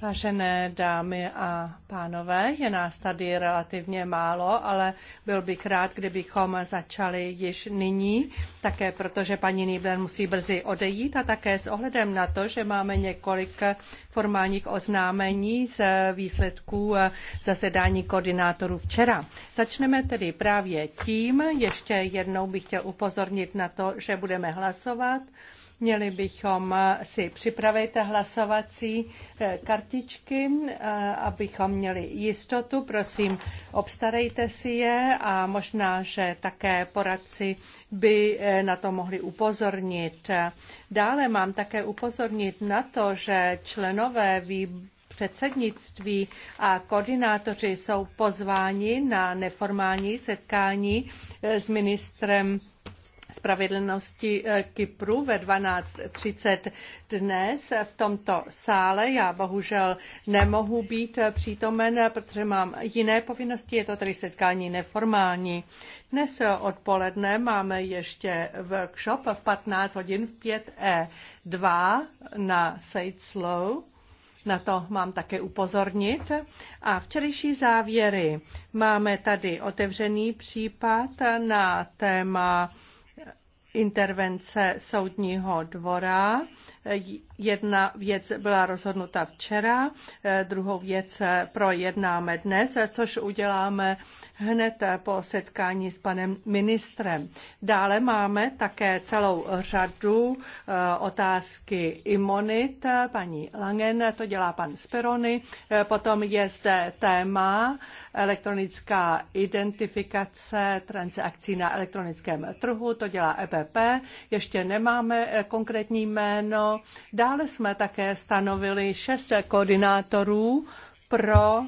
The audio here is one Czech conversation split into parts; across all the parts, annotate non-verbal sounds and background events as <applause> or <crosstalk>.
Vážené dámy a pánové, je nás tady relativně málo, ale byl bych rád, kdybychom začali již nyní, také protože paní Nýbler musí brzy odejít a také s ohledem na to, že máme několik formálních oznámení z výsledků zasedání koordinátorů včera. Začneme tedy právě tím. Ještě jednou bych chtěl upozornit na to, že budeme hlasovat Měli bychom eh, si připravit hlasovací eh, kartičky, eh, abychom měli jistotu. Prosím, obstarejte si je a možná, že také poradci by na to mohli upozornit. Dále mám také upozornit na to, že členové výboru předsednictví a koordinátoři jsou pozváni na neformální setkání s ministrem spravedlnosti eh, Kypru ve 12.30 dnes v tomto sále. Já bohužel nemohu být eh, přítomen, eh, protože mám jiné povinnosti, je to tedy setkání neformální. Dnes odpoledne máme ještě workshop v 15 hodin v 5E2 na Said Slow. Na to mám také upozornit. A včerejší závěry. Máme tady otevřený případ na téma intervence soudního dvora Jedna věc byla rozhodnuta včera, eh, druhou věc eh, projednáme dnes, eh, což uděláme hned po setkání s panem ministrem. Dále máme také celou řadu otázky imunit. Paní Langen, to dělá pan Sperony. Potom je zde téma elektronická identifikace transakcí na elektronickém trhu, to dělá EPP. Ještě nemáme konkrétní jméno. Dále Dále jsme také stanovili šest koordinátorů pro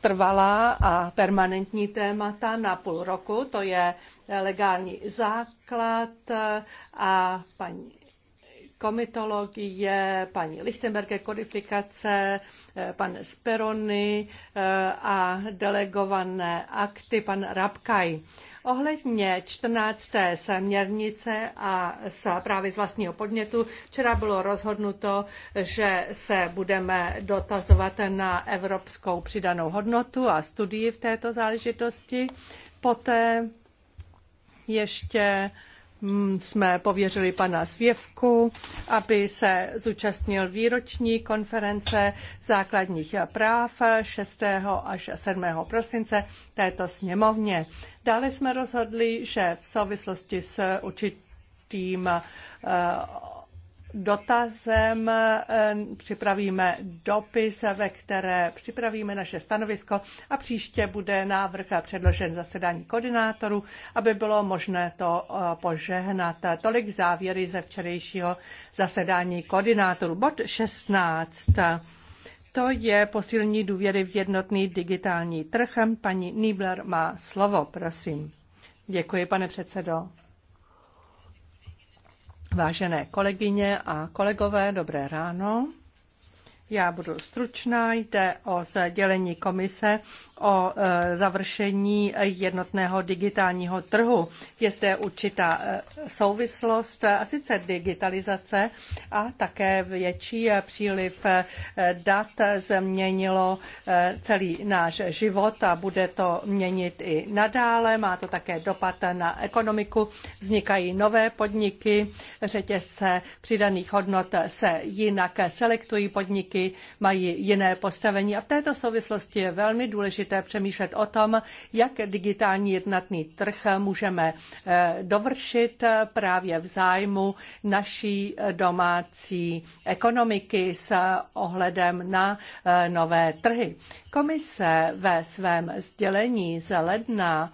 trvalá a permanentní témata na půl roku. To je legální základ a paní komitologie, paní Lichtenberger kodifikace, Eh, pan Sperony eh, a delegované akty pan Rabkaj. Ohledně 14. směrnice a právě z vlastního podnětu včera bylo rozhodnuto, že se budeme dotazovat na evropskou přidanou hodnotu a studii v této záležitosti. Poté ještě Mm, jsme pověřili pana Svěvku, aby se zúčastnil výroční konference základních práv 6. až 7. prosince této sněmovně. Dále jsme rozhodli, že v souvislosti s určitým eh, dotazem, eh, připravíme dopis, ve které připravíme naše stanovisko a příště bude návrh předložen zasedání koordinátorů, aby bylo možné to eh, požehnat. Tolik závěry ze včerejšího zasedání koordinátorů. Bod 16. To je posílení důvěry v jednotný digitální trh. Paní Nibler má slovo, prosím. Děkuji, pane předsedo. Vážené kolegyně a kolegové, dobré ráno. Já budu stručná, jde o sdělení komise o e, završení jednotného digitálního trhu. Je zde určitá e, souvislost, e, a sice digitalizace a také větší příliv dat změnilo celý náš život a bude to měnit i nadále. Má to také dopad na ekonomiku, vznikají nové podniky, řetězce přidaných hodnot se jinak selektují podniky, mají jiné postavení a v této souvislosti je velmi důležité důležité přemýšlet o tom, jak digitální jednatný trh můžeme eh, dovršit eh, právě v zájmu naší eh, domácí ekonomiky s ohledem na nové trhy. Komise ve svém sdělení z ledna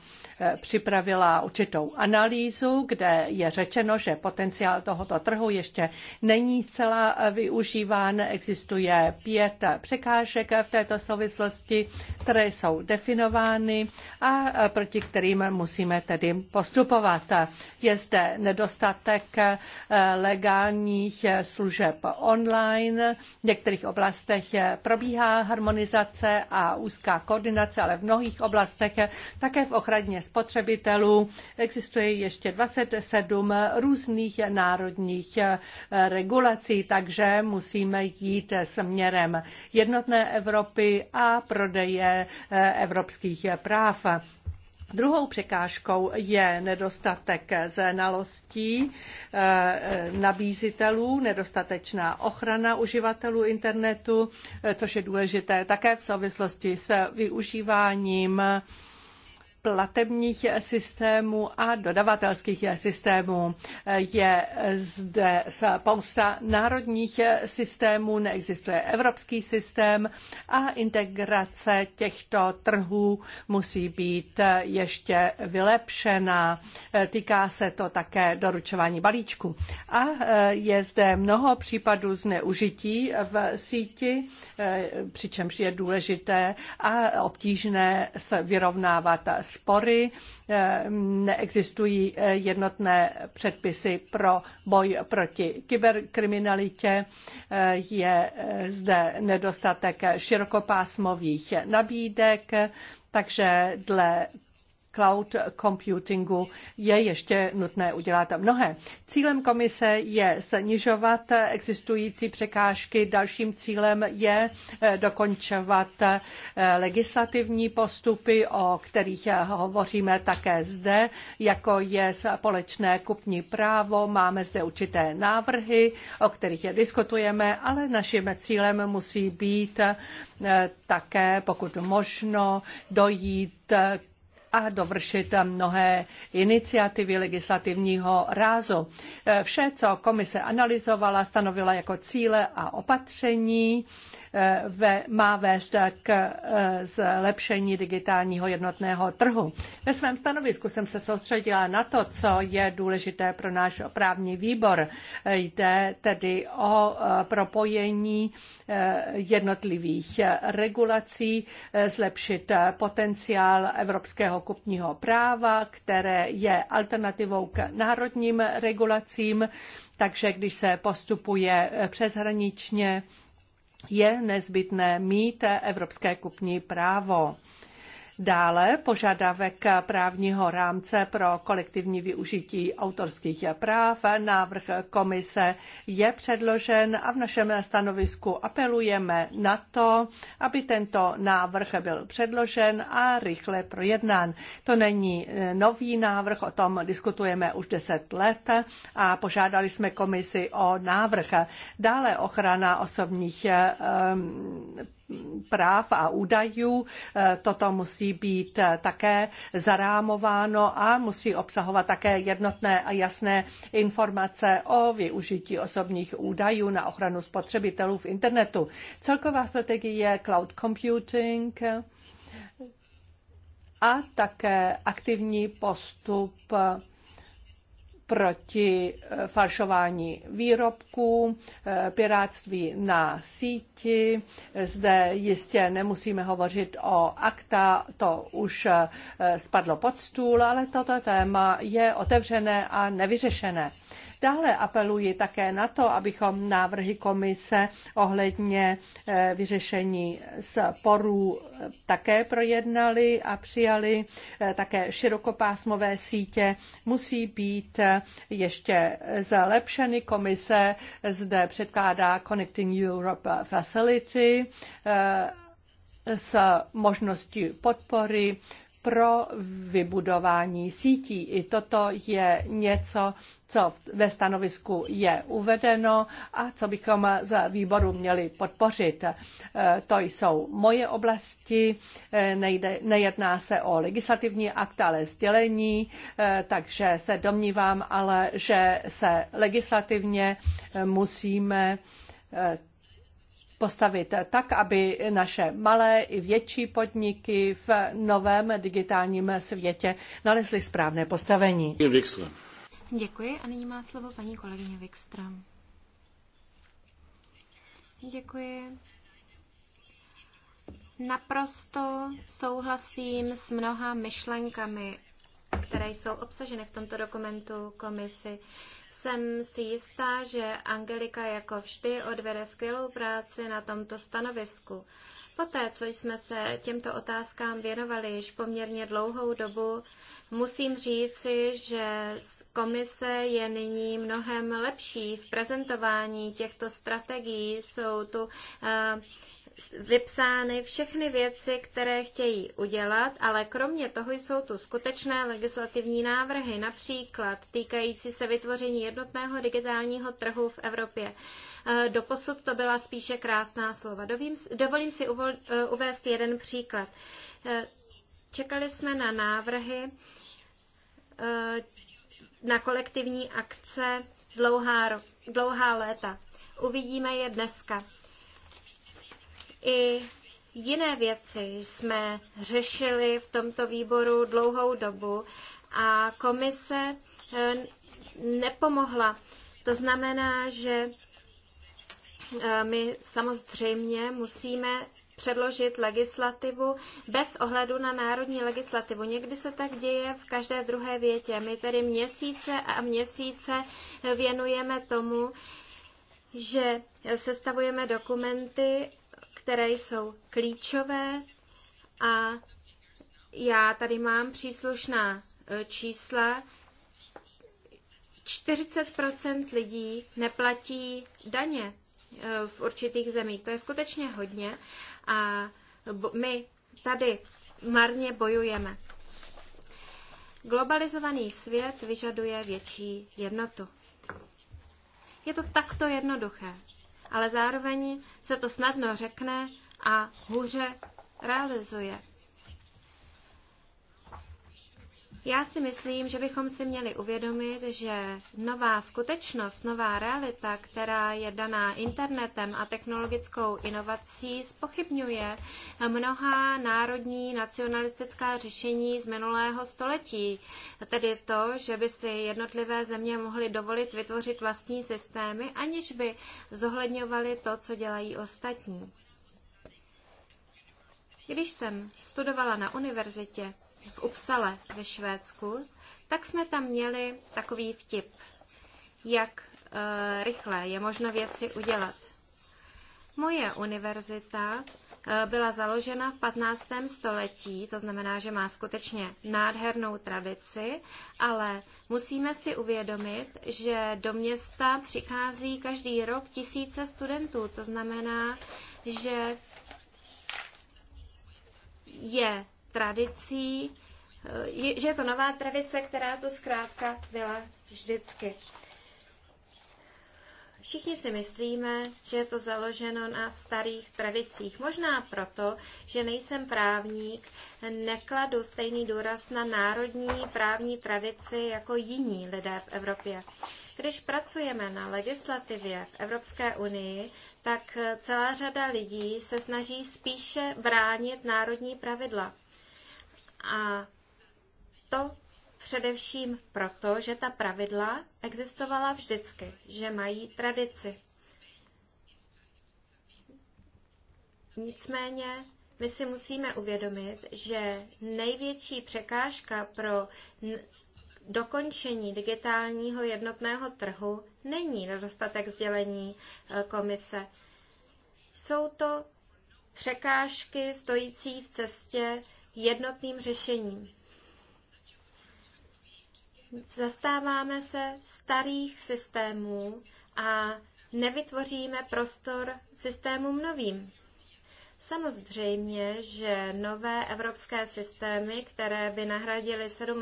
připravila určitou analýzu, kde je řečeno, že potenciál tohoto trhu ještě není zcela využíván. Existuje pět překážek v této souvislosti, které jsou definovány a proti kterým musíme tedy postupovat. Je zde nedostatek eh, legálních služeb online. V některých oblastech eh, probíhá harmonizace a úzká koordinace, ale v mnohých oblastech eh, také v ochraně spotřebitelů existuje ještě 27 různých národních regulací, takže musíme jít směrem jednotné Evropy a prodeje evropských práv. Druhou překážkou je nedostatek znalostí eh, nabízitelů, nedostatečná ochrana uživatelů internetu, což je důležité také v souvislosti s využíváním platebních systémů a dodavatelských systémů. Je zde spousta národních systémů, neexistuje evropský systém a integrace těchto trhů musí být ještě vylepšena. Týká se to také doručování balíčku. A je zde mnoho případů zneužití v síti, přičemž je důležité a obtížné se vyrovnávat spory, eh, neexistují eh, jednotné předpisy pro boj proti kyberkriminalitě, eh, je zde nedostatek širokopásmových nabídek, takže dle cloud computingu je ještě nutné udělat mnohé. Cílem komise je snižovat existující překážky, dalším cílem je eh, dokončovat eh, legislativní postupy, o kterých hovoříme také zde, jako je společné kupní právo. Máme zde určité návrhy, o kterých je diskutujeme, ale naším cílem musí být eh, také, pokud možno, dojít a dovršit mnohé iniciativy legislativního rázu. Vše, co komise analyzovala, stanovila jako cíle a opatření, Eh, ve, má vést k eh, zlepšení digitálního jednotného trhu. Ve svém stanovisku jsem se soustředila na to, co je důležité pro náš právní výbor. Eh, jde tedy o propojení jednotlivých regulací, zlepšit potenciál evropského kupního práva, které je alternativou k národním regulacím, takže když se postupuje přeshraničně, je nezbytné mít evropské kupní právo. Dále požadavek právního rámce pro kolektivní využití autorských práv. Návrh komise je předložen a v našem stanovisku apelujeme na to, aby tento návrh byl předložen a rychle projednán. To není eh, nový návrh, o tom diskutujeme už deset let a požádali jsme komisi o návrh. Dále ochrana osobních eh, práv a údajů. E, Toto musí být e, také zarámováno a musí obsahovat také jednotné a jasné informace o využití osobních údajů na ochranu spotřebitelů v internetu. Celková strategie cloud computing a také aktivní postup proti eh, falšování výrobků, eh, piráctví na síti. Zde jistě nemusíme hovořit o akta, to už eh, spadlo pod stůl, ale toto téma je otevřené a nevyřešené. Dále apeluji také na to, abychom návrhy komise ohledně eh, vyřešení sporů také projednali a přijali. Eh, také širokopásmové sítě musí být eh, ještě zlepšeny. Komise zde předkládá Connecting Europe Facility s možností podpory pro vybudování sítí. I toto je něco, co ve stanovisku je uvedeno a co bychom z výboru měli podpořit. E, to jsou moje oblasti, e, nejde, nejedná se o legislativní akt, ale sdělení, e, takže se domnívám ale, že se legislativně musíme postavit tak, aby naše malé i větší podniky v novém digitálním světě nalezly správné postavení. Děkuji a nyní má slovo paní kolegyně Vikstra. Děkuji. Naprosto souhlasím s mnoha myšlenkami které jsou obsaženy v tomto dokumentu komisi. Jsem si jistá, že Angelika jako vždy odvede skvělou práci na tomto stanovisku. Poté, co jsme se těmto otázkám věnovali již poměrně dlouhou dobu, musím říci, že komise je nyní mnohem lepší v prezentování těchto strategií. Jsou tu eh, vypsány všechny věci, které chtějí udělat, ale kromě toho jsou tu skutečné legislativní návrhy, například týkající se vytvoření jednotného digitálního trhu v Evropě. E, doposud to byla spíše krásná slova. Dovím, dovolím si uvol, e, uvést jeden příklad. E, čekali jsme na návrhy na kolektivní akce dlouhá, dlouhá léta. Uvidíme je dneska. I jiné věci jsme řešili v tomto výboru dlouhou dobu a komise eh, nepomohla. To znamená, že eh, my samozřejmě musíme předložit legislativu bez ohledu na národní legislativu. Někdy se tak děje v každé druhé větě. My tedy měsíce a měsíce věnujeme tomu, že sestavujeme dokumenty které jsou klíčové a já tady mám příslušná e, čísla. 40 lidí neplatí daně e, v určitých zemích. To je skutečně hodně a my tady marně bojujeme. Globalizovaný svět vyžaduje větší jednotu. Je to takto jednoduché ale zároveň se to snadno řekne a hůře realizuje. Já si myslím, že bychom si měli uvědomit, že nová skutečnost, nová realita, která je daná internetem a technologickou inovací, spochybňuje mnoha národní nacionalistická řešení z minulého století. Tedy to, že by si jednotlivé země mohly dovolit vytvořit vlastní systémy, aniž by zohledňovaly to, co dělají ostatní. Když jsem studovala na univerzitě, v Upsale ve Švédsku, tak jsme tam měli takový vtip, jak e, rychle je možno věci udělat. Moje univerzita eh, byla založena v 15. století, to znamená, že má skutečně nádhernou tradici, ale musíme si uvědomit, že do města přichází každý rok tisíce studentů, to znamená, že je tradicí, eh, že je to nová tradice, která tu zkrátka byla vždycky. Všichni si myslíme, že je to založeno na starých tradicích. Možná proto, že nejsem právník, nekladu stejný důraz na národní právní tradici jako jiní lidé v Evropě. Když pracujeme na legislativě v Evropské unii, tak eh, celá řada lidí se snaží spíše bránit národní pravidla. A to především proto, že ta pravidla existovala vždycky, že mají tradici. Nicméně my si musíme uvědomit, že největší překážka pro dokončení digitálního jednotného trhu není nedostatek sdělení e, komise. Jsou to překážky stojící v cestě jednotným řešením. Zastáváme se starých systémů a nevytvoříme prostor systémům novým. Samozřejmě, že nové evropské systémy, které by nahradily 27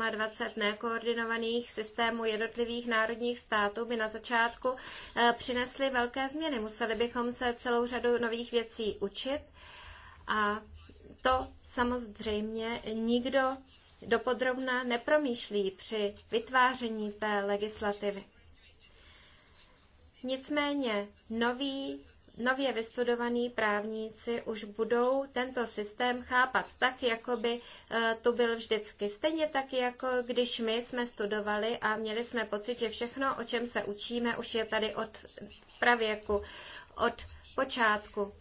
nekoordinovaných systémů jednotlivých národních států, by na začátku eh, přinesly velké změny. Museli bychom se celou řadu nových věcí učit a to samozřejmě nikdo dopodrobna nepromýšlí při vytváření té legislativy. Nicméně noví, nově vystudovaní právníci už budou tento systém chápat tak, jako by eh, to byl vždycky. Stejně tak, jako když my jsme studovali a měli jsme pocit, že všechno, o čem se učíme, už je tady od pravěku, od počátku.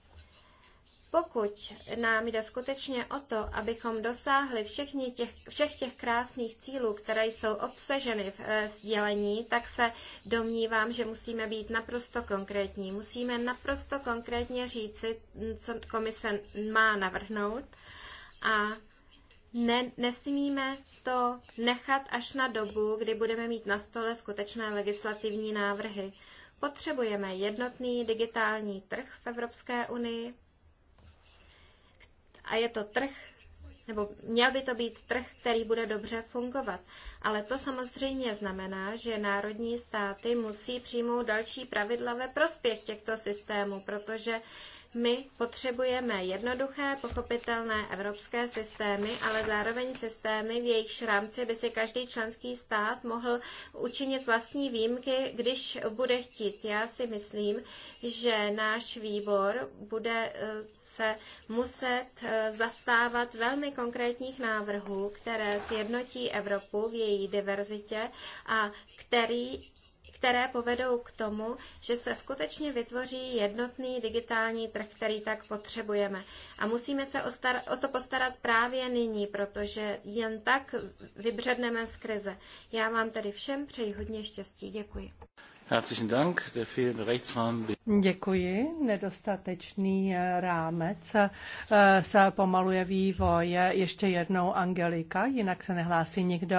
Pokud nám jde skutečně o to, abychom dosáhli těch, všech těch krásných cílů, které jsou obsaženy v eh, sdělení, tak se domnívám, že musíme být naprosto konkrétní. Musíme naprosto konkrétně říci, co komise má navrhnout a ne, nesmíme to nechat až na dobu, kdy budeme mít na stole skutečné legislativní návrhy. Potřebujeme jednotný digitální trh v Evropské unii, a je to trh, nebo měl by to být trh, který bude dobře fungovat. Ale to samozřejmě znamená, že národní státy musí přijmout další pravidla ve prospěch těchto systémů, protože my potřebujeme jednoduché, pochopitelné evropské systémy, ale zároveň systémy, v jejich rámci by si každý členský stát mohl učinit vlastní výjimky, když bude chtít. Já si myslím, že náš výbor bude eh, se muset eh, zastávat velmi konkrétních návrhů, které sjednotí Evropu v její diverzitě a který, které povedou k tomu, že se skutečně vytvoří jednotný digitální trh, který tak potřebujeme. A musíme se o, star- o to postarat právě nyní, protože jen tak vybředneme z krize. Já vám tedy všem přeji hodně štěstí. Děkuji. Herzlichen Dank. Der Rechtsrahmen Děkuji. Nedostatečný eh, rámec eh, se pomaluje vývoj. Ještě jednou Angelika, jinak se nehlásí nikdo.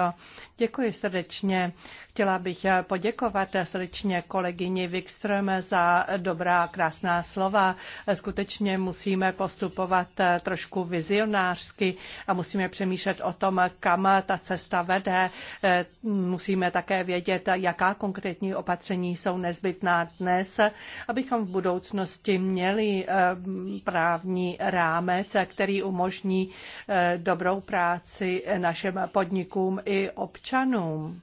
Děkuji srdečně. Chtěla bych eh, poděkovat srdečně kolegyni Wikström za dobrá, krásná slova. Skutečně musíme postupovat trošku vizionářsky a musíme přemýšlet o tom, kam ta cesta vede. Musíme také vědět, jaká konkrétní opatření jsou nezbytná dnes, aby abychom v budoucnosti měli eh, právní rámec, který umožní eh, dobrou práci našim podnikům i občanům.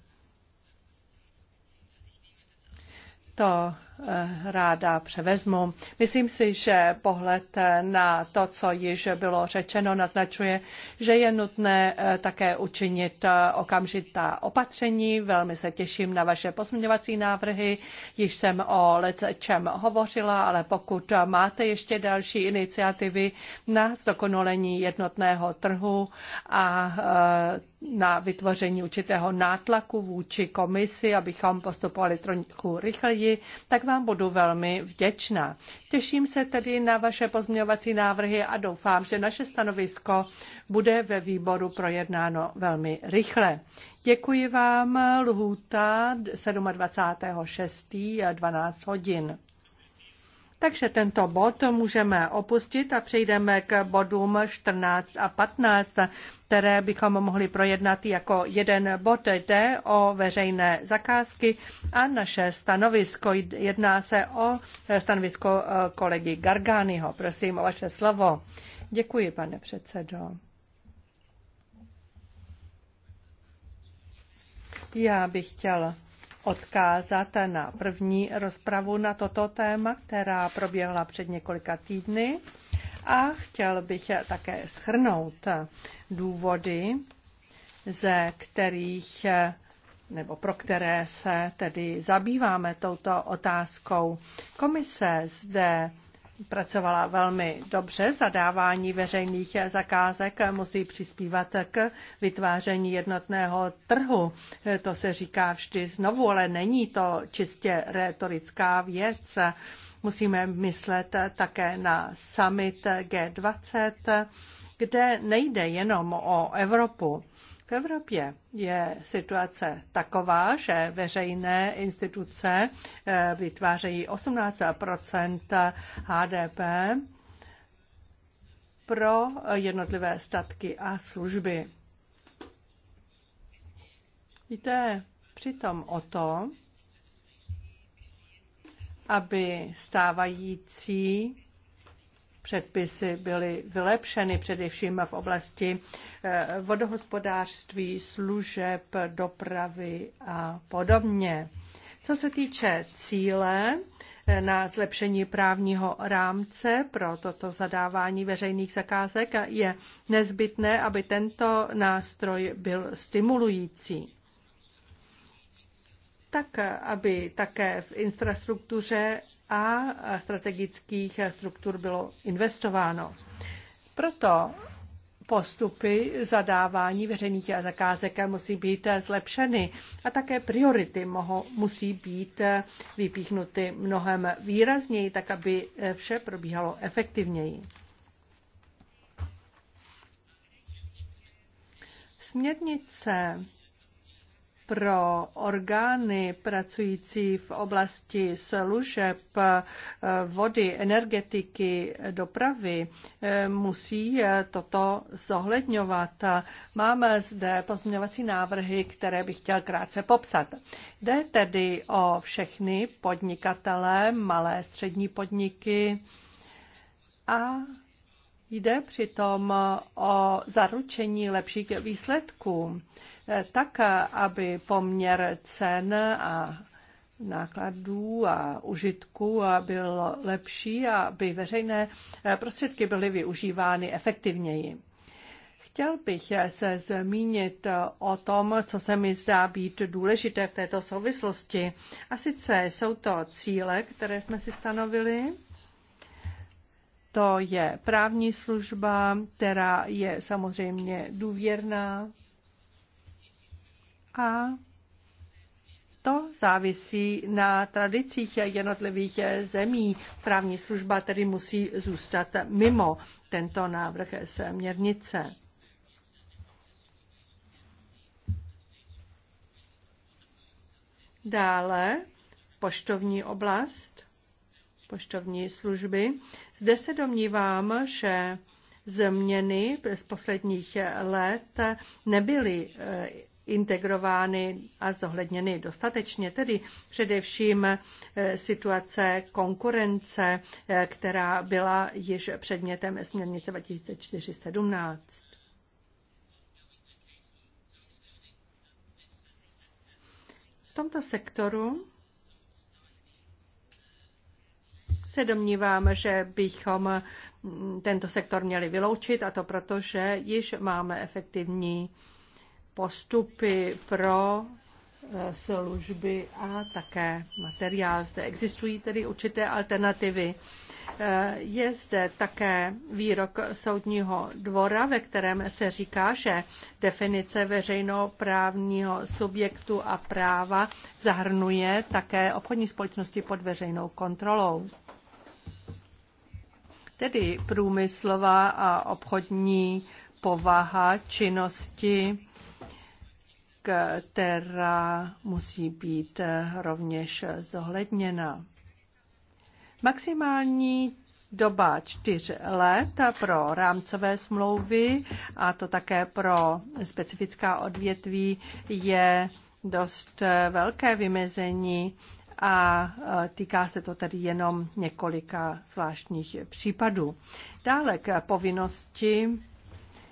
To Eh, ráda převezmu. Myslím si, že pohled eh, na to, co již bylo řečeno, naznačuje, že je nutné eh, také učinit okamžitá opatření. Velmi se těším na vaše pozměňovací návrhy. Již jsem o čem hovořila, ale pokud máte ještě další iniciativy na zdokonalení jednotného trhu a na vytvoření určitého nátlaku vůči komisi, abychom postupovali trochu rychleji, tak vám budu velmi vděčná. Těším se tedy na vaše pozměňovací návrhy a doufám, že naše stanovisko bude ve výboru projednáno velmi rychle. Děkuji vám. Lhůta 27.6. 12 hodin. Takže tento bod můžeme opustit a přejdeme k bodům 14 a 15, které bychom mohli projednat jako jeden bod. Jde o veřejné zakázky a naše stanovisko. Jedná se o stanovisko eh, kolegy Gargányho. Prosím o vaše slovo. Děkuji, pane předsedo. Já bych chtěla odkázat na první rozpravu na toto téma, která proběhla před několika týdny. A chtěl bych také schrnout důvody, ze kterých nebo pro které se tedy zabýváme touto otázkou. Komise zde pracovala velmi dobře. Zadávání veřejných zakázek musí přispívat k vytváření jednotného trhu. To se říká vždy znovu, ale není to čistě retorická věc. Musíme myslet také na summit G20, kde nejde jenom o Evropu. V Evropě je situace taková, že veřejné instituce eh, vytvářejí 18 HDP pro jednotlivé statky a služby. Jde přitom o to, aby stávající předpisy byly vylepšeny, především v oblasti eh, vodohospodářství, služeb, dopravy a podobně. Co se týče cíle eh, na zlepšení právního rámce pro toto zadávání veřejných zakázek, je nezbytné, aby tento nástroj byl stimulující tak, eh, aby také v infrastruktuře a strategických struktur bylo investováno. Proto postupy zadávání veřejných zakázek musí být zlepšeny a také priority mohou, musí být vypíchnuty mnohem výrazněji, tak aby vše probíhalo efektivněji. Směrnice pro orgány pracující v oblasti služeb, eh, vody, energetiky, dopravy eh, musí eh, toto zohledňovat. Máme zde pozměňovací návrhy, které bych chtěl krátce popsat. Jde tedy o všechny podnikatele, malé, střední podniky a Jde přitom o zaručení lepších výsledků, eh, tak aby poměr cen a nákladů a užitků byl lepší a aby veřejné eh, prostředky byly využívány efektivněji. Chtěl bych se zmínit o tom, co se mi zdá být důležité v této souvislosti. A sice jsou to cíle, které jsme si stanovili to je právní služba, která je samozřejmě důvěrná a to závisí na tradicích jednotlivých zemí. Právní služba tedy musí zůstat mimo tento návrh směrnice. Dále poštovní oblast poštovní služby. Zde se domnívám, že změny z posledních let nebyly eh, integrovány a zohledněny dostatečně, tedy především eh, situace konkurence, eh, která byla již předmětem směrnice 2417. V tomto sektoru se domnívám, že bychom tento sektor měli vyloučit, a to proto, že již máme efektivní postupy pro e, služby a také materiál. Zde existují tedy určité alternativy. E, je zde také výrok soudního dvora, ve kterém se říká, že definice veřejnoprávního subjektu a práva zahrnuje také obchodní společnosti pod veřejnou kontrolou tedy průmyslová a obchodní povaha činnosti, která musí být rovněž zohledněna. Maximální doba čtyř let pro rámcové smlouvy a to také pro specifická odvětví je dost velké vymezení a e, týká se to tedy jenom několika zvláštních případů. Dále k povinnosti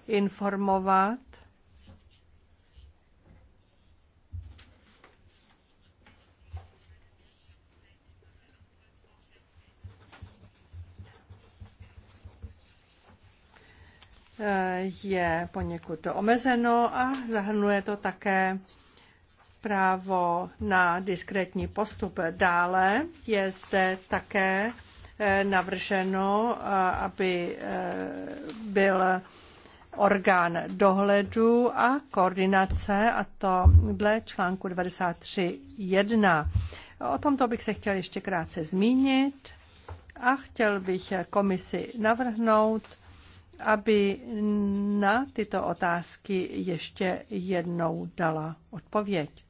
informovat e, je poněkud omezeno a zahrnuje to také právo na diskrétní postup. Dále je zde také eh, navrženo, eh, aby eh, byl orgán dohledu a koordinace, a to dle článku 93.1. O tomto bych se chtěl ještě krátce zmínit a chtěl bych komisi navrhnout, aby na tyto otázky ještě jednou dala odpověď.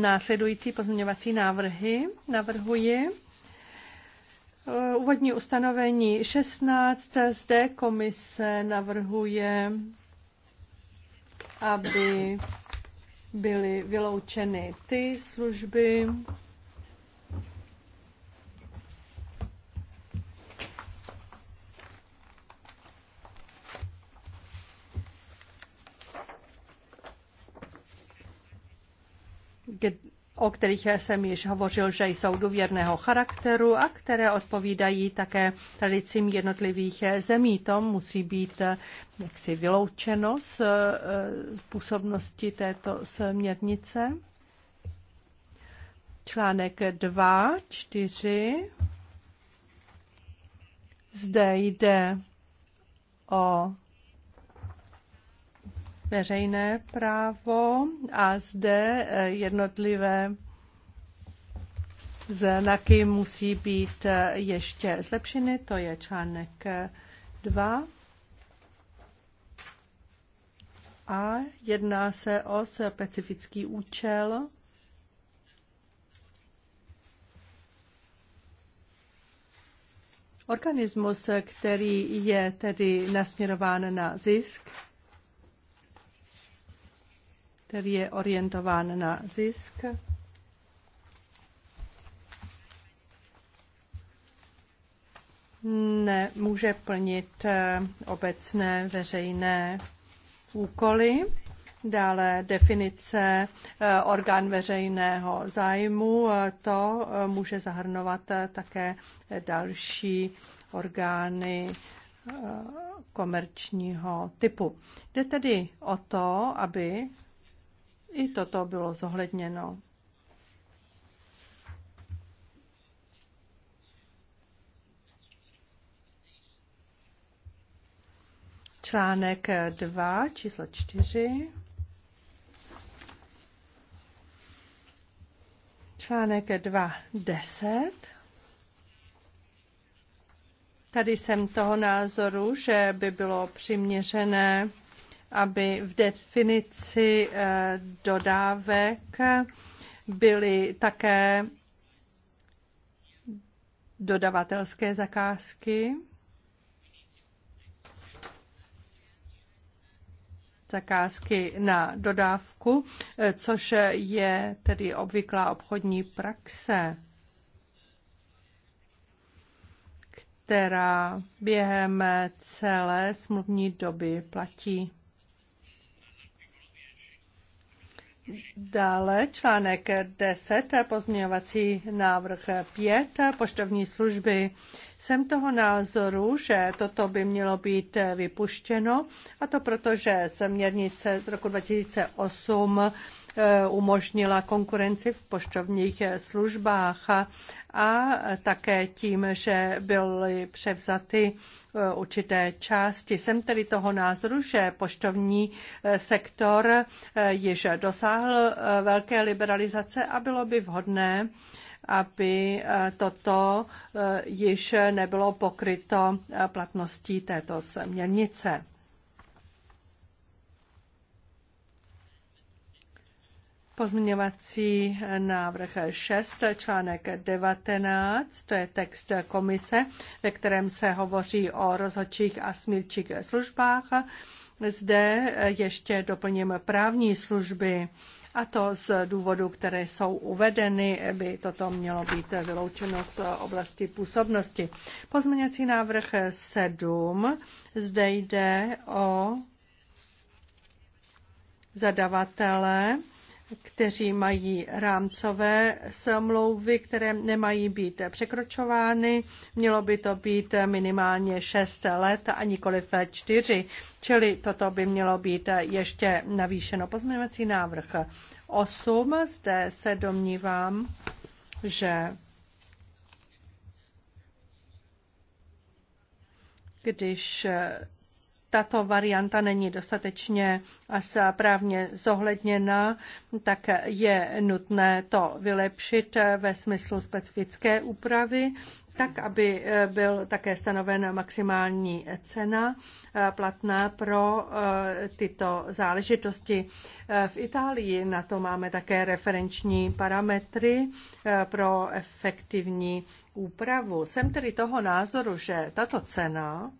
Následující pozměňovací návrhy navrhuji. Eh, úvodní ustanovení 16. Zde komise navrhuje, aby byly vyloučeny ty služby, o kterých jsem již hovořil, že jsou důvěrného charakteru a které odpovídají také tradicím jednotlivých zemí. To musí být eh, jaksi vyloučeno eh, z působnosti této směrnice. Článek 2, 4. Zde jde o veřejné právo a zde eh, jednotlivé znaky musí být eh, ještě zlepšeny, to je článek 2. Eh, a jedná se o specifický účel. Organismus, který je tedy nasměrován na zisk, který je orientován na zisk. Nemůže plnit eh, obecné veřejné úkoly. Dále definice eh, orgán veřejného zájmu, eh, to může zahrnovat také další orgány komerčního typu. Jde tedy o to, aby i toto bylo zohledněno. Článek 2, číslo 4. Článek 2, 10. Tady jsem toho názoru, že by bylo přiměřené aby v definici eh, dodávek byly také dodavatelské zakázky, zakázky na dodávku, eh, což je tedy obvyklá obchodní praxe, která během celé smluvní doby platí. Dále článek 10, pozměňovací návrh 5, poštovní služby. Jsem toho názoru, že toto by mělo být vypuštěno, a to proto, že směrnice z roku 2008 Eh, umožnila konkurenci v poštovních službách a také tím, že byly převzaty eh, určité části. Jsem tedy toho názoru, že poštovní eh, sektor již dosáhl velké liberalizace a bylo by vhodné, aby toto již nebylo pokryto platností této směrnice. Pozměňovací návrh 6, článek 19, to je text komise, ve kterém se hovoří o rozhodčích a smírčích službách. Zde ještě doplním právní služby a to z důvodů, které jsou uvedeny, by toto mělo být vyloučeno z oblasti působnosti. Pozměňovací návrh 7. Zde jde o zadavatele kteří mají rámcové smlouvy, které nemají být překročovány. Mělo by to být minimálně 6 let a nikoli 4, čili toto by mělo být ještě navýšeno. Pozměňovací návrh 8, zde se domnívám, že když tato varianta není dostatečně a správně zohledněna, tak je nutné to vylepšit ve smyslu specifické úpravy, tak aby eh, byl také stanoven maximální cena eh, platná pro eh, tyto záležitosti. V Itálii na to máme také referenční parametry pro efektivní úpravu. Jsem tedy toho názoru, že tato cena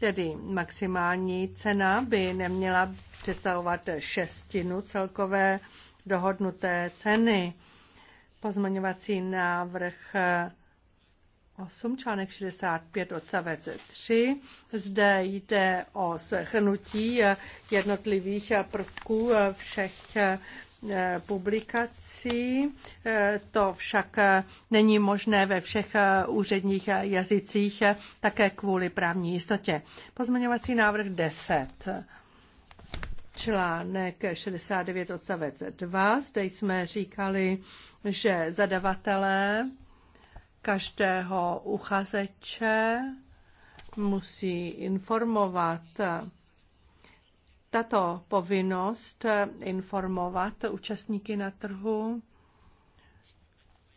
Tedy maximální cena by neměla představovat šestinu celkové dohodnuté ceny. Pozmaňovací návrh 8, eh, článek 65, odstavec 3. Zde jde o shrnutí jednotlivých prvků eh, všech eh, Eh, publikací. Eh, to však eh, není možné ve všech úředních jazycích, také kvůli právní jistotě. Pozměňovací návrh 10. Článek 69 odstavec 2. Zde jsme říkali, že zadavatelé každého uchazeče musí informovat tato povinnost eh, informovat účastníky na trhu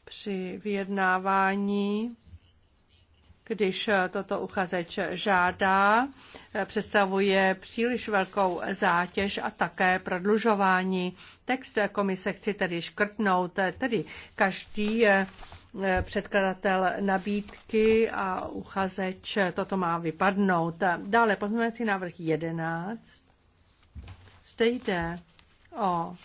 při vyjednávání když eh, toto uchazeč žádá, eh, představuje příliš velkou zátěž a také prodlužování. Text komise chci tedy škrtnout, tedy každý předkladatel nabídky a uchazeč toto má vypadnout. Dále pozměňovací návrh 11. Zde jde o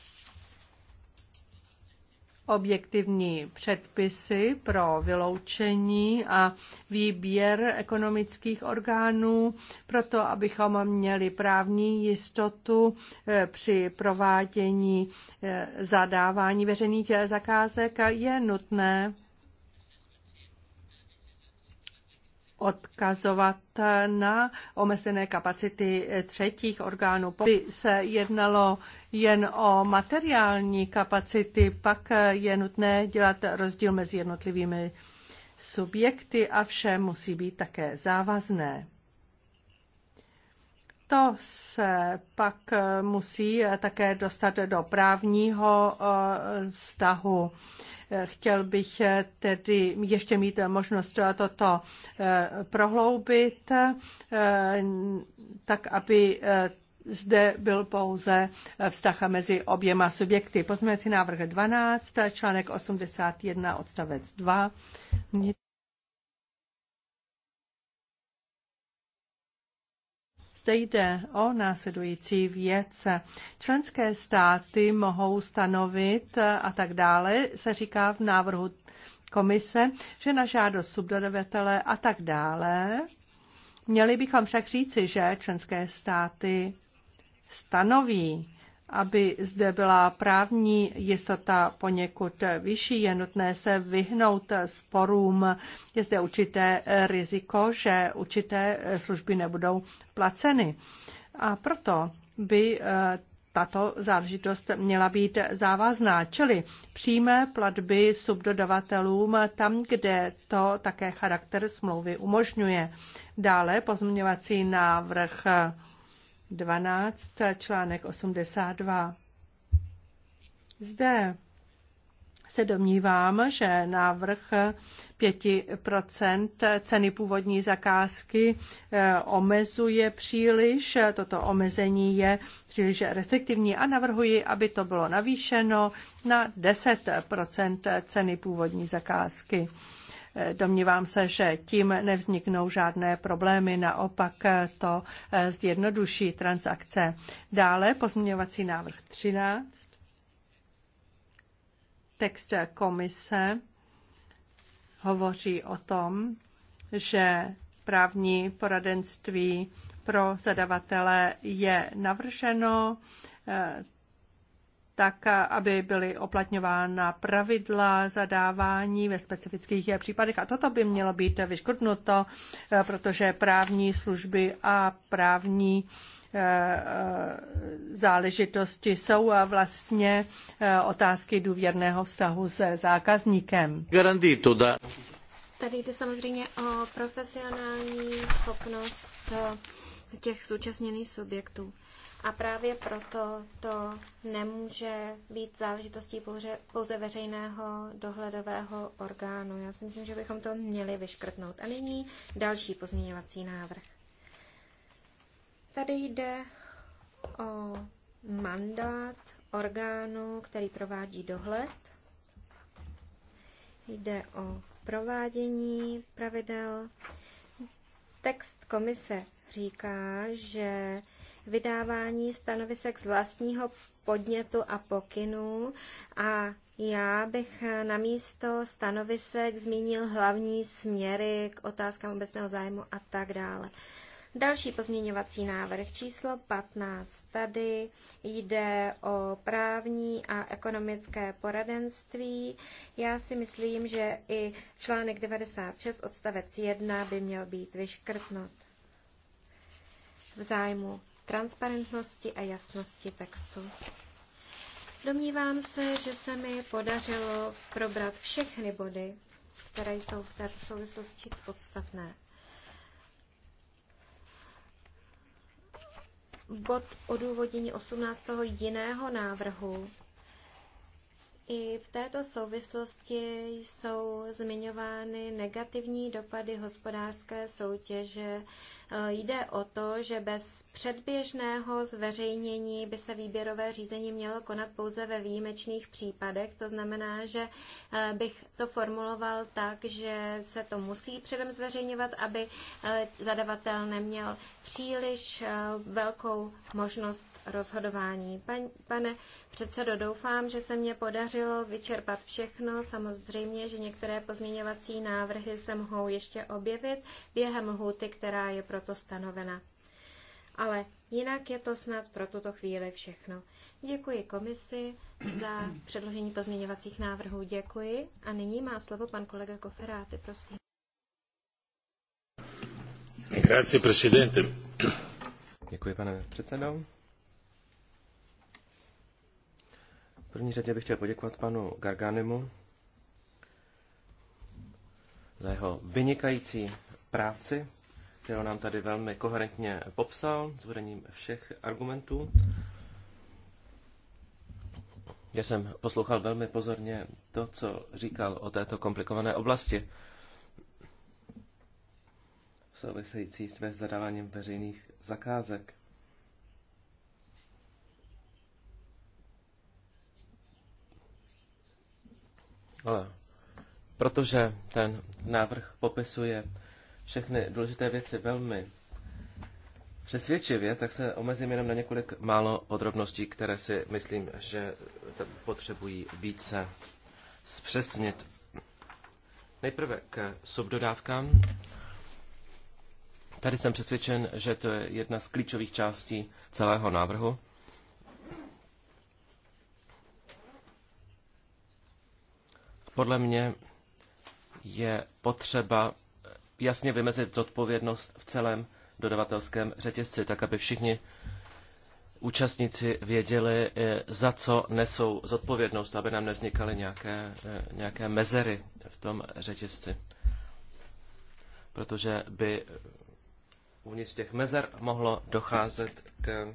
objektivní předpisy pro vyloučení a výběr ekonomických orgánů, proto abychom měli právní jistotu eh, při provádění eh, zadávání veřejných zakázek, je nutné odkazovat na omezené kapacity třetích orgánů. Pokud se jednalo jen o materiální kapacity, pak je nutné dělat rozdíl mezi jednotlivými subjekty a vše musí být také závazné. To se pak eh, musí eh, také dostat do právního eh, vztahu. Chtěl bych tedy ještě mít možnost toto prohloubit, tak aby zde byl pouze vztah mezi oběma subjekty. Pozměňovací návrh 12, článek 81, odstavec 2. Zde jde o následující věc. Členské státy mohou stanovit a tak dále, se říká v návrhu komise, že na žádost subdodavatele a tak dále. Měli bychom však říci, že členské státy stanoví aby zde byla právní jistota poněkud vyšší, je nutné se vyhnout sporům. Je zde určité riziko, že určité služby nebudou placeny. A proto by eh, tato záležitost měla být závazná, čili přímé platby subdodavatelům tam, kde to také charakter smlouvy umožňuje. Dále pozměňovací návrh 12, článek 82. Zde se domnívám, že návrh 5 ceny původní zakázky eh, omezuje příliš. Toto omezení je příliš restriktivní a navrhuji, aby to bylo navýšeno na 10 ceny původní zakázky. Domnívám se, že tím nevzniknou žádné problémy, naopak to eh, zjednoduší transakce. Dále pozměňovací návrh 13, text komise hovoří o tom, že právní poradenství pro zadavatele je navrženo eh, tak aby byly oplatňována pravidla zadávání ve specifických případech. A toto by mělo být vyškodnuto, eh, protože právní služby a právní eh, eh, záležitosti jsou vlastně otázky důvěrného vztahu se zákazníkem. Tady jde samozřejmě o profesionální schopnost těch zúčastněných subjektů a právě proto to nemůže být záležitostí pouze, pouze veřejného dohledového orgánu. Já si myslím, že bychom to měli vyškrtnout. A nyní další pozměňovací návrh. Tady jde o mandát orgánu, který provádí dohled. Jde o provádění pravidel. Text komise říká, že vydávání stanovisek z vlastního podnětu a pokynu, a já bych na místo stanovisek zmínil hlavní směry k otázkám obecného zájmu a tak dále. Další pozměňovací návrh číslo 15. Tady jde o právní a ekonomické poradenství. Já si myslím, že i článek 96 odstavec 1 by měl být vyškrtnut v zájmu transparentnosti a jasnosti textu. Domnívám se, že se mi podařilo probrat všechny body, které jsou v této souvislosti podstatné. Bod odůvodnění 18. jiného návrhu i v této souvislosti jsou zmiňovány negativní dopady hospodářské soutěže. E, jde o to, že bez předběžného zveřejnění by se výběrové řízení mělo konat pouze ve výjimečných případech. To znamená, že e, bych to formuloval tak, že se to musí předem zveřejňovat, aby e, zadavatel neměl příliš velkou možnost rozhodování. Pan, pane předsedo, doufám, že se mě podařilo vyčerpat všechno. Samozřejmě, že některé pozměňovací návrhy se mohou ještě objevit během lhůty, která je proto stanovena. Ale jinak je to snad pro tuto chvíli všechno. Děkuji komisi za předložení pozměňovacích návrhů. Děkuji. A nyní má slovo pan kolega Koferáty, prosím. Grazie, presidente. Děkuji, pane předsedo. V první řadě bych chtěl poděkovat panu Garganemu za jeho vynikající práci, kterou nám tady velmi koherentně popsal s vedením všech argumentů. Já jsem poslouchal velmi pozorně to, co říkal o této komplikované oblasti související s zadáváním veřejných zakázek. ale protože ten návrh popisuje všechny důležité věci velmi přesvědčivě, tak se omezím jenom na několik málo podrobností, které si myslím, že potřebují více zpřesnit. Nejprve k subdodávkám. Tady jsem přesvědčen, že to je jedna z klíčových částí celého návrhu. Podle mě je potřeba jasně vymezit zodpovědnost v celém dodavatelském řetězci, tak aby všichni účastníci věděli, eh, za co nesou zodpovědnost, aby nám nevznikaly nějaké, eh, nějaké mezery v tom řetězci. Protože by uvnitř těch mezer mohlo docházet k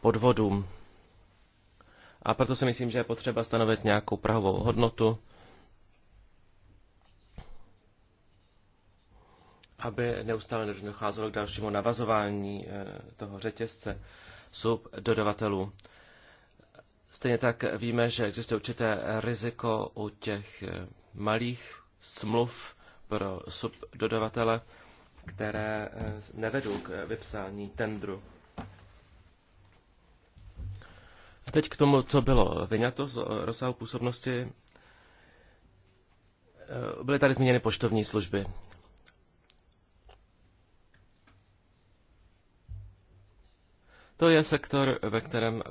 podvodům. A proto si myslím, že je potřeba stanovit nějakou prahovou hodnotu, aby neustále nedocházelo k dalšímu navazování eh, toho řetězce subdodavatelů. Stejně tak víme, že existuje určité riziko u těch eh, malých smluv pro subdodavatele, které eh, nevedou k vypsání tendru. A teď k tomu, co bylo vyňato z rozsahu působnosti. Eh, byly tady zmíněny poštovní služby. To je sektor, ve kterém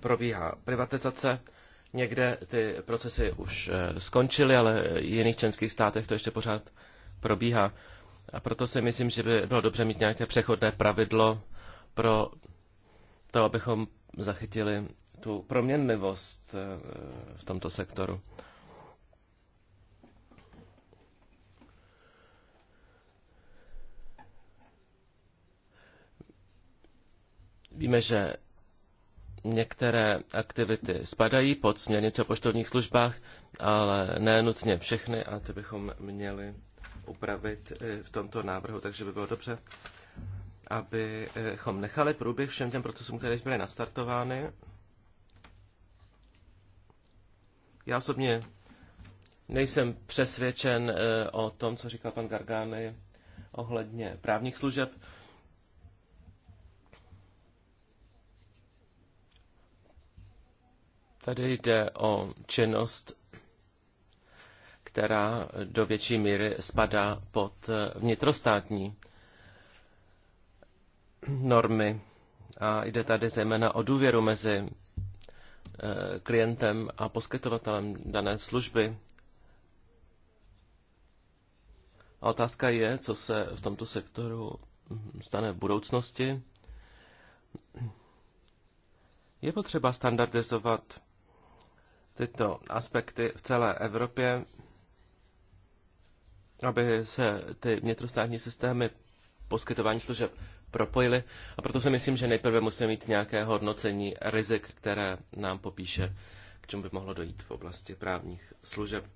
probíhá privatizace. Někde ty procesy už eh, skončily, ale v jiných členských státech to ještě pořád probíhá. A proto si myslím, že by bylo dobře mít nějaké přechodné pravidlo pro to, abychom zachytili tu proměnlivost eh, v tomto sektoru. Víme, že některé aktivity spadají pod směrnice o poštovních službách, ale ne nutně všechny a ty bychom měli upravit v tomto návrhu, takže by bylo dobře, abychom nechali průběh všem těm procesům, které byly nastartovány. Já osobně nejsem přesvědčen eh, o tom, co říkal pan Gargány ohledně právních služeb. Tady jde o činnost, která do větší míry spadá pod eh, vnitrostátní normy a jde tady zejména o důvěru mezi eh, klientem a poskytovatelem dané služby. A otázka je, co se v tomto sektoru stane v budoucnosti. Je potřeba standardizovat tyto aspekty v celé Evropě, aby se ty vnitrostátní systémy poskytování služeb propojili. A proto si myslím, že nejprve musíme mít nějaké hodnocení rizik, které nám popíše, k čemu by mohlo dojít v oblasti právních služeb.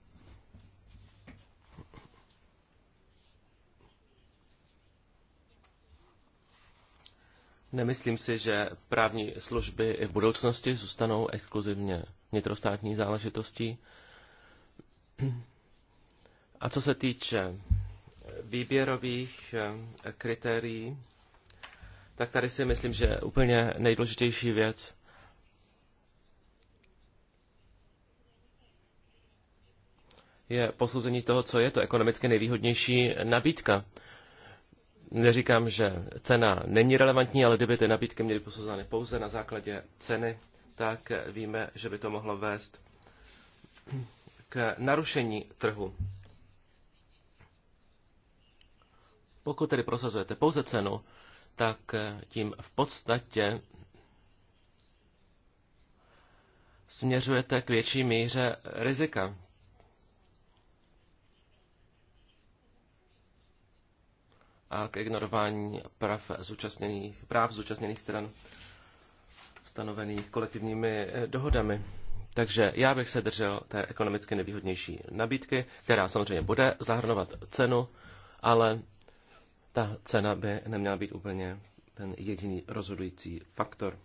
Nemyslím si, že právní služby i v budoucnosti zůstanou exkluzivně vnitrostátní záležitostí. A co se týče výběrových eh, kritérií, tak tady si myslím, že je úplně nejdůležitější věc je posluzení toho, co je to ekonomicky nejvýhodnější nabídka. Neříkám, že cena není relevantní, ale kdyby ty nabídky měly posuzovány pouze na základě ceny, tak víme, že by to mohlo vést k narušení trhu. Pokud tedy prosazujete pouze cenu, tak tím v podstatě směřujete k větší míře rizika. a k ignorování prav zúčastněných, práv zúčastněných stran stanovených kolektivními eh, dohodami. Takže já bych se držel té ekonomicky nevýhodnější nabídky, která samozřejmě bude zahrnovat cenu, ale ta cena by neměla být úplně ten jediný rozhodující faktor.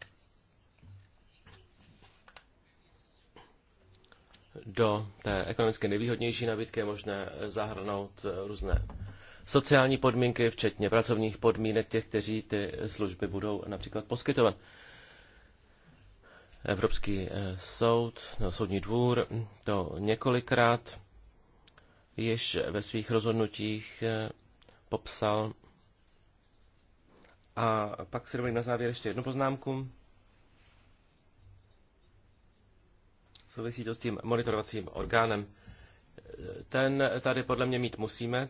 Do té ekonomicky nejvýhodnější nabídky je možné zahrnout různé sociální podmínky, včetně pracovních podmínek těch, kteří ty služby budou například poskytovat. Evropský eh, soud, no, soudní dvůr to několikrát již ve svých rozhodnutích eh, popsal. A pak si dovolím na závěr ještě jednu poznámku. Souvisí to s tím monitorovacím orgánem. Ten tady podle mě mít musíme,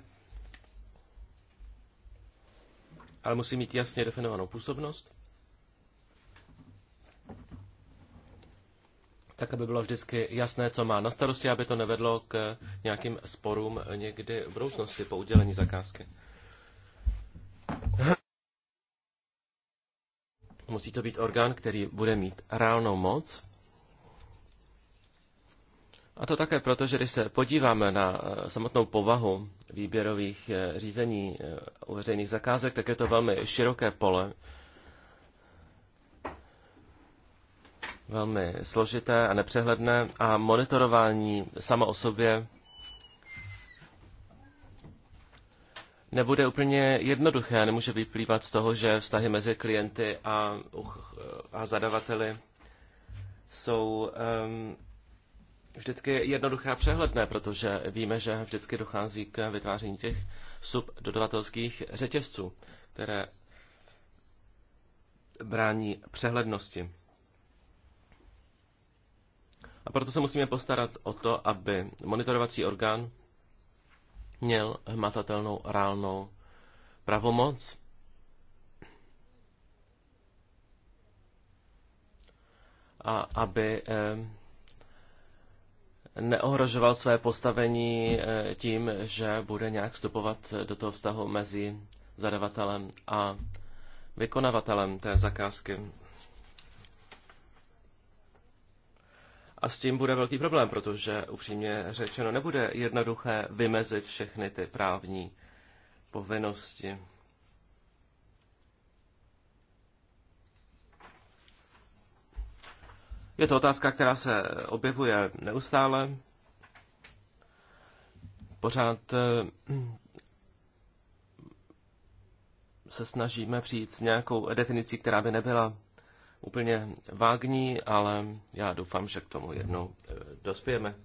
ale musí mít jasně definovanou působnost, tak aby bylo vždycky jasné, co má na starosti, aby to nevedlo k nějakým sporům někdy v budoucnosti po udělení zakázky. Musí to být orgán, který bude mít reálnou moc. A to také proto, že když se podíváme na eh, samotnou povahu výběrových eh, řízení eh, u veřejných zakázek, tak je to velmi široké pole, velmi složité a nepřehledné a monitorování samo o sobě nebude úplně jednoduché, nemůže vyplývat z toho, že vztahy mezi klienty a, a zadavateli jsou um, vždycky jednoduché a přehledné, protože víme, že vždycky dochází k vytváření těch subdodavatelských řetězců, které brání přehlednosti. A proto se musíme postarat o to, aby monitorovací orgán měl hmatatelnou reálnou pravomoc. A aby eh, neohrožoval své postavení eh, tím, že bude nějak vstupovat do toho vztahu mezi zadavatelem a vykonavatelem té zakázky. A s tím bude velký problém, protože upřímně řečeno nebude jednoduché vymezit všechny ty právní povinnosti. Je to otázka, která se objevuje neustále. Pořád eh, se snažíme přijít s nějakou definicí, která by nebyla úplně vágní, ale já doufám, že k tomu jednou eh, dospějeme.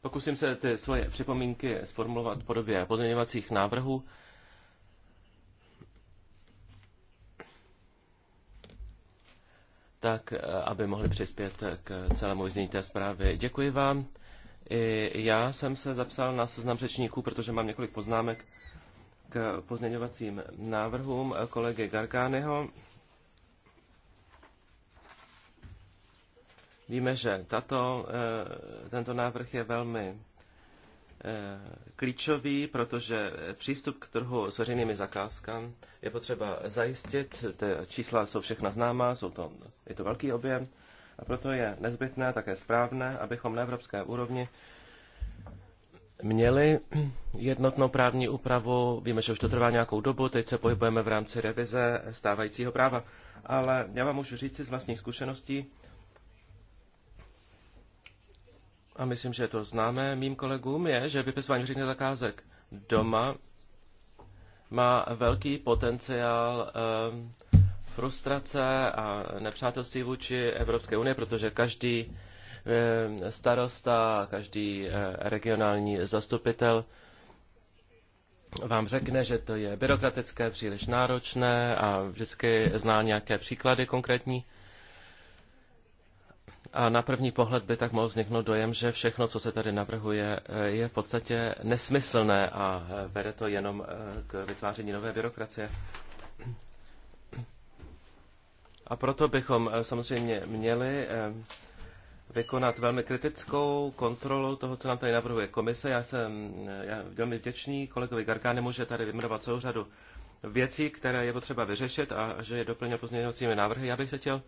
Pokusím se ty svoje připomínky sformulovat v podobě pozměňovacích návrhů. tak, eh, aby mohli přispět k celému znění té zprávy. Děkuji vám. I já jsem se zapsal na seznam řečníků, protože mám několik poznámek k pozměňovacím návrhům kolegy Garkáneho. Víme, že tato, eh, tento návrh je velmi eh, klíčový, protože přístup k trhu s veřejnými zakázkami je potřeba zajistit. Ty čísla jsou všechna známá, jsou to, je to velký objem a proto je nezbytné, také správné, abychom na evropské úrovni měli jednotnou právní úpravu. Víme, že už to trvá nějakou dobu, teď se pohybujeme v rámci revize stávajícího práva. Ale já vám můžu říct si z vlastních zkušeností, a myslím, že to známe mým kolegům, je, že vypisování veřejných zakázek doma má velký potenciál ehm, frustrace a nepřátelství vůči Evropské unii, protože každý Eh, starosta, každý eh, regionální zastupitel vám řekne, že to je byrokratické, příliš náročné a vždycky zná nějaké příklady konkrétní. A na první pohled by tak mohl vzniknout dojem, že všechno, co se tady navrhuje, eh, je v podstatě nesmyslné a vede to jenom k vytváření nové byrokracie. A proto bychom samozřejmě měli vykonat velmi kritickou kontrolu toho, co nám tady navrhuje komise. Já jsem já velmi vděčný kolegovi Gargánemu, může tady vymrovat celou řadu věcí, které je potřeba vyřešit a že je doplněno pozměňovacími návrhy. Já bych se chtěl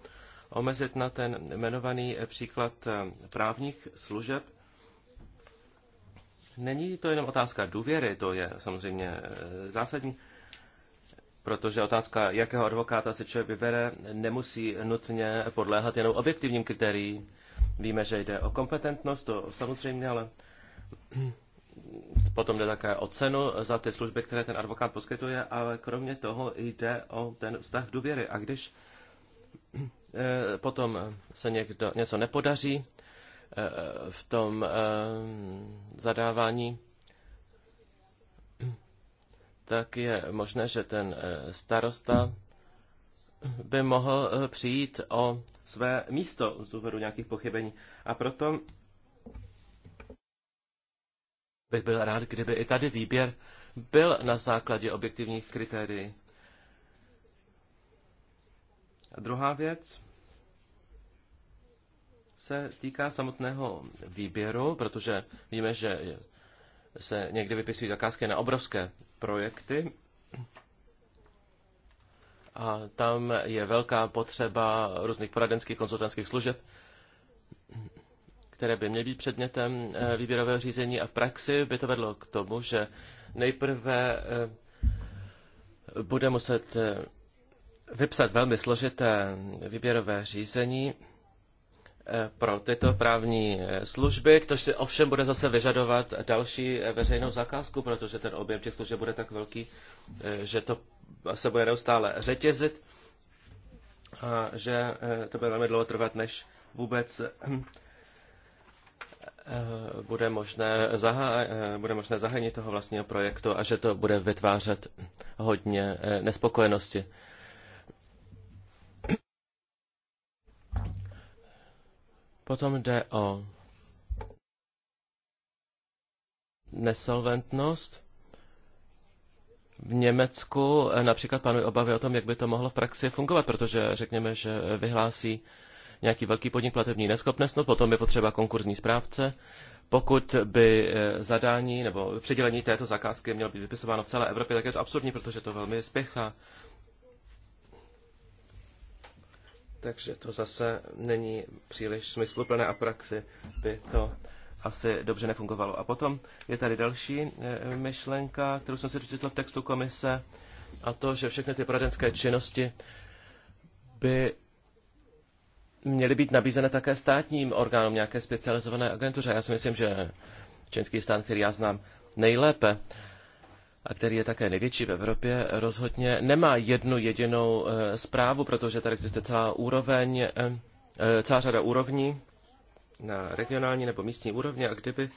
omezit na ten jmenovaný příklad eh, právních služeb. Není to jenom otázka důvěry, to je samozřejmě eh, zásadní, protože otázka, jakého advokáta se člověk vybere, nemusí nutně podléhat jenom objektivním kritériím. Víme, že jde o kompetentnost, to samozřejmě, ale <clears throat> potom jde také o cenu za ty služby, které ten advokát poskytuje, ale kromě toho jde o ten vztah důvěry. A když <clears throat> eh, potom se někdo, něco nepodaří eh, v tom eh, zadávání, <clears throat> tak je možné, že ten starosta by mohl eh, přijít o své místo z důvodu nějakých pochybení. A proto bych byl rád, kdyby i tady výběr byl na základě objektivních kritérií. A druhá věc se týká samotného výběru, protože víme, že se někdy vypisují zakázky na obrovské projekty a tam je velká potřeba různých poradenských konzultantských služeb, které by měly být předmětem eh, výběrového řízení a v praxi by to vedlo k tomu, že nejprve eh, bude muset eh, vypsat velmi složité výběrové řízení pro tyto právní služby, což si ovšem bude zase vyžadovat další veřejnou zakázku, protože ten objem těch služeb bude tak velký, že to se bude neustále řetězit a že eh, to bude velmi dlouho trvat, než vůbec eh, eh, bude možné, zahá, bude možné zahájení toho vlastního projektu a že to bude vytvářet hodně nespokojenosti. Potom jde o nesolventnost. V Německu eh, například panují obavy o tom, jak by to mohlo v praxi fungovat, protože řekněme, že vyhlásí nějaký velký podnik platební neschopnost, no potom je potřeba konkurzní správce. Pokud by eh, zadání nebo předělení této zakázky mělo být vypisováno v celé Evropě, tak je to absurdní, protože to velmi spěchá. Takže to zase není příliš smysluplné a praxi by to asi dobře nefungovalo. A potom je tady další e, myšlenka, kterou jsem si dočetl v textu komise, a to, že všechny ty poradenské činnosti by měly být nabízeny také státním orgánům, nějaké specializované agentuře. Já si myslím, že čínský stát, který já znám nejlépe a který je také největší v Evropě, rozhodně nemá jednu jedinou e, zprávu, protože tady existuje celá úroveň, e, celá řada úrovní na regionální nebo místní úrovni a kdyby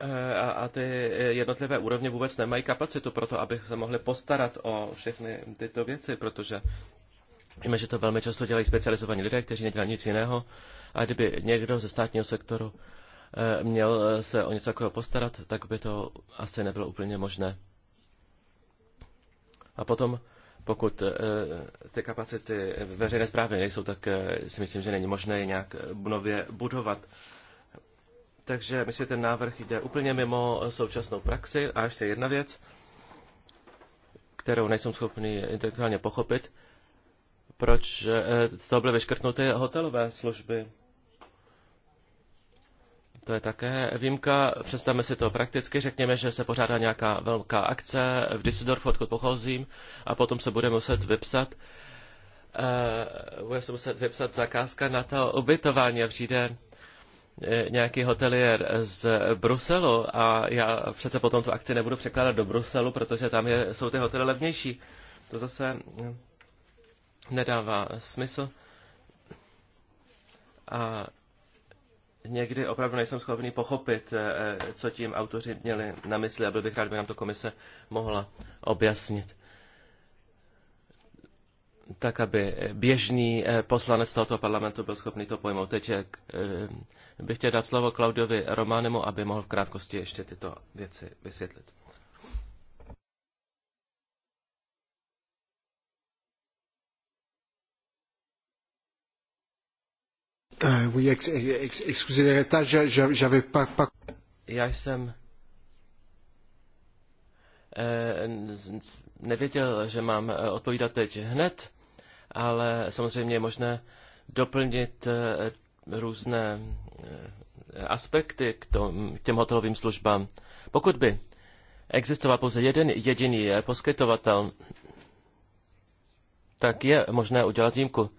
eh, a, a ty jednotlivé úrovně vůbec nemají kapacitu pro to, aby se mohli postarat o všechny tyto věci, protože víme, že to velmi často dělají specializovaní lidé, kteří nedělají nic jiného. A kdyby někdo ze státního sektoru eh, měl se o něco takového postarat, tak by to asi nebylo úplně možné. A potom pokud eh, ty kapacity veřejné zprávy nejsou, tak eh, si myslím, že není možné je nějak nově budovat. Takže myslím, že ten návrh jde úplně mimo současnou praxi. A ještě jedna věc, kterou nejsem schopný integrálně pochopit, proč eh, to byly vyškrtnuty hotelové služby. To je také výjimka. Představme si to prakticky. Řekněme, že se pořádá nějaká velká akce v Düsseldorfu, odkud pocházím, a potom se bude muset vypsat uh, bude se muset vypsat zakázka na to ubytování a přijde eh, nějaký hotelier z Bruselu a já přece potom tu akci nebudu překládat do Bruselu, protože tam je, jsou ty hotely levnější. To zase eh, nedává smysl. A někdy opravdu nejsem schopný pochopit, eh, eh, co tím autoři měli na mysli a byl bych rád, kdyby nám to komise mohla objasnit. Tak, aby běžný eh, poslanec tohoto parlamentu byl schopný to pojmout. Teď bych chtěl dát slovo Klaudovi Románemu, aby mohl v krátkosti ještě tyto věci vysvětlit. Euh, oui, ex, ex, excusez j'avais pas, pas... Já jsem eh, nevěděl, že mám eh, odpovídat teď hned, ale samozřejmě je možné doplnit eh, různé aspekty k, tom, k těm hotelovým službám. Pokud by existoval pouze jeden jediný poskytovatel, tak je možné udělat výjimku.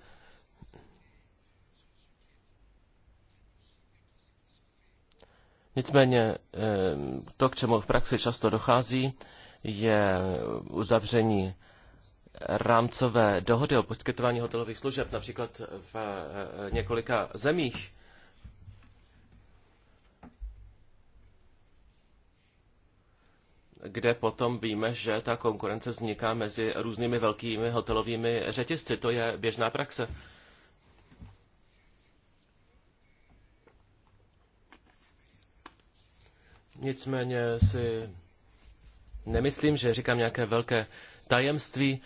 Nicméně to, k čemu v praxi často dochází, je uzavření rámcové dohody o poskytování hotelových služeb, například v eh, několika zemích. kde potom víme, že ta konkurence vzniká mezi různými velkými hotelovými řetězci. To je běžná praxe. Nicméně si nemyslím, že říkám nějaké velké tajemství,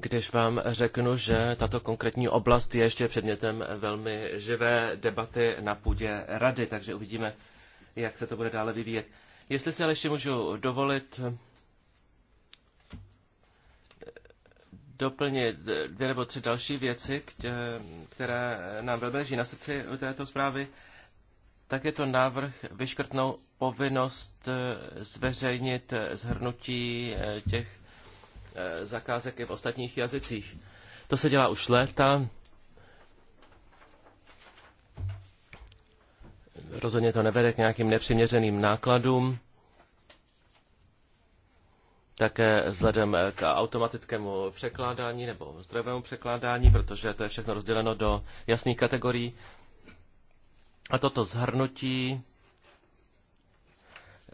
když vám řeknu, že tato konkrétní oblast je ještě předmětem velmi živé debaty na půdě rady, takže uvidíme, jak se to bude dále vyvíjet. Jestli si ale ještě můžu dovolit doplnit dvě nebo tři další věci, které nám velmi leží na srdci u této zprávy tak je to návrh vyškrtnout povinnost eh, zveřejnit eh, zhrnutí eh, těch zakázek i v ostatních jazycích. To se dělá už léta. Rozhodně to nevede k nějakým nepřiměřeným nákladům. Také vzhledem k automatickému překládání nebo zdrojovému překládání, protože to je všechno rozděleno do jasných kategorií. A toto zhrnutí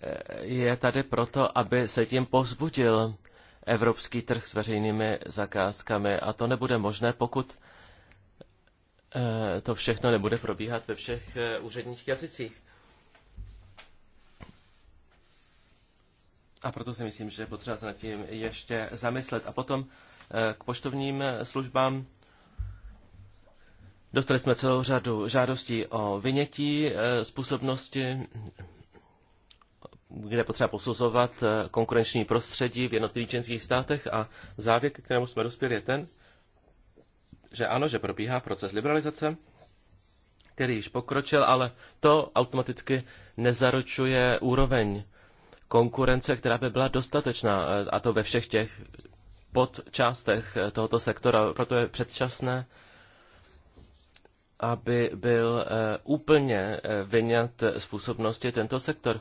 eh, je tady proto, aby se tím pozbudil evropský trh s veřejnými zakázkami. A to nebude možné, pokud eh, to všechno nebude probíhat ve všech eh, úředních jazycích. A proto si myslím, že je potřeba se nad tím ještě zamyslet. A potom k poštovním službám Dostali jsme celou řadu žádostí o vynětí eh, způsobnosti, kde potřeba posuzovat eh, konkurenční prostředí v jednotlivých členských státech a závěr, k kterému jsme dospěli, je ten, že ano, že probíhá proces liberalizace, který již pokročil, ale to automaticky nezaručuje úroveň konkurence, která by byla dostatečná, eh, a to ve všech těch podčástech tohoto sektora. Proto je předčasné aby byl eh, úplně eh, vyňat z působnosti tento sektor.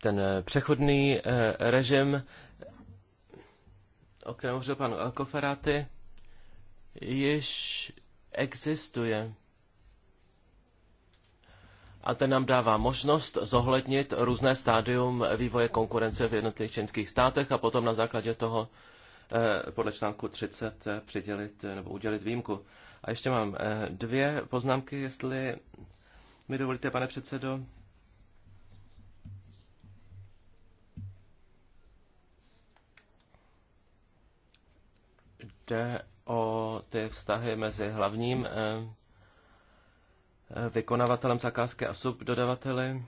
Ten eh, přechodný režim, o kterém hovořil pan Alkoferáty, již existuje. A ten nám dává možnost zohlednit různé stádium vývoje konkurence v jednotlivých členských státech a potom na základě toho Eh, podle článku 30 eh, přidělit eh, nebo udělit výjimku. A ještě mám dvě poznámky, jestli mi dovolíte, pane předsedo. Jde o ty vztahy mezi hlavním vykonavatelem zakázky a subdodavateli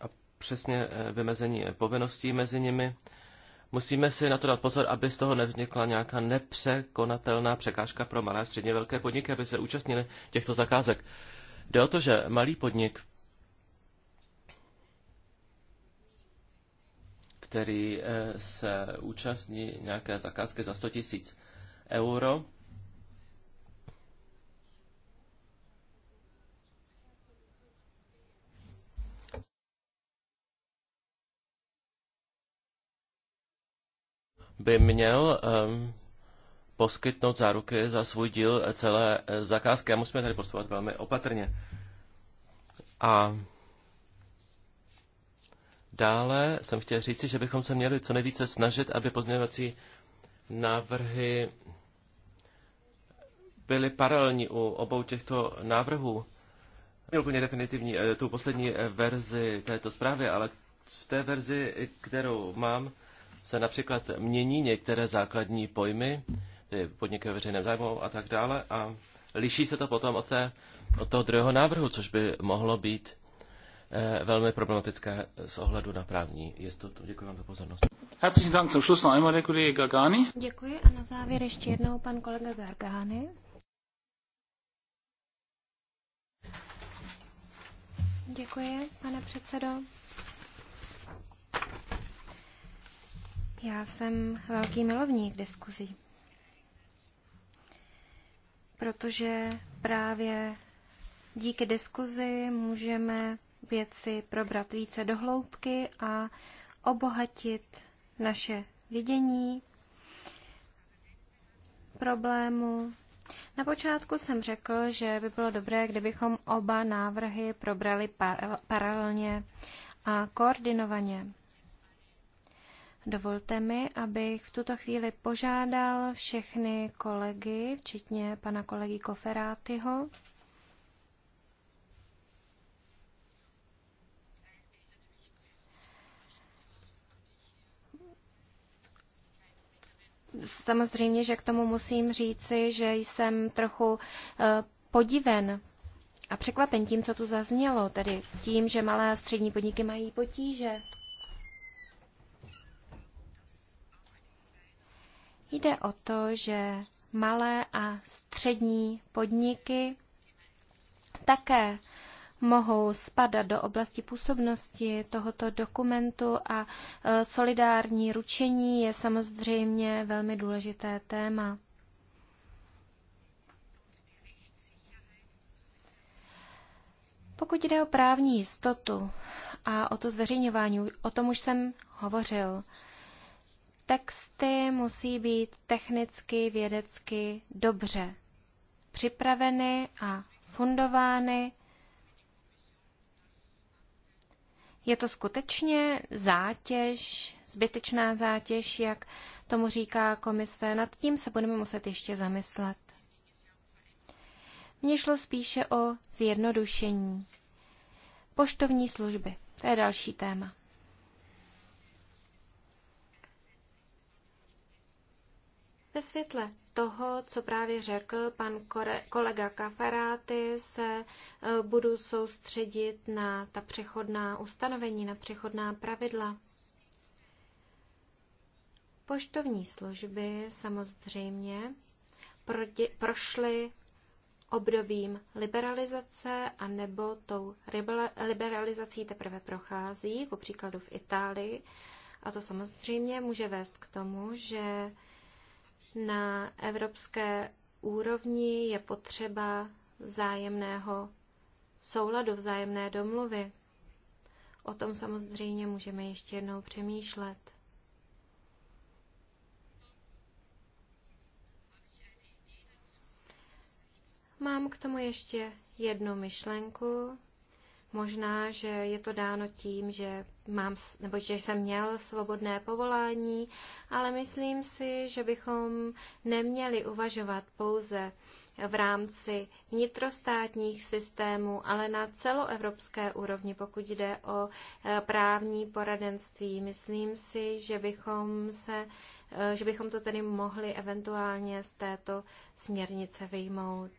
a přesně vymezení povinností mezi nimi. Musíme si na to dát pozor, aby z toho nevznikla nějaká nepřekonatelná překážka pro malé a středně velké podniky, aby se účastnili těchto zakázek. Jde o to, že malý podnik, který eh, se účastní nějaké zakázky za 100 tisíc euro, by měl ehm, poskytnout záruky za svůj díl celé eh, zakázky a musíme tady postupovat velmi opatrně. A dále jsem chtěl říci, že bychom se měli co nejvíce snažit, aby pozměňovací návrhy byly paralelní u obou těchto návrhů. Měl úplně definitivní eh, tu poslední eh, verzi této zprávy, ale v té verzi, kterou mám, se například mění některé základní pojmy, ty podniky ve veřejném zájmu a tak dále, a liší se to potom od, té, od toho druhého návrhu, což by mohlo být eh, velmi problematické z ohledu na právní jistotu. Děkuji vám za pozornost. Děkuji a na závěr ještě jednou pan kolega Gargány. Děkuji, pane předsedo. Já jsem velký milovník diskuzí, protože právě díky diskuzi můžeme věci probrat více do hloubky a obohatit naše vidění problému. Na počátku jsem řekl, že by bylo dobré, kdybychom oba návrhy probrali paralelně a koordinovaně. Dovolte mi, abych v tuto chvíli požádal všechny kolegy, včetně pana kolegy Koferátyho, Samozřejmě, že k tomu musím říci, že jsem trochu eh, podiven a překvapen tím, co tu zaznělo, tedy tím, že malé a střední podniky mají potíže. Jde o to, že malé a střední podniky také mohou spadat do oblasti působnosti tohoto dokumentu a e, solidární ručení je samozřejmě velmi důležité téma. Pokud jde o právní jistotu a o to zveřejňování, o tom už jsem hovořil. Texty musí být technicky, vědecky dobře připraveny a fundovány. Je to skutečně zátěž, zbytečná zátěž, jak tomu říká komise. Nad tím se budeme muset ještě zamyslet. Mně šlo spíše o zjednodušení. Poštovní služby, to je další téma. Ve světle toho, co právě řekl pan kolega Kafaráty, se eh, budu soustředit na ta přechodná ustanovení, na přechodná pravidla. Poštovní služby samozřejmě prošly obdobím liberalizace a nebo tou liberalizací teprve prochází, jako příkladu v Itálii. A to samozřejmě může vést k tomu, že na evropské úrovni je potřeba vzájemného souladu, vzájemné domluvy. O tom samozřejmě můžeme ještě jednou přemýšlet. Mám k tomu ještě jednu myšlenku, Možná, že je to dáno tím, že mám, nebo že jsem měl svobodné povolání, ale myslím si, že bychom neměli uvažovat pouze v rámci vnitrostátních systémů, ale na celoevropské úrovni, pokud jde o e, právní poradenství. Myslím si, že bychom, se, e, že bychom to tedy mohli eventuálně z této směrnice vyjmout.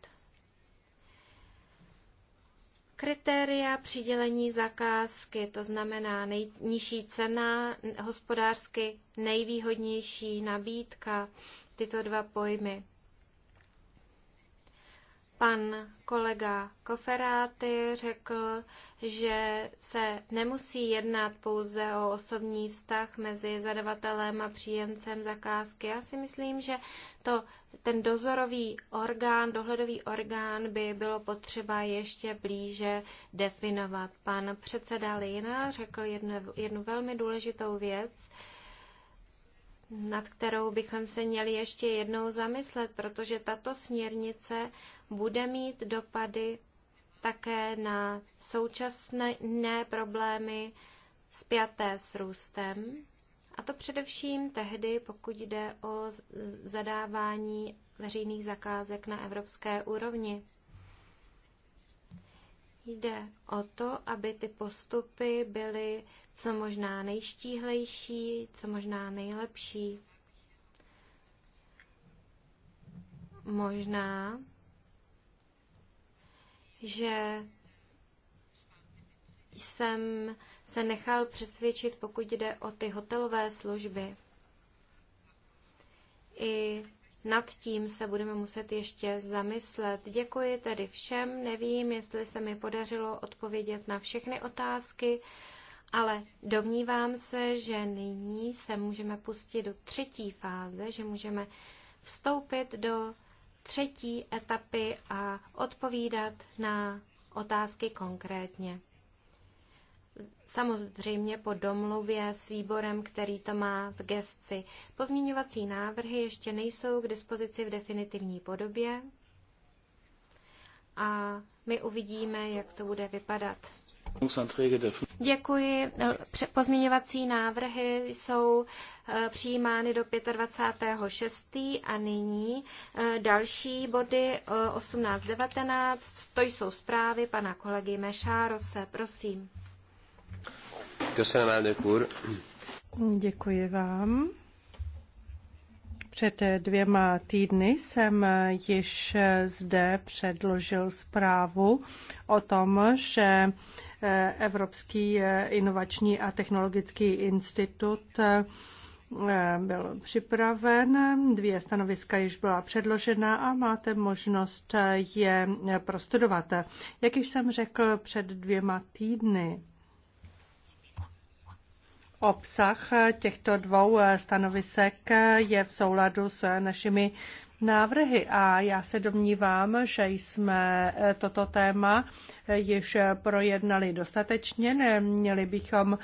Kritéria přidělení zakázky, to znamená nejnižší cena, hospodářsky nejvýhodnější nabídka, tyto dva pojmy. Pan kolega Koferáty řekl, že se nemusí jednat pouze o osobní vztah mezi zadavatelem a příjemcem zakázky. Já si myslím, že to, ten dozorový orgán, dohledový orgán by bylo potřeba ještě blíže definovat. Pan předseda Lina řekl jednu, jednu velmi důležitou věc, nad kterou bychom se měli ještě jednou zamyslet, protože tato směrnice bude mít dopady také na současné problémy spjaté s růstem, a to především tehdy, pokud jde o zadávání veřejných zakázek na evropské úrovni. Jde o to, aby ty postupy byly co možná nejštíhlejší, co možná nejlepší. Možná, že jsem se nechal přesvědčit, pokud jde o ty hotelové služby. I nad tím se budeme muset ještě zamyslet. Děkuji tedy všem. Nevím, jestli se mi podařilo odpovědět na všechny otázky. Ale domnívám se, že nyní se můžeme pustit do třetí fáze, že můžeme vstoupit do třetí etapy a odpovídat na otázky konkrétně. Samozřejmě po domluvě s výborem, který to má v gestci. Pozměňovací návrhy ještě nejsou k dispozici v definitivní podobě a my uvidíme, jak to bude vypadat. Děkuji. Pozměňovací návrhy jsou eh, přijímány do 25.6. a nyní eh, další body 18.19. Eh, to jsou zprávy pana kolegy Mešárose. Prosím. Děkuji vám. Před dvěma týdny jsem již zde předložil zprávu o tom, že eh, Evropský eh, inovační a technologický institut eh, byl připraven, dvě stanoviska již byla předložena a máte možnost je prostudovat. Jak již jsem řekl před dvěma týdny, Obsah těchto dvou eh, stanovisek eh, je v souladu s eh, našimi návrhy a já se domnívám, že jsme toto téma již projednali dostatečně. Neměli bychom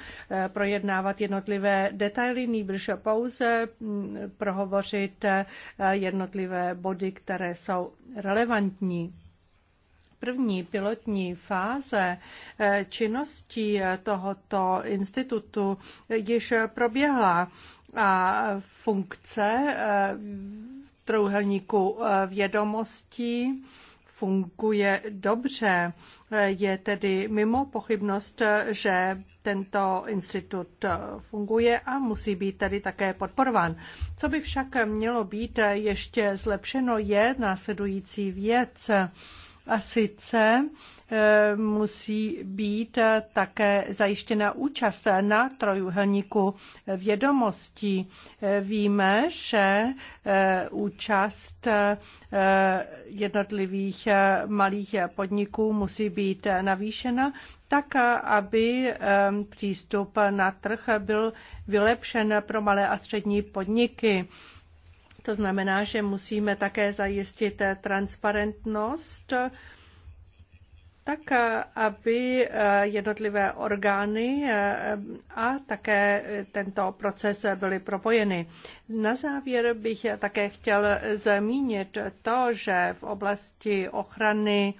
projednávat jednotlivé detaily, nýbrž pouze mm, prohovořit jednotlivé body, které jsou relevantní první pilotní fáze eh, činností eh, tohoto institutu již proběhla a funkce eh, trouhelníku vědomostí funguje dobře. Je tedy mimo pochybnost, že tento institut funguje a musí být tedy také podporován. Co by však mělo být ještě zlepšeno, je následující věc. A sice eh, musí být také zajištěna účast na trojuhelníku vědomostí. Eh, víme, že eh, účast jednotlivých malých podniků musí být navýšena tak, aby přístup na trh byl vylepšen pro malé a střední podniky. To znamená, že musíme také zajistit transparentnost tak, aby eh, jednotlivé orgány eh, a také tento proces byly propojeny. Na závěr bych také chtěl zmínit to, že v oblasti ochrany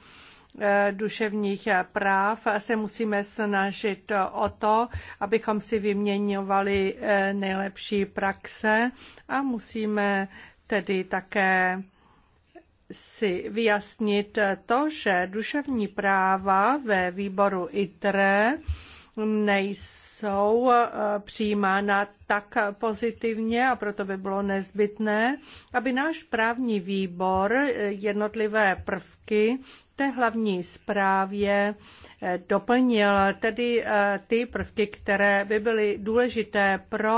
Eh, duševních eh, práv se musíme snažit o to, abychom si vyměňovali eh, nejlepší praxe a musíme tedy také si vyjasnit to, že duševní práva ve výboru ITRE nejsou přijímána tak pozitivně a proto by bylo nezbytné, aby náš právní výbor jednotlivé prvky té hlavní zprávě eh, doplnil tedy eh, ty prvky, které by byly důležité pro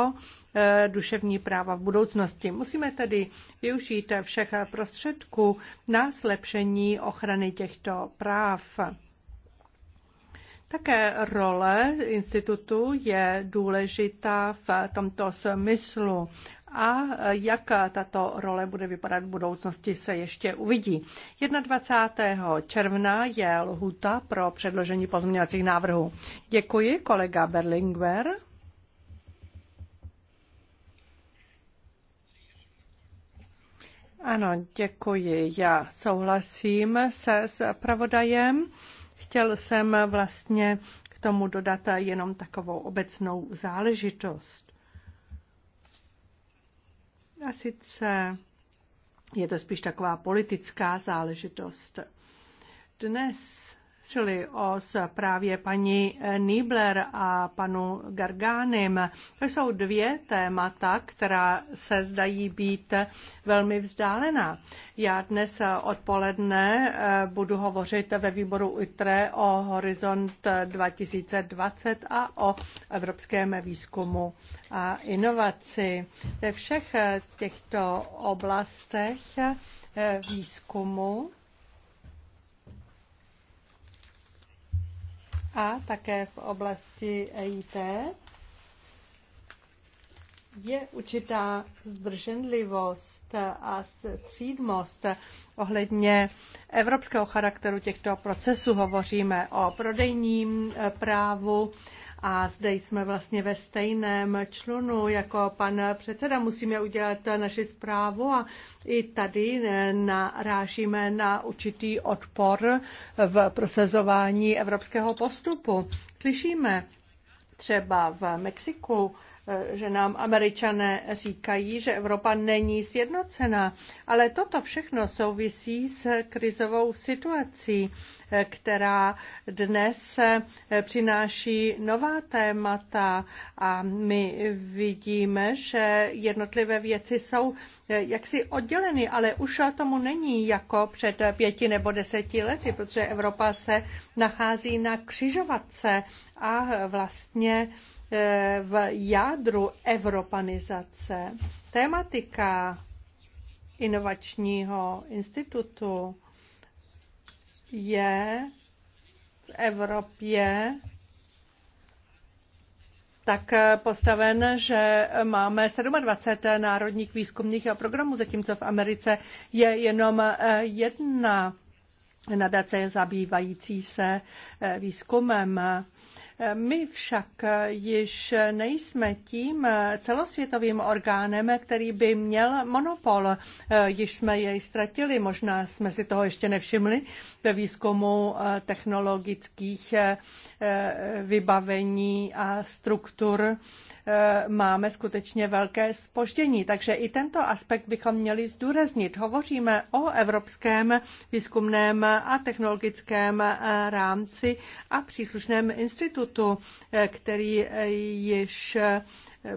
eh, duševní práva v budoucnosti. Musíme tedy využít všech prostředků na zlepšení ochrany těchto práv. Také role institutu je důležitá v tomto smyslu a jak tato role bude vypadat v budoucnosti, se ještě uvidí. 21. června je lhuta pro předložení pozměňovacích návrhů. Děkuji, kolega Berlinguer. Ano, děkuji. Já souhlasím se s pravodajem. Chtěl jsem vlastně k tomu dodat jenom takovou obecnou záležitost. A sice je to spíš taková politická záležitost. Dnes čili o právě paní Nibler a panu Garganem. To jsou dvě témata, která se zdají být velmi vzdálená. Já dnes odpoledne eh, budu hovořit ve výboru ITRE o Horizont 2020 a o evropském výzkumu a inovaci. Ve všech těchto oblastech eh, výzkumu a také v oblasti EIT je určitá zdrženlivost a střídmost ohledně evropského charakteru těchto procesů. Hovoříme o prodejním eh, právu, a zde jsme vlastně ve stejném člunu jako pan předseda. Musíme udělat naši zprávu a i tady eh, narážíme na určitý odpor v prosazování evropského postupu. Slyšíme třeba v Mexiku, Eh, že nám američané říkají, že Evropa není sjednocená. Ale toto všechno souvisí s krizovou situací, eh, která dnes eh, přináší nová témata a my vidíme, že jednotlivé věci jsou jaksi odděleny, ale už tomu není jako před pěti nebo deseti lety, protože Evropa se nachází na křižovatce a vlastně Eh, v jádru evropanizace. Tématika inovačního institutu je v Evropě tak postaven, že máme 27 národních výzkumných programů, zatímco v Americe je jenom eh, jedna nadace zabývající se eh, výzkumem. My však již nejsme tím celosvětovým orgánem, který by měl monopol. Již jsme jej ztratili, možná jsme si toho ještě nevšimli ve výzkumu technologických vybavení a struktur máme skutečně velké spoždění. Takže i tento aspekt bychom měli zdůraznit. Hovoříme o evropském výzkumném a technologickém rámci a příslušném institutu statutu, který již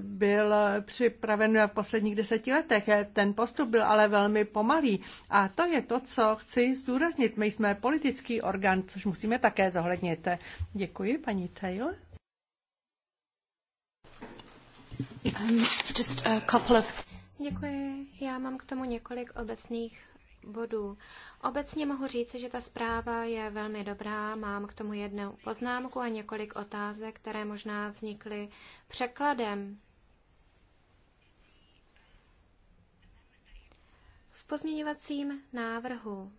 byl připraven v posledních deseti letech. Ten postup byl ale velmi pomalý. A to je to, co chci zdůraznit. My jsme politický orgán, což musíme také zohlednit. Děkuji, paní Taylor. Um, just a couple of... Děkuji. Já mám k tomu několik obecných bodů. Obecně mohu říct, že ta zpráva je velmi dobrá. Mám k tomu jednu poznámku a několik otázek, které možná vznikly překladem. V pozměňovacím návrhu,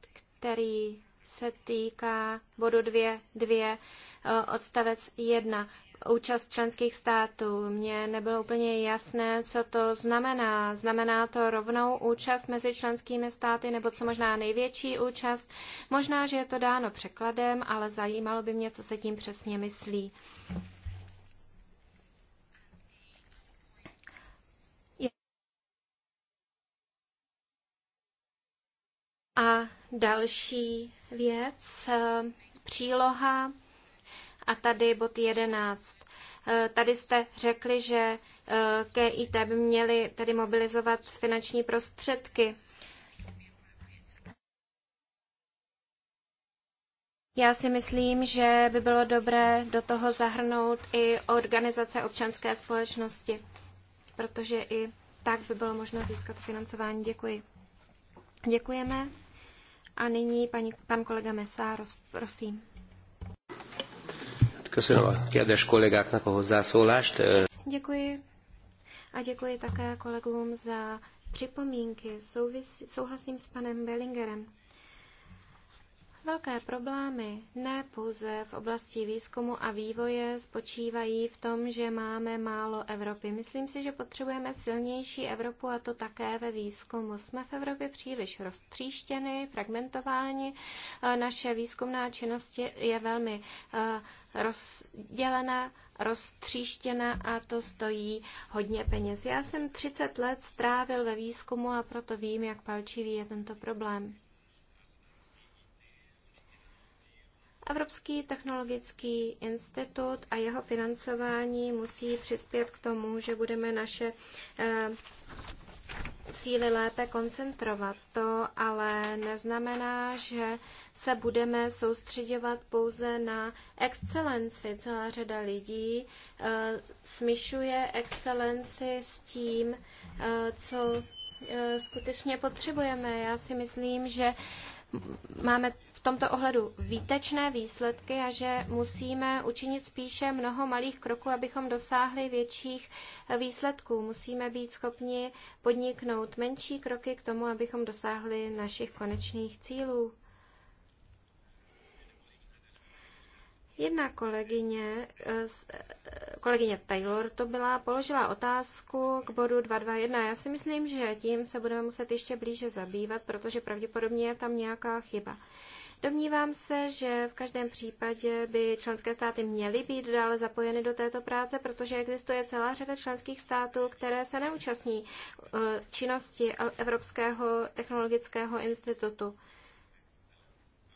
který se týká bodu 2.2 eh, odstavec 1 účast členských států. Mně nebylo úplně jasné, co to znamená. Znamená to rovnou účast mezi členskými státy, nebo co možná největší účast? Možná, že je to dáno překladem, ale zajímalo by mě, co se tím přesně myslí. A další věc, příloha a tady bod 11. Eh, tady jste řekli, že eh, KIT by měli tedy mobilizovat finanční prostředky. Já si myslím, že by bylo dobré do toho zahrnout i organizace občanské společnosti, protože i tak by bylo možno získat financování. Děkuji. Děkujeme. A nyní paní, pan kolega Mesá, prosím. Köszönöm a kedves kollégáknak a hozzászólást. Děkuji. A děkuji také kolegům za připomínky. Souvis, souhlasím s panem Bellingerem. Velké problémy ne pouze v oblasti výzkumu a vývoje spočívají v tom, že máme málo Evropy. Myslím si, že potřebujeme silnější Evropu a to také ve výzkumu. Jsme v Evropě příliš roztříštěny, fragmentováni. Naše výzkumná činnost je velmi eh, rozdělena, roztříštěna a to stojí hodně peněz. Já jsem 30 let strávil ve výzkumu a proto vím, jak palčivý je tento problém. Evropský technologický institut a jeho financování musí přispět k tomu, že budeme naše eh, síly lépe koncentrovat. To ale neznamená, že se budeme soustředovat pouze na excelenci. Celá řada lidí uh, eh, smyšuje excelenci s tím, uh, co uh, skutečně potřebujeme. Já si myslím, že máme tomto ohledu výtečné výsledky a že musíme učinit spíše mnoho malých kroků, abychom dosáhli větších výsledků. Musíme být schopni podniknout menší kroky k tomu, abychom dosáhli našich konečných cílů. Jedna kolegyně, eh, eh, kolegyně Taylor to byla, položila otázku k bodu 221. Já si myslím, že tím se budeme muset ještě blíže zabývat, protože pravděpodobně je tam nějaká chyba. Domnívám se, že v každém případě by členské státy měly být dále zapojeny do této práce, protože existuje celá řada členských států, které se neúčastní eh, činnosti Evropského technologického institutu,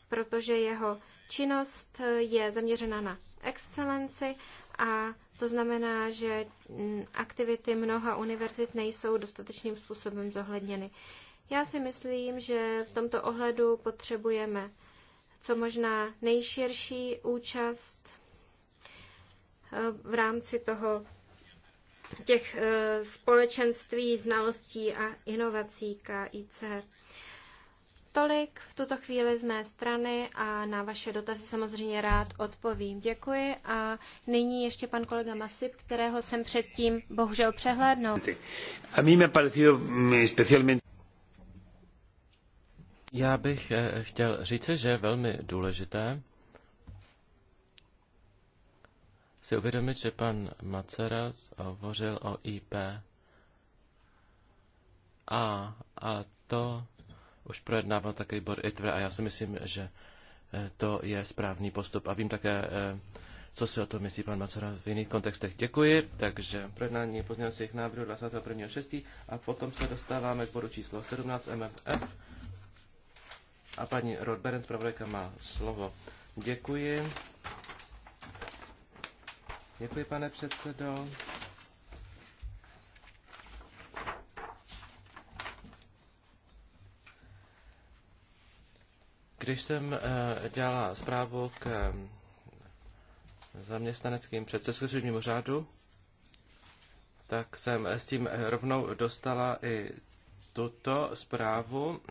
protože jeho činnost eh, je zaměřena na excelenci a to znamená, že mm, aktivity mnoha univerzit nejsou dostatečným způsobem zohledněny. Já si myslím, že v tomto ohledu potřebujeme co možná nejširší účast eh, v rámci toho těch eh, společenství znalostí a inovací KIC. Tolik v tuto chvíli z mé strany a na vaše dotazy samozřejmě rád odpovím. Děkuji a nyní ještě pan kolega Masip, kterého jsem předtím bohužel přehlédnul. A mí me parecido mm, especialmente... Já bych eh, chtěl říci, že je velmi důležité si uvědomit, že pan Macera hovořil o IP a, a to už projednával také Bor ITVE a já si myslím, že eh, to je správný postup. A vím také, eh, co si o tom myslí pan Macera v jiných kontextech. Děkuji, takže projednání pozdělacích návrhů 21.6. a potom se dostáváme k bodu číslo 17 MFF a paní Rodberen, zpravodajka, má slovo. Děkuji. Děkuji, pane předsedo. Když jsem eh, dělala zprávu k eh, zaměstnaneckým předsedským řádu, tak jsem s tím rovnou dostala i tuto zprávu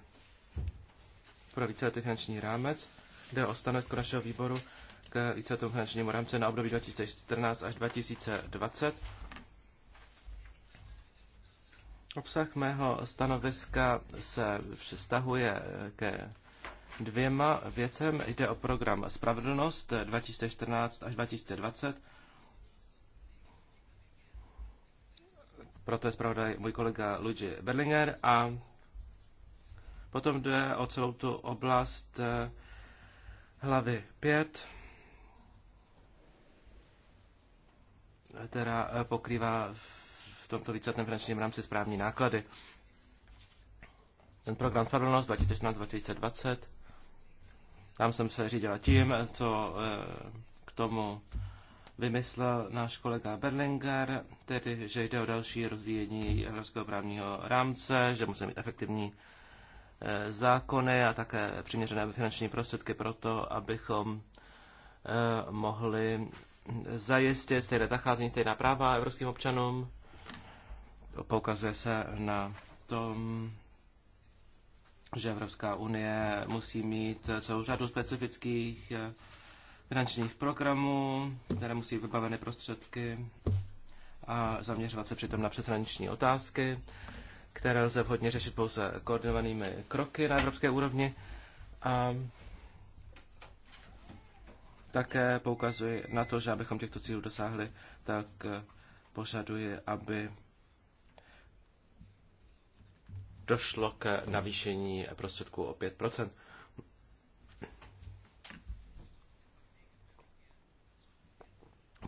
pro víceletý finanční rámec. Jde o stanovisko našeho výboru k víceletému finančnímu rámci na období 2014 až 2020. Obsah mého stanoviska se přistahuje ke dvěma věcem. Jde o program Spravedlnost 2014 až 2020. Proto je zpravodaj můj kolega Luigi Berlinger a Potom jde o celou tu oblast eh, hlavy 5, která eh, pokrývá v tomto víceletém finančním rámci správní náklady. Ten program Spravedlnost 2014-2020, tam jsem se řídila tím, co eh, k tomu vymyslel náš kolega Berlinger, tedy, že jde o další rozvíjení evropského právního rámce, že musíme být efektivní Eh, zákony a také přiměřené finanční prostředky pro to, abychom eh, mohli zajistit stejné zacházení, stejná práva evropským občanům. Poukazuje se na tom, že Evropská unie musí mít celou řadu specifických eh, finančních programů, které musí být vybaveny prostředky a zaměřovat se přitom na přeshraniční otázky které lze vhodně řešit pouze koordinovanými kroky na evropské úrovni. A také poukazuji na to, že abychom těchto cílů dosáhli, tak eh, požaduji, aby došlo k navýšení prostředků o 5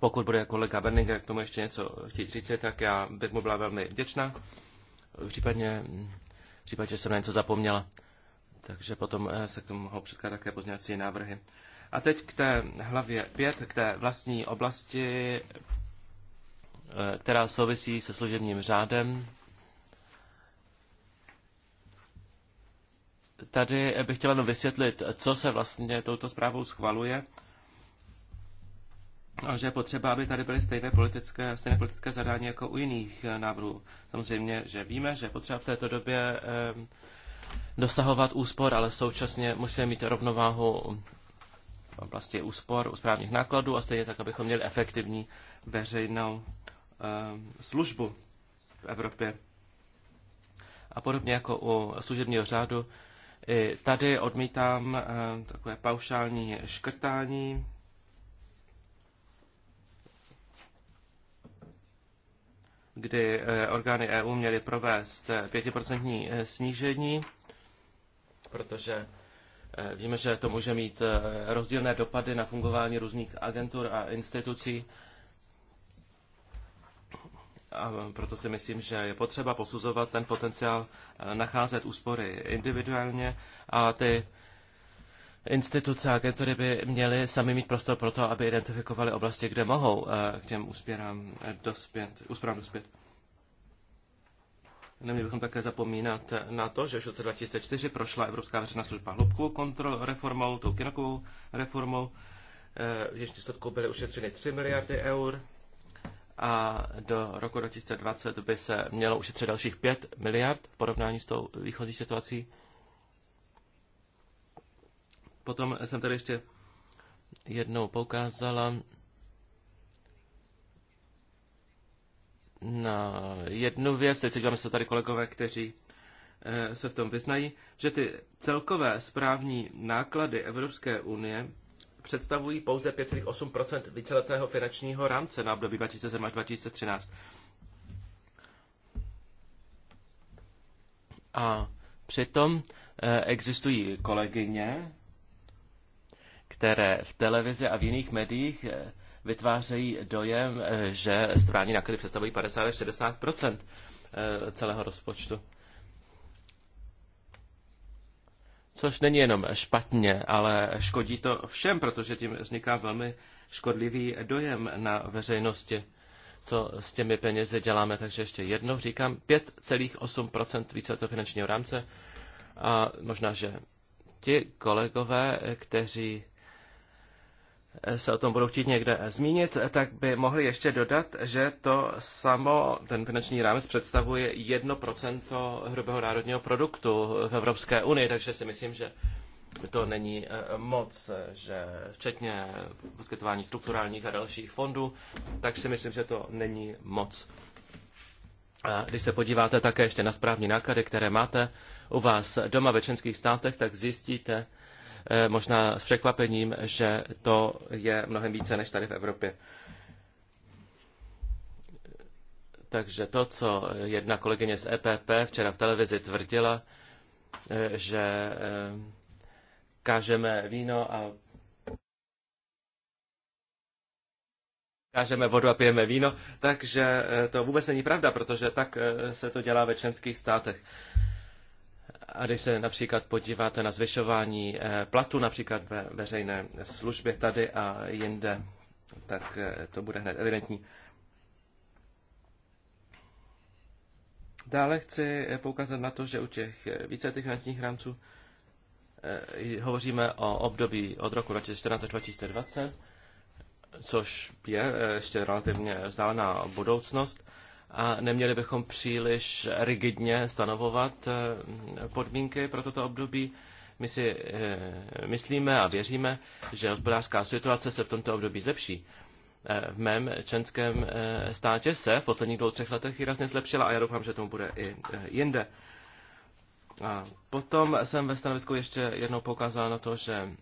Pokud bude kolega Berninger k tomu ještě něco chtít říct, tak já bych mu byla velmi vděčná případně, v případě, že jsem na něco zapomněla. Takže potom eh, se k tomu mohou předkládat také pozměňovací návrhy. A teď k té hlavě 5, k té vlastní oblasti, eh, která souvisí se služebním řádem. Tady bych chtěla jenom vysvětlit, co se vlastně touto zprávou schvaluje a že je potřeba, aby tady byly stejné politické, stejné politické zadání jako u jiných eh, návrhů. Samozřejmě, že víme, že je potřeba v této době eh, dosahovat úspor, ale současně musíme mít rovnováhu vlastně úspor, u správních nákladů a stejně tak, abychom měli efektivní veřejnou eh, službu v Evropě. A podobně jako u služebního řádu, i tady odmítám takové paušální škrtání kdy eh, orgány EU měly provést eh, pětiprocentní eh, snížení, protože víme, že to může mít rozdílné dopady na fungování různých agentur a institucí. A proto si myslím, že je potřeba posuzovat ten potenciál, nacházet úspory individuálně a ty instituce a agentury by měly sami mít prostor pro to, aby identifikovali oblasti, kde mohou eh, k těm úspěrám eh, dospět, úspěrám dospět. Neměli bychom také zapomínat eh, na to, že v roce 2004 prošla Evropská veřejná služba hloubkou kontrol reformou, tou kinokovou reformou. V jejich výsledku byly ušetřeny 3 miliardy eur a do roku 2020 by se mělo ušetřit dalších 5 miliard v porovnání s tou výchozí situací. Potom jsem tady ještě jednou poukázala na jednu věc, teď se se tady kolegové, kteří eh, se v tom vyznají, že ty celkové správní náklady Evropské unie představují pouze 5,8 víceletého finančního rámce na období 2007 až 2013. A přitom eh, existují kolegyně, které v televizi a v jiných médiích eh, vytvářejí dojem, eh, že správní náklady představují 50 až 60 eh, celého rozpočtu. Což není jenom špatně, ale škodí to všem, protože tím vzniká velmi škodlivý dojem na veřejnosti, co s těmi penězi děláme. Takže ještě jednou říkám, 5,8 více toho finančního rámce. A možná, že ti kolegové, kteří se o tom budou chtít někde zmínit, tak by mohli ještě dodat, že to samo, ten finanční rámec představuje 1% hrubého národního produktu v Evropské unii, takže si myslím, že to není eh, moc, že včetně poskytování strukturálních a dalších fondů, tak si myslím, že to není moc. A když se podíváte také ještě na správní náklady, které máte u vás doma ve členských státech, tak zjistíte, Eh, možná s překvapením, že to je mnohem více než tady v Evropě. Takže to, co jedna kolegyně z EPP včera v televizi tvrdila, eh, že eh, kážeme víno a kážeme vodu a pijeme víno, takže to vůbec není pravda, protože tak se to dělá ve členských státech. A když se například podíváte na zvyšování eh, platu například ve veřejné službě tady a jinde, tak eh, to bude hned evidentní. Dále chci eh, poukázat na to, že u těch více těch finančních rámců hovoříme o období od roku 2014 až 2020, což je ještě relativně vzdálená budoucnost a neměli bychom příliš rigidně stanovovat eh, podmínky pro toto období. My si eh, myslíme a věříme, že hospodářská situace se v tomto období zlepší. Eh, v mém členském státě se v posledních dvou, třech letech výrazně zlepšila a já doufám, že tomu bude i jinde. A potom jsem ve stanovisku ještě jednou poukázal na to, že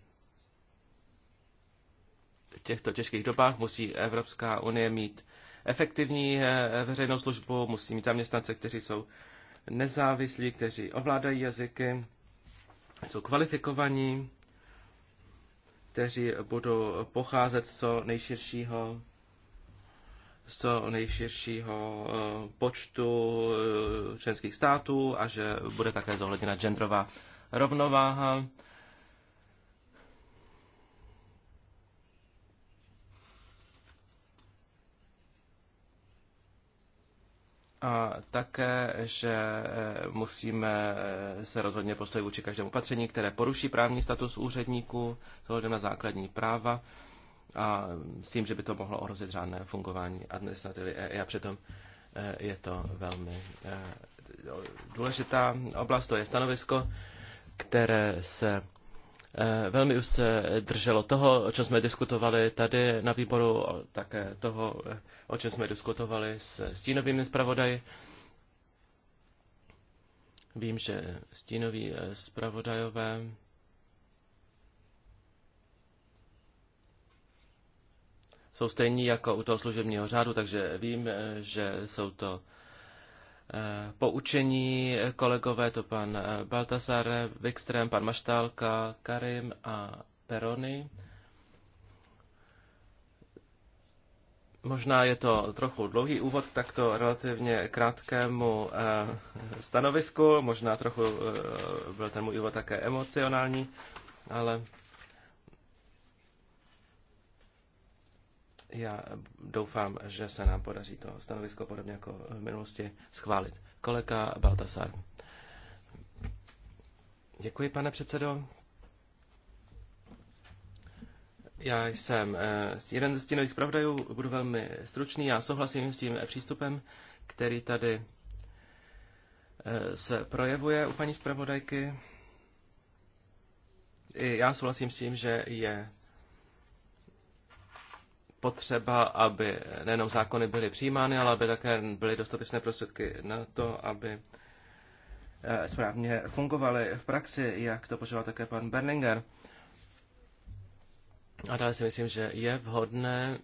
v těchto těžkých dobách musí Evropská unie mít efektivní eh, veřejnou službu, musí mít zaměstnance, kteří jsou nezávislí, kteří ovládají jazyky, jsou kvalifikovaní, kteří budou pocházet z co nejširšího z co nejširšího eh, počtu eh, členských států a že bude také zohledněna genderová rovnováha. A také, že eh, musíme eh, se rozhodně postavit vůči každému opatření, které poruší právní status úředníků, ohledem na základní práva a s tím, že by to mohlo ohrozit řádné fungování administrativy e a přitom eh, je to velmi důležitá oblast, to je stanovisko, které se Eh, velmi už se drželo toho, o čem jsme diskutovali tady na výboru, také toho, eh, o čem jsme diskutovali s stínovými zpravodaji. Vím, že stínoví eh, zpravodajové jsou stejní jako u toho služebního řádu, takže vím, že jsou to Eh, poučení eh, kolegové, to pan eh, Baltasar, Wikström, pan Maštálka, Karim a Perony. Možná je to trochu dlouhý úvod k takto relativně krátkému stanovisku, možná trochu byl ten můj úvod také emocionální, ale Já doufám, že se nám podaří to stanovisko podobně jako v minulosti schválit. Kolega Baltasar. Děkuji, pane předsedo. Já jsem eh, jeden ze stínových zpravodajů, budu velmi stručný. Já souhlasím s tím přístupem, který tady eh, se projevuje u paní zpravodajky. I já souhlasím s tím, že je potřeba, aby nejenom zákony byly přijímány, ale aby také byly dostatečné prostředky na to, aby eh, správně fungovaly v praxi, jak to požadoval také pan Berninger. A dále si myslím, že je vhodné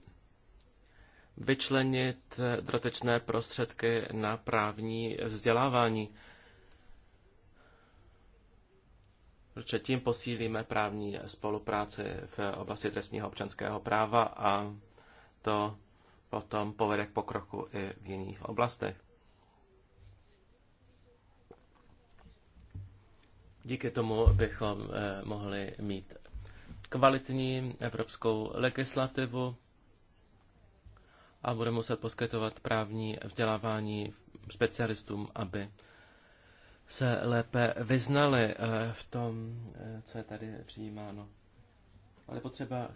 vyčlenit eh, dodatečné prostředky na právní vzdělávání. Protože tím posílíme právní spolupráci v oblasti trestního občanského práva a to potom povede k pokroku i v jiných oblastech. Díky tomu bychom eh, mohli mít kvalitní evropskou legislativu a bude muset poskytovat právní vzdělávání specialistům, aby se lépe vyznali eh, v tom, eh, co je tady přijímáno. Ale potřeba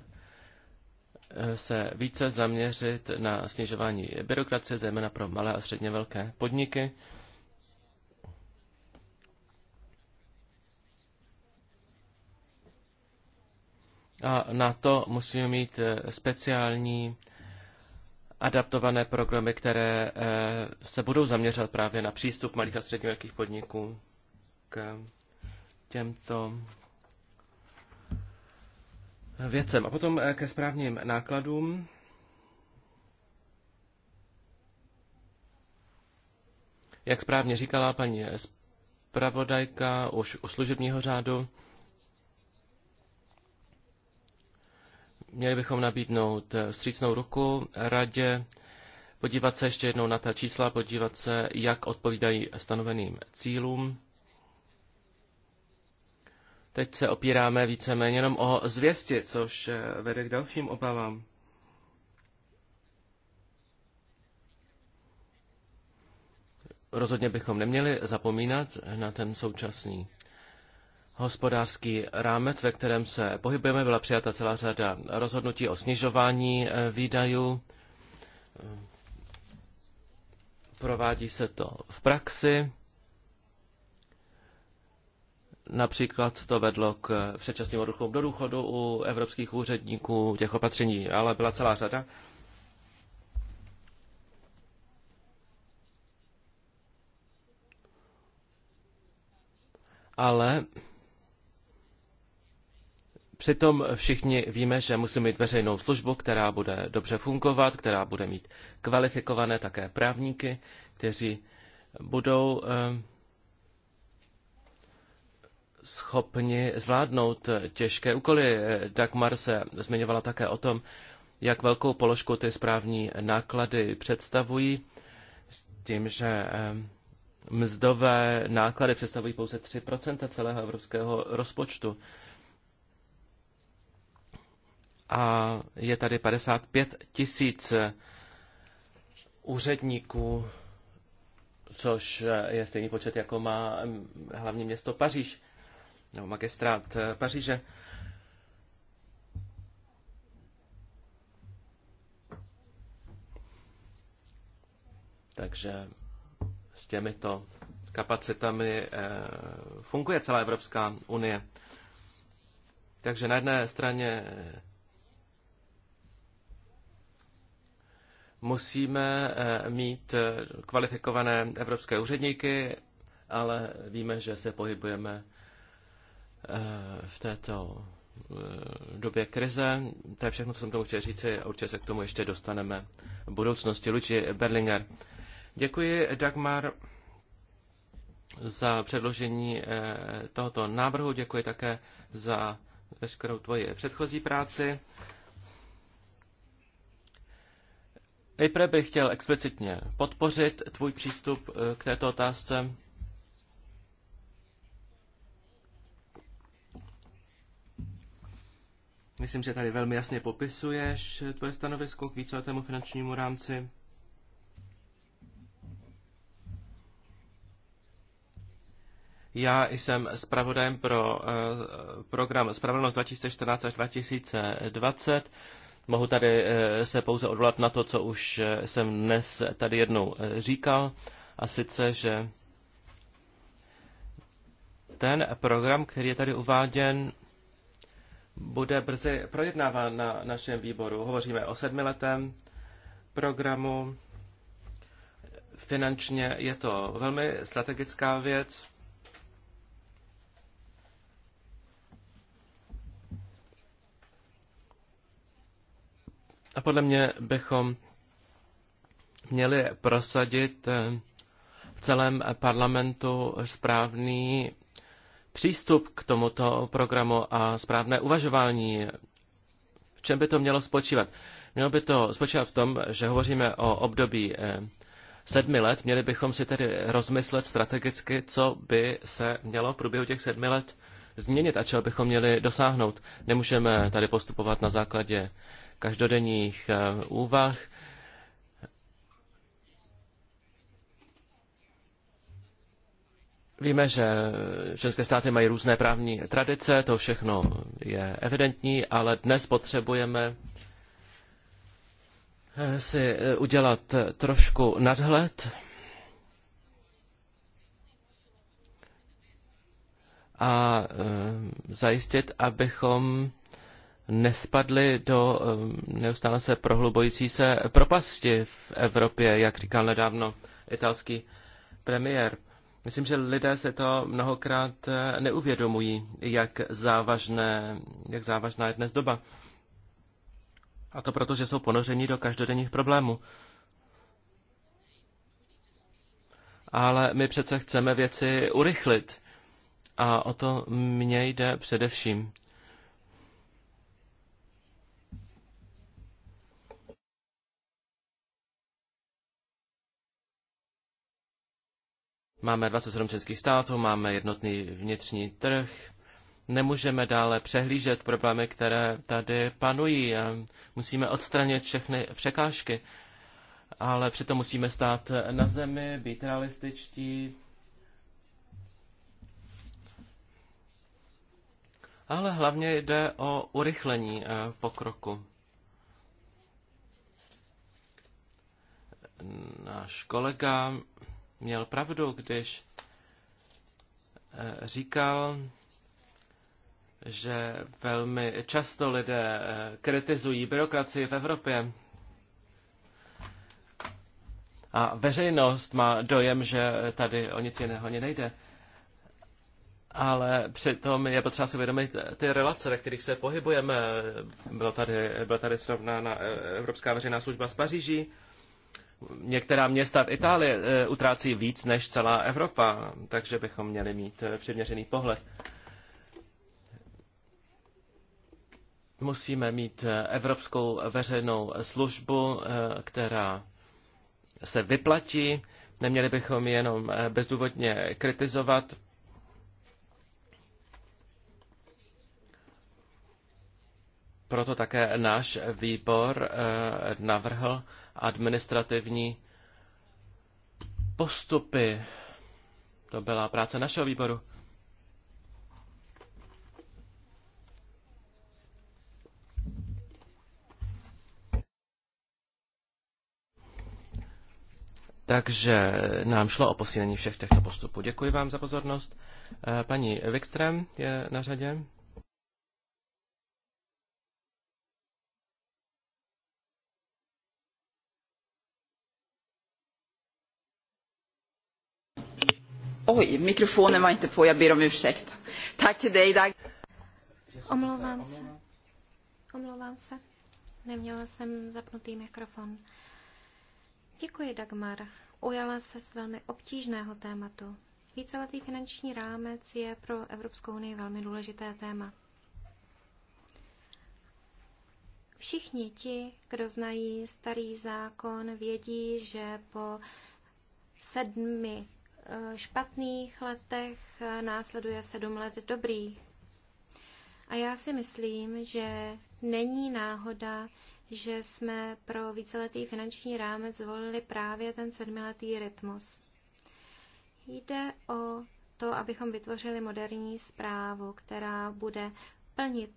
se více zaměřit na snižování byrokracie, zejména pro malé a středně velké podniky. A na to musíme mít eh, speciální adaptované programy, které eh, se budou zaměřovat právě na přístup malých a středně velkých podniků k těmto věcem. A potom eh, ke správným nákladům. Jak správně říkala paní zpravodajka už u služebního řádu, měli bychom nabídnout eh, střícnou ruku radě, podívat se ještě jednou na ta čísla, podívat se, jak odpovídají stanoveným cílům. Teď se opíráme víceméně jenom o zvěsti, což eh, vede k dalším obavám. Rozhodně bychom neměli zapomínat na ten současný hospodářský rámec, ve kterém se pohybujeme. Byla přijata celá řada rozhodnutí o snižování eh, výdajů. Eh, provádí se to v praxi. Například to vedlo k předčasným odruchům do důchodu u evropských úředníků, těch opatření, ale byla celá řada. Ale přitom všichni víme, že musíme mít veřejnou službu, která bude dobře fungovat, která bude mít kvalifikované také právníky, kteří budou eh, schopni zvládnout těžké úkoly. Dagmar se zmiňovala také o tom, jak velkou položku ty správní náklady představují, s tím, že eh, mzdové náklady představují pouze 3 celého evropského rozpočtu. A je tady 55 tisíc eh, úředníků, což eh, je stejný počet, jako má hm, hlavní město Paříž nebo magistrát eh, Paříže. Takže s těmito kapacitami eh, funguje celá Evropská unie. Takže na jedné straně eh, musíme mít kvalifikované evropské úředníky, ale víme, že se pohybujeme v této eh, době krize. To je všechno, co jsem tomu chtěl říci a určitě se k tomu ještě dostaneme v budoucnosti. Luči Berlinger. Děkuji, Dagmar, za předložení eh, tohoto návrhu. Děkuji také za veškerou tvoji předchozí práci. Nejprve bych chtěl explicitně podpořit tvůj přístup eh, k této otázce. Myslím, že tady velmi jasně popisuješ tvoje stanovisko k víceletému finančnímu rámci. Já jsem zpravodajem pro eh, program Spravedlnost 2014 až 2020. Mohu tady eh, se pouze odvolat na to, co už eh, jsem dnes tady jednou říkal, a sice, že ten program, který je tady uváděn, bude brzy projednáván na našem výboru. Hovoříme o sedmiletém programu. Finančně je to velmi strategická věc. A podle mě bychom měli prosadit v celém parlamentu správný přístup k tomuto programu a správné uvažování. V čem by to mělo spočívat? Mělo by to spočívat v tom, že hovoříme o období eh, sedmi let. Měli bychom si tedy rozmyslet strategicky, co by se mělo v průběhu těch sedmi let změnit a čeho bychom měli dosáhnout. Nemůžeme tady postupovat na základě každodenních eh, úvah. Víme, že členské státy mají různé právní tradice, to všechno je evidentní, ale dnes potřebujeme eh, si eh, udělat eh, trošku nadhled a zajistit, abychom nespadli do neustále se prohlubující se propasti v Evropě, jak říkal nedávno italský premiér. Myslím, že lidé se to mnohokrát eh, neuvědomují, jak, závažné, jak závažná je dnes doba. A to proto, že jsou ponořeni do každodenních problémů. Ale my přece chceme věci urychlit. A o to mně jde především. Máme 27 členských států, máme jednotný vnitřní trh, nemůžeme dále přehlížet problémy, které tady panují. Musíme odstranit všechny překážky, ale přitom musíme stát na zemi, být realističtí. Ale hlavně jde o urychlení eh, pokroku. Náš kolega měl pravdu, když eh, říkal, že velmi často lidé eh, kritizují byrokracii v Evropě. A veřejnost má dojem, že tady o nic jiného nejde. Ale přitom je potřeba si uvědomit ty relace, ve kterých se pohybujeme. Byla tady, byla tady srovnána eh, Evropská veřejná služba z Paříží, některá města v Itálii eh, utrácí víc než celá Evropa, takže bychom měli mít eh, přiměřený pohled. Musíme mít eh, evropskou veřejnou službu, která se vyplatí. Neměli bychom jenom bezdůvodně kritizovat. Proto také náš výbor navrhl administrativní postupy. To byla práce našeho výboru. Takže nám šlo o posílení všech těchto postupů. Děkuji vám za pozornost. Eh, paní Wikström je na řadě. Oj, mikrofonen var inte på, jag ber om ursäkt. Tack till dig, Dag. Omlouvám se. Omlouvám se. Neměla jsem zapnutý mikrofon. Děkuji, Dagmar. Ujala se s velmi obtížného tématu. Víceletý finanční rámec je pro Evropskou unii velmi důležité téma. Všichni ti, kdo znají starý zákon, vědí, že po sedmi Eh, špatných letech eh, následuje sedm let dobrých. A já si myslím, že není náhoda, že jsme pro víceletý finanční rámec zvolili právě ten sedmiletý rytmus. Jde o to, abychom vytvořili moderní zprávu, která bude plnit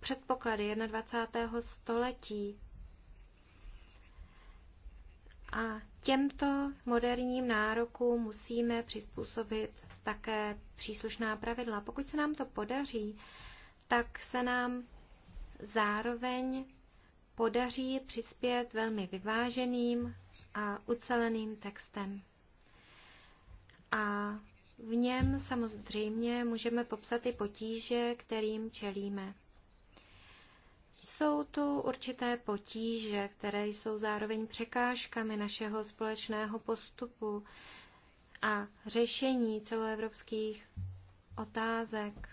předpoklady 21. století a těmto moderním nárokům musíme přizpůsobit také příslušná pravidla. Pokud se nám to podaří, tak se nám zároveň podaří přispět velmi vyváženým a uceleným textem. A v něm samozřejmě můžeme popsat i potíže, kterým čelíme. Jsou tu určité potíže, které jsou zároveň překážkami našeho společného postupu a řešení celoevropských otázek.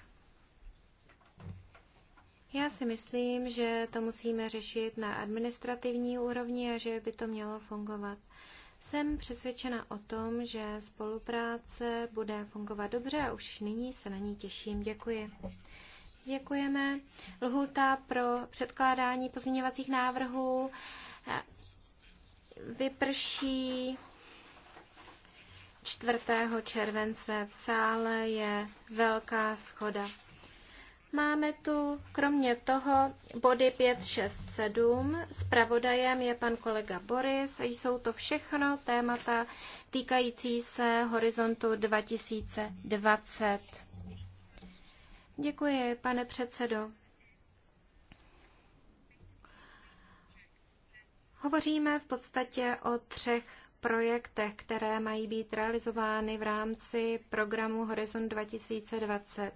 Já si myslím, že to musíme řešit na administrativní úrovni a že by to mělo fungovat. Jsem přesvědčena o tom, že spolupráce bude fungovat dobře a už nyní se na ní těším. Děkuji. Děkujeme. Lhůta pro předkládání pozměňovacích návrhů eh, vyprší 4. července. V sále je velká schoda. Máme tu kromě toho body 5, 6, 7. Spravodajem je pan kolega Boris. Jsou to všechno témata týkající se horizontu 2020. Děkuji, pane předsedo. Hovoříme v podstatě o třech projektech, které mají být realizovány v rámci programu Horizon 2020.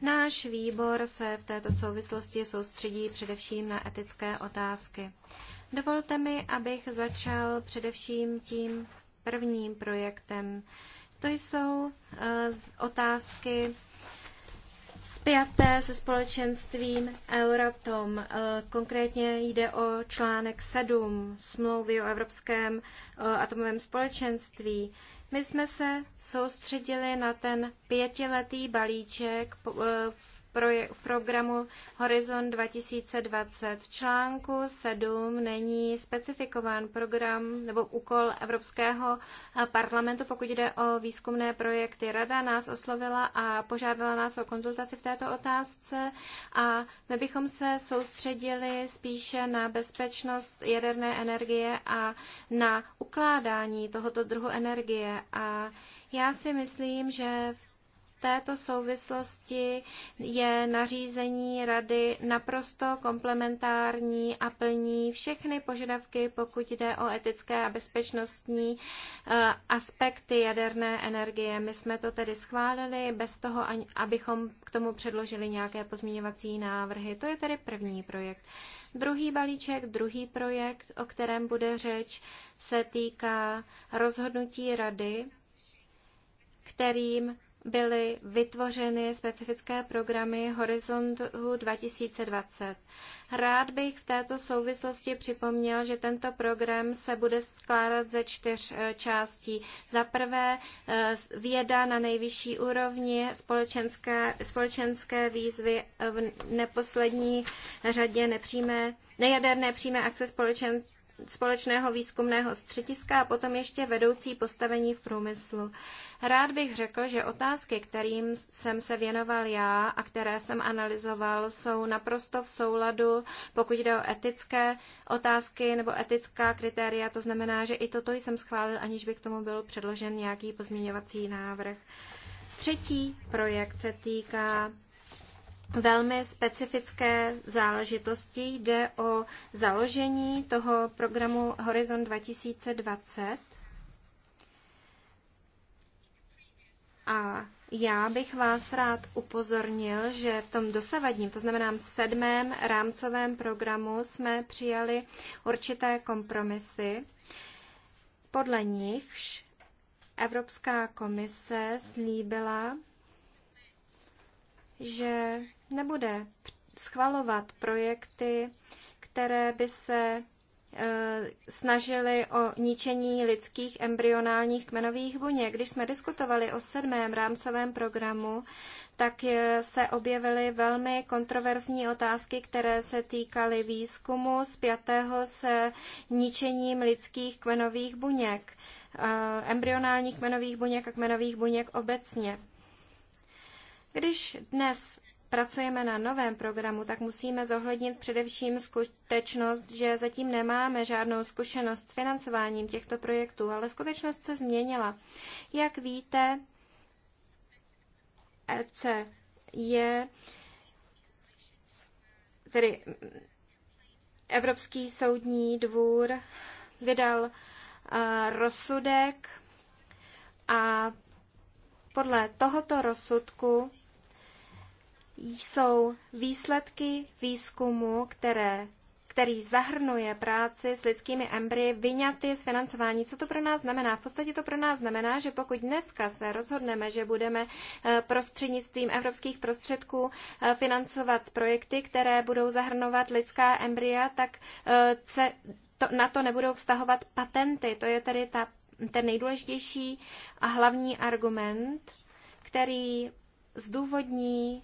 Náš výbor se v této souvislosti soustředí především na etické otázky. Dovolte mi, abych začal především tím prvním projektem. To jsou eh, otázky spjaté se společenstvím Euratom. Eh, konkrétně jde o článek 7 smlouvy o Evropském eh, atomovém společenství. My jsme se soustředili na ten pětiletý balíček eh, v programu Horizon 2020. V článku 7 není specifikován program nebo úkol Evropského parlamentu, pokud jde o výzkumné projekty. Rada nás oslovila a požádala nás o konzultaci v této otázce a my bychom se soustředili spíše na bezpečnost jaderné energie a na ukládání tohoto druhu energie. A já si myslím, že v této souvislosti je nařízení rady naprosto komplementární a plní všechny požadavky, pokud jde o etické a bezpečnostní eh, aspekty jaderné energie. My jsme to tedy schválili bez toho, abychom k tomu předložili nějaké pozměňovací návrhy. To je tedy první projekt. Druhý balíček, druhý projekt, o kterém bude řeč, se týká rozhodnutí rady, kterým byly vytvořeny specifické programy Horizontu 2020. Rád bych v této souvislosti připomněl, že tento program se bude skládat ze čtyř eh, částí. Za prvé eh, věda na nejvyšší úrovni, společenské, společenské výzvy v neposlední řadě nepřímé nejaderné přímé akce společen, společného výzkumného střediska a potom ještě vedoucí postavení v průmyslu. Rád bych řekl, že otázky, kterým jsem se věnoval já a které jsem analyzoval, jsou naprosto v souladu, pokud jde o etické otázky nebo etická kritéria. To znamená, že i toto jsem schválil, aniž by k tomu byl předložen nějaký pozměňovací návrh. Třetí projekt se týká velmi specifické záležitosti. Jde o založení toho programu Horizon 2020. A já bych vás rád upozornil, že v tom dosavadním, to znamená sedmém rámcovém programu, jsme přijali určité kompromisy. Podle nichž Evropská komise slíbila, že nebude schvalovat projekty, které by se e, snažili o ničení lidských embryonálních kmenových buněk. Když jsme diskutovali o sedmém rámcovém programu, tak se objevily velmi kontroverzní otázky, které se týkaly výzkumu pětého se ničením lidských kmenových buněk, e, embryonálních kmenových buněk a kmenových buněk obecně. Když dnes pracujeme na novém programu, tak musíme zohlednit především skutečnost, že zatím nemáme žádnou zkušenost s financováním těchto projektů, ale skutečnost se změnila. Jak víte, EC je tedy Evropský soudní dvůr vydal rozsudek a podle tohoto rozsudku jsou výsledky výzkumu, které, který zahrnuje práci s lidskými embryi vyňaty z financování. Co to pro nás znamená? V podstatě to pro nás znamená, že pokud dneska se rozhodneme, že budeme eh, prostřednictvím evropských prostředků eh, financovat projekty, které budou zahrnovat lidská embrya, tak eh, se to, na to nebudou vztahovat patenty. To je tedy ta, ten nejdůležitější a hlavní argument, který zdůvodní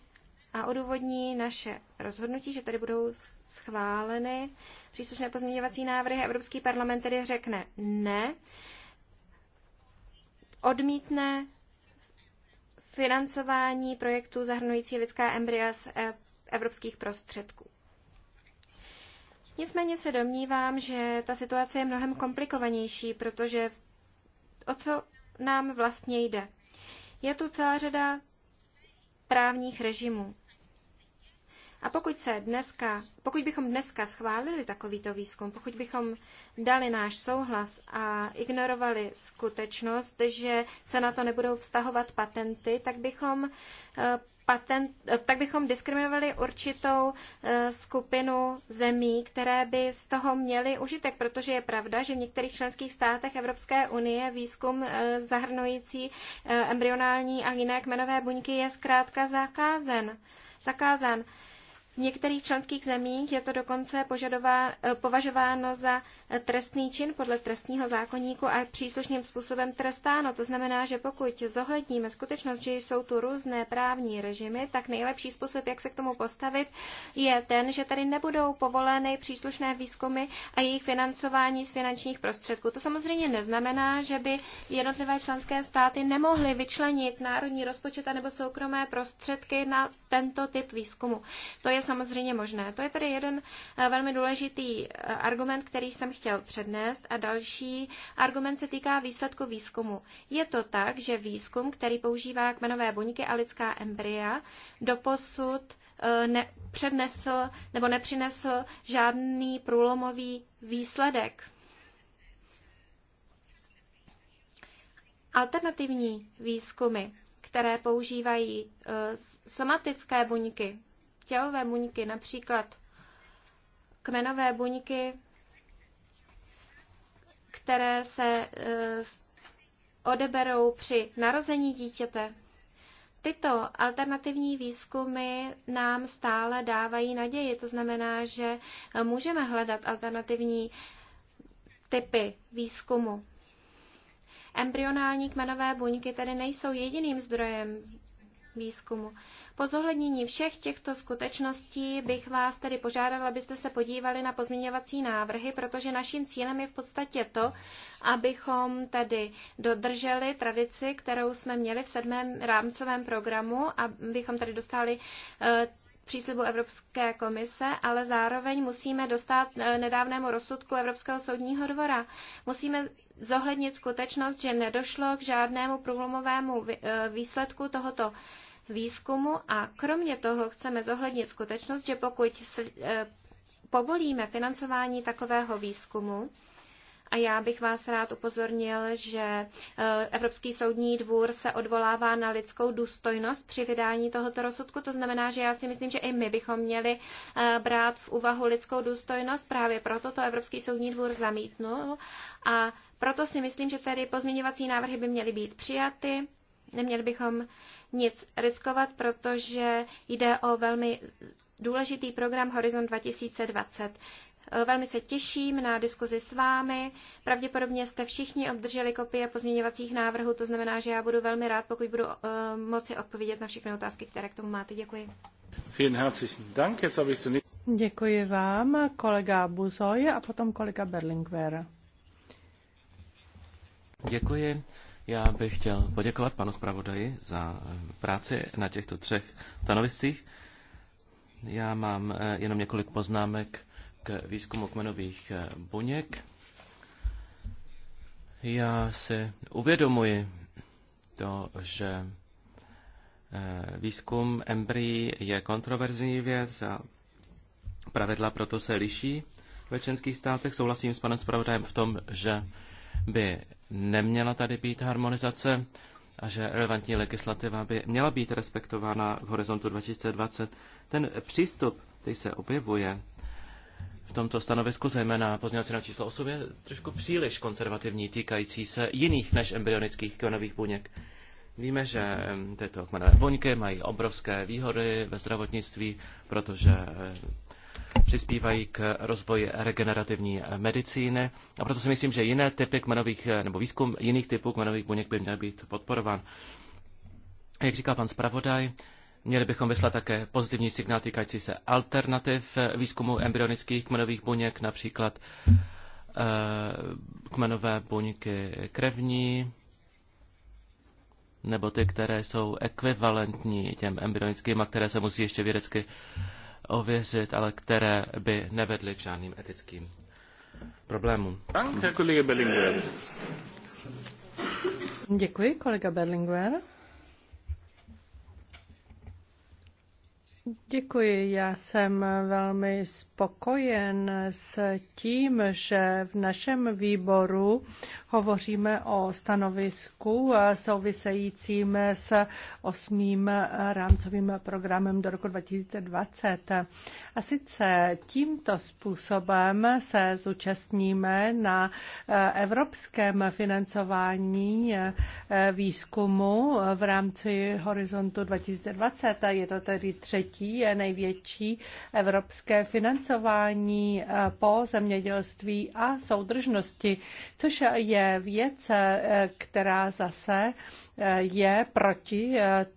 a odůvodní naše rozhodnutí, že tady budou schváleny příslušné pozměňovací návrhy. Evropský parlament tedy řekne ne, odmítne financování projektů zahrnující lidská embrya z e, evropských prostředků. Nicméně se domnívám, že ta situace je mnohem komplikovanější, protože o co nám vlastně jde? Je tu celá řada právních režimů. A pokud, se dneska, pokud bychom dneska schválili takovýto výzkum, pokud bychom dali náš souhlas a ignorovali skutečnost, že se na to nebudou vztahovat patenty, tak bychom eh, patent, tak bychom diskriminovali určitou eh, skupinu zemí, které by z toho měly užitek, protože je pravda, že v některých členských státech Evropské unie výzkum eh, zahrnující eh, embryonální a jiné kmenové buňky je zkrátka zakázen. zakázán. zakázán v některých členských zemích je to dokonce požadová, eh, považováno za eh, trestný čin podle trestního zákoníku a příslušným způsobem trestáno. To znamená, že pokud zohledníme skutečnost, že jsou tu různé právní režimy, tak nejlepší způsob, jak se k tomu postavit, je ten, že tady nebudou povoleny příslušné výzkumy a jejich financování z finančních prostředků. To samozřejmě neznamená, že by jednotlivé členské státy nemohly vyčlenit národní rozpočet anebo soukromé prostředky na tento typ výzkumu. To je samozřejmě možné. To je tedy jeden eh, velmi důležitý eh, argument, který jsem chtěl přednést. A další argument se týká výsledku výzkumu. Je to tak, že výzkum, který používá kmenové buňky a lidská embrya, doposud eh, ne, přednesl nebo nepřinesl žádný průlomový výsledek. Alternativní výzkumy, které používají somatické buňky, tělové buňky, například kmenové buňky, které se eh, odeberou při narození dítěte. Tyto alternativní výzkumy nám stále dávají naději, to znamená, že můžeme hledat alternativní typy výzkumu. Embryonální kmenové buňky tedy nejsou jediným zdrojem výzkumu. Po zohlednění všech těchto skutečností bych vás tedy požádala, abyste se podívali na pozměňovací návrhy, protože naším cílem je v podstatě to, abychom tedy dodrželi tradici, kterou jsme měli v sedmém rámcovém programu, abychom tedy dostali eh, příslibu Evropské komise, ale zároveň musíme dostat eh, nedávnému rozsudku Evropského soudního dvora. Musíme zohlednit skutečnost, že nedošlo k žádnému průlomovému eh, výsledku tohoto výzkumu a kromě toho chceme zohlednit skutečnost, že pokud e, povolíme financování takového výzkumu, a já bych vás rád upozornil, že e, Evropský soudní dvůr se odvolává na lidskou důstojnost při vydání tohoto rozsudku. To znamená, že já si myslím, že i my bychom měli e, brát v úvahu lidskou důstojnost. Právě proto to Evropský soudní dvůr zamítnul. A proto si myslím, že tedy pozměňovací návrhy by měly být přijaty Neměli bychom nic riskovat, protože jde o velmi důležitý program Horizon 2020. Eh, velmi se těším na diskuzi s vámi. Pravděpodobně jste všichni obdrželi kopie pozměňovacích návrhů, to znamená, že já budu velmi rád, pokud budu uh, moci odpovědět na všechny otázky, které k tomu máte. Děkuji. Děkuji vám, kolega Buzoj a potom kolega Berlingwer. Děkuji. Já bych chtěl poděkovat panu zpravodaji za eh, práci na těchto třech stanoviscích. Já mám eh, jenom několik poznámek k výzkumu kmenových eh, buněk. Já si uvědomuji to, že výzkum embryí je kontroverzní věc a pravidla proto se liší ve členských státech. Souhlasím s panem zpravodajem v tom, že by neměla tady být harmonizace a že relevantní legislativa by měla být respektována v horizontu 2020. Ten přístup, který se objevuje v tomto stanovisku, zejména pozměňovací na číslo 8, je trošku příliš konzervativní, týkající se jiných než embryonických kmenových buněk. Víme, že tyto kmenové buňky mají obrovské výhody ve zdravotnictví, protože přispívají k rozvoji regenerativní medicíny a proto si myslím, že jiné typy kmenových, nebo výzkum jiných typů kmenových buněk by měl být podporován. Jak říkal pan zpravodaj, měli bychom vyslat také pozitivní signál týkající se alternativ výzkumu embryonických kmenových buněk, například eh, kmenové buňky krevní, nebo ty, které jsou ekvivalentní těm embryonickým a které se musí ještě vědecky ověřit, ale které by nevedly k žádným etickým problémům. Děkuji, kolega Berlinguer. Děkuji. Já jsem velmi spokojen s tím, že v našem výboru hovoříme o stanovisku souvisejícím s osmým rámcovým programem do roku 2020. A sice tímto způsobem se zúčastníme na evropském financování výzkumu v rámci Horizontu 2020. Je to tedy třetí třetí největší evropské financování eh, po zemědělství a soudržnosti, což je věc, eh, která zase eh, je proti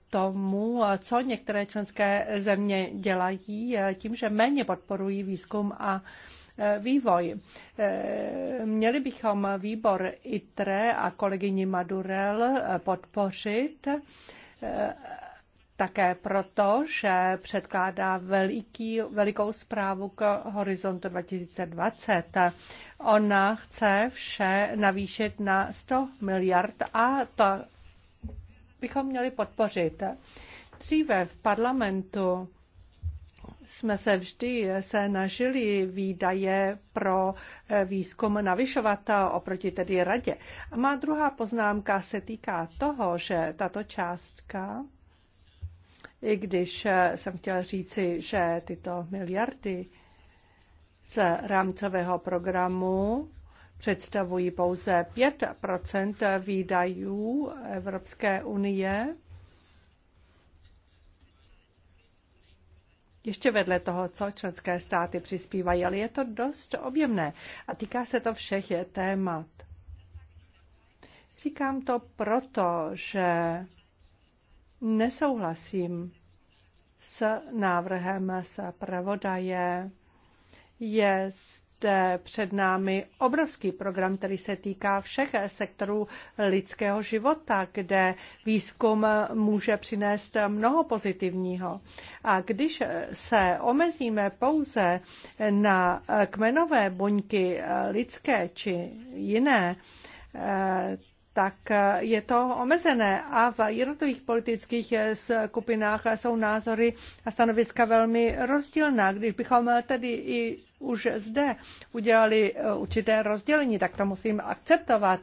tomu, co některé členské země dělají tím, že méně podporují výzkum a vývoj. Měli bychom výbor ITRE a kolegyni Madurel podpořit také proto, že předkládá veliký, velikou zprávu k horizontu 2020. Ona chce vše navýšit na 100 miliard a to bychom měli podpořit. Dříve v parlamentu jsme se vždy se nažili výdaje pro eh, výzkum navyšovat oproti tedy radě. A má druhá poznámka se týká toho, že tato částka i když eh, jsem chtěla říci, že tyto miliardy z rámcového programu představují pouze 5 výdajů Evropské unie. Ještě vedle toho, co členské státy přispívají, ale je to dost objemné a týká se to všech témat. Říkám to proto, že Nesouhlasím s návrhem s pravodaje. Je zde před námi obrovský program, který se týká všech sektorů lidského života, kde výzkum může přinést mnoho pozitivního. A když se omezíme pouze na kmenové buňky lidské či jiné, tak eh, je to omezené a v jednotlivých politických eh, skupinách eh, jsou názory a stanoviska velmi rozdílná. Když bychom tedy i už zde udělali určité rozdělení, tak to musím akceptovat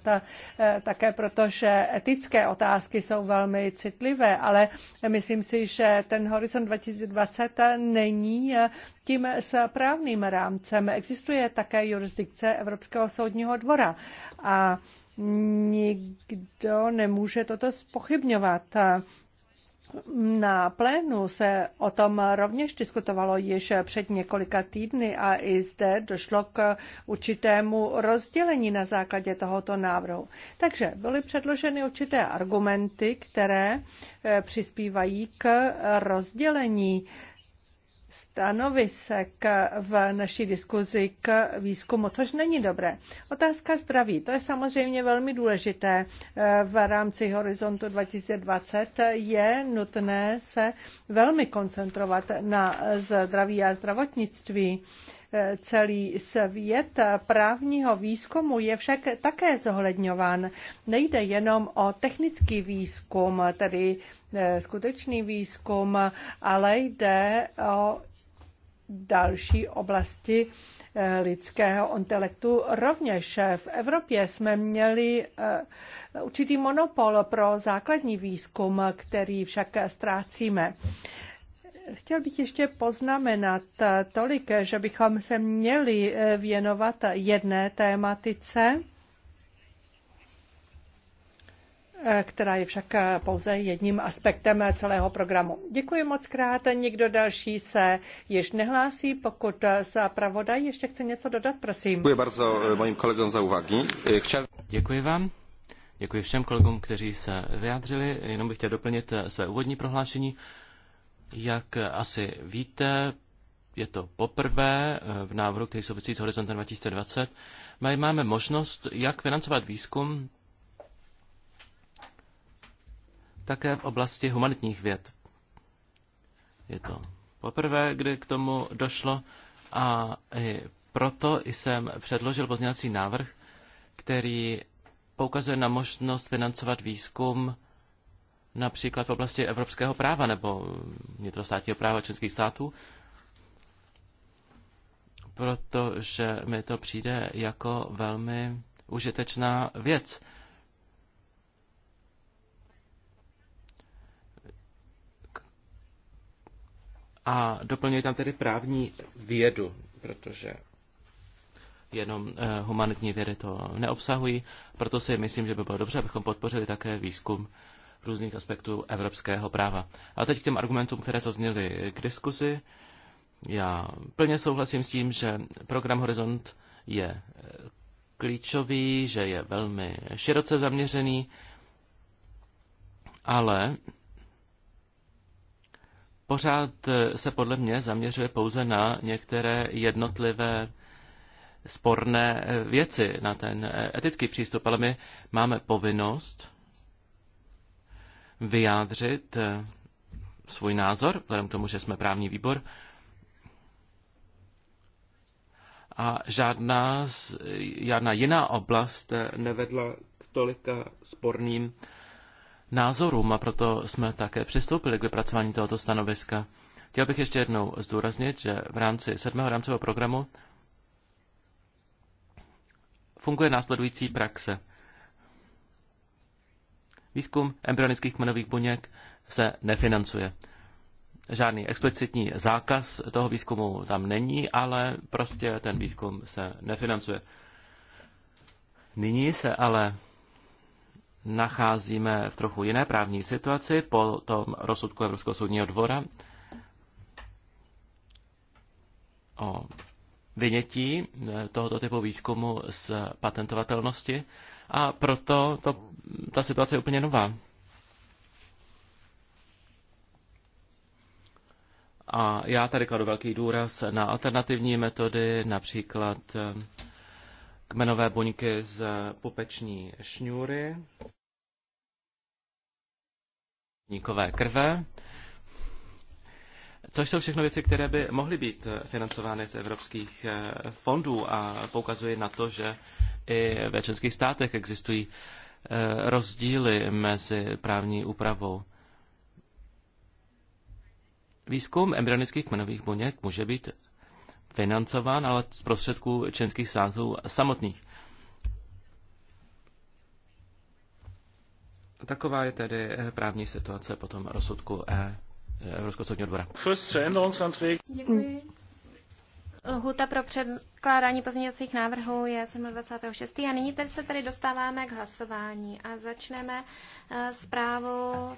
také, protože etické otázky jsou velmi citlivé, ale myslím si, že ten horizont 2020 není tím správným rámcem. Existuje také jurisdikce Evropského soudního dvora a nikdo nemůže toto spochybňovat. Na plénu se o tom rovněž diskutovalo již před několika týdny a i zde došlo k určitému rozdělení na základě tohoto návrhu. Takže byly předloženy určité argumenty, které eh, přispívají k rozdělení stanovisek v naší diskuzi k výzkumu, což není dobré. Otázka zdraví, to je samozřejmě velmi důležité. V rámci horizontu 2020 je nutné se velmi koncentrovat na zdraví a zdravotnictví. Celý svět právního výzkumu je však také zohledňován. Nejde jenom o technický výzkum, tedy eh, skutečný výzkum, ale jde o další oblasti eh, lidského intelektu. Rovněž eh, v Evropě jsme měli určitý monopol pro základní výzkum, který však ztrácíme. Chtěl bych ještě poznamenat tolik, že bychom se měli eh, věnovat jedné tématice, eh, která je však eh, pouze jedním aspektem celého programu. Děkuji moc krát. Někdo další se již nehlásí. Pokud se pravodaj ještě chce něco dodat, prosím. Děkuji bardzo mojim kolegům za uvagi. Chtěl... Děkuji vám. Děkuji všem kolegům, kteří se vyjádřili. Jenom bych chtěl doplnit své úvodní prohlášení. Jak asi víte, je to poprvé eh, v návrhu, který souvisí s horizontem 2020, máme možnost, jak financovat výzkum také v oblasti humanitních věd. Je to poprvé, kdy k tomu došlo a i proto jsem předložil pozměňovací návrh, který poukazuje na možnost financovat výzkum například v oblasti evropského práva nebo vnitrostátního práva českých států, protože mi to přijde jako velmi užitečná věc. A doplňuji tam tedy právní vědu, protože jenom eh, humanitní vědy to neobsahují, proto si myslím, že by bylo dobře, abychom podpořili také výzkum různých aspektů evropského práva. A teď k těm argumentům, které zazněly k diskuzi. Já plně souhlasím s tím, že program Horizont je klíčový, že je velmi široce zaměřený, ale pořád se podle mě zaměřuje pouze na některé jednotlivé sporné věci, na ten etický přístup, ale my máme povinnost vyjádřit eh, svůj názor, vzhledem k tomu, že jsme právní výbor. A žádná, žádná jiná oblast eh, nevedla k tolika sporným názorům a proto jsme také přistoupili k vypracování tohoto stanoviska. Chtěl bych ještě jednou zdůraznit, že v rámci sedmého rámcového programu funguje následující praxe. Výzkum embryonických kmenových buněk se nefinancuje. Žádný explicitní zákaz toho výzkumu tam není, ale prostě ten výzkum se nefinancuje. Nyní se ale nacházíme v trochu jiné právní situaci po tom rozsudku Evropského soudního dvora o vynětí tohoto typu výzkumu z patentovatelnosti a proto to, ta situace je úplně nová. A já tady kladu velký důraz na alternativní metody, například eh, kmenové buňky z pupeční šňůry, níkové krve, což jsou všechno věci, které by mohly být eh, financovány z evropských eh, fondů a poukazují na to, že i ve českých státech existují eh, rozdíly mezi právní úpravou. Výzkum embryonických kmenových buněk může být financován, ale z prostředků členských států samotných. Taková je tedy eh, právní situace potom rozsudku eh, Evropského soudního dvora. Děkuji. Lhuta pro předkládání pozměňovacích návrhů je 26. A nyní tedy se tady dostáváme k hlasování a začneme eh, zprávu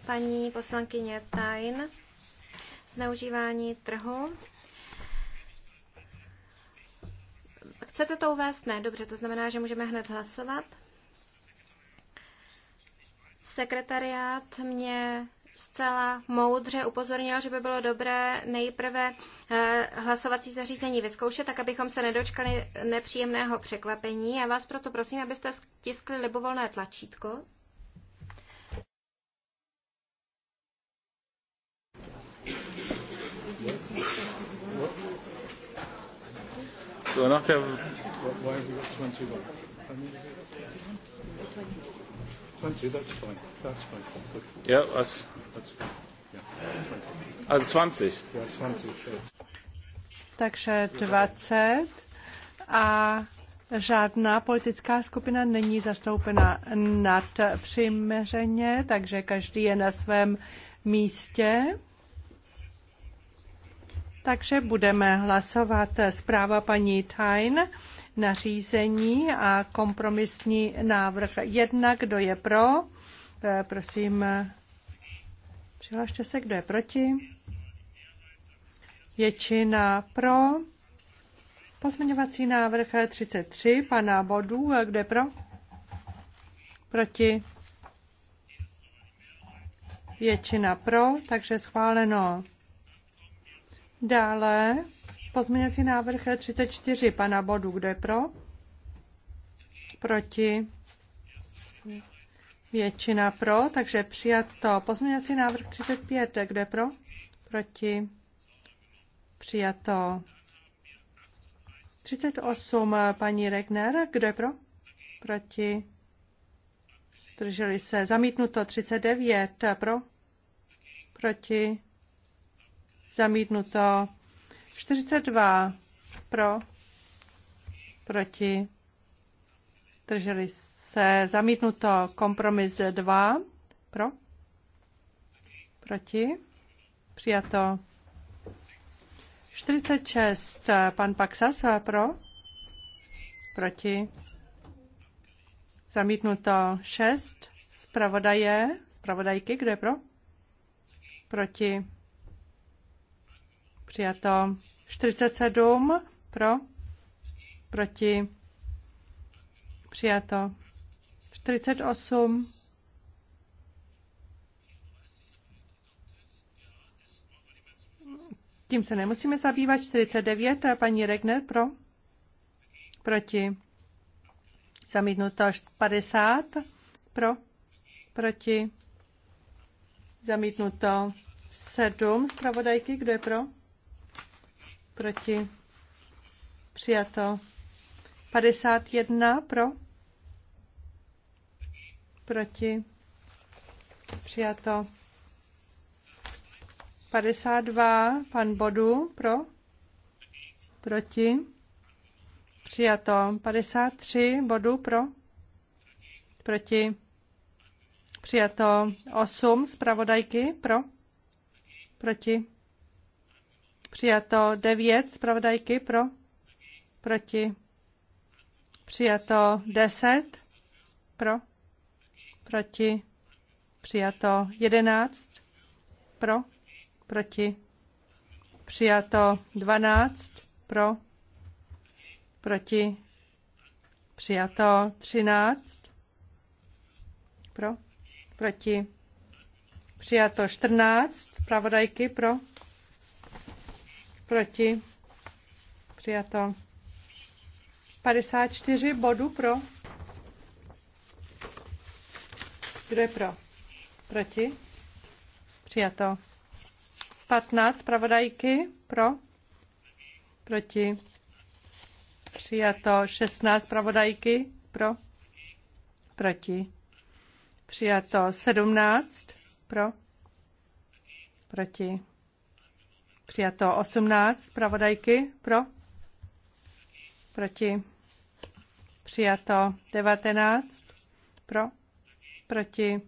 paní poslankyně Tajn. Zneužívání trhu. Chcete to uvést? Ne, dobře, to znamená, že můžeme hned hlasovat. Sekretariát mě zcela moudře upozornil, že by bylo dobré nejprve eh, hlasovací zařízení vyzkoušet, tak abychom se nedočkali nepříjemného překvapení. Já vás proto prosím, abyste stiskli libovolné tlačítko. So nach der... Why have we got 21? 20, that's fine. That's fine. Good. Yeah, that's, that's fine. Yeah, 20. 20. Yeah, 20. Takže 20 a žádná politická skupina není zastoupena nad přiměřeně, takže každý je na svém místě. Takže budeme hlasovat zpráva paní Tain nařízení a kompromisní návrh Jedna, Kdo je pro? Eh, prosím, přihlašte se, kdo je proti. Většina pro. Pozměňovací návrh 33 pana Bodů. Eh, kdo je pro? Proti. Většina pro, takže schváleno. Dále Pozměňovací návrh 34 pana Bodu, kde pro? Proti? Většina pro, takže přijato. Pozměňovací návrh 35, kde pro? Proti? Přijato. 38, paní Regner, kde pro? Proti? Zdrželi se. Zamítnuto 39, pro? Proti? Zamítnuto 42 pro, proti, drželi se, zamítnuto kompromis 2 pro, proti, přijato 46, pan Paxas pro, proti, zamítnuto 6, zpravodaje, zpravodajky, kdo je pro, proti, Přijato 47 pro, proti, přijato 48 Tím se nemusíme zabývat. 49, paní Regner pro, proti, zamítnuto 50, pro, proti, zamítnuto 7, zpravodajky, kdo je pro? proti, přijato. 51 pro, proti, přijato. 52 pan Bodu pro, proti, přijato. 53 bodů pro, proti, přijato. 8 zpravodajky pro, proti. Přijato devět, zpravodajky pro, proti. Přijato deset, pro, proti. Přijato jedenáct, pro, proti. Přijato dvanáct, pro, proti. Přijato třináct, pro, proti. Přijato 14 pravodajky pro Proti? Přijato. 54 bodů pro. Kdo je pro? Proti? Přijato. 15 pravodajky pro. Proti? Přijato. 16 pravodajky pro. Proti? Přijato. 17 pro. Proti? Přijato 18. Pravodajky pro? Proti? Přijato 19. Pro? Proti?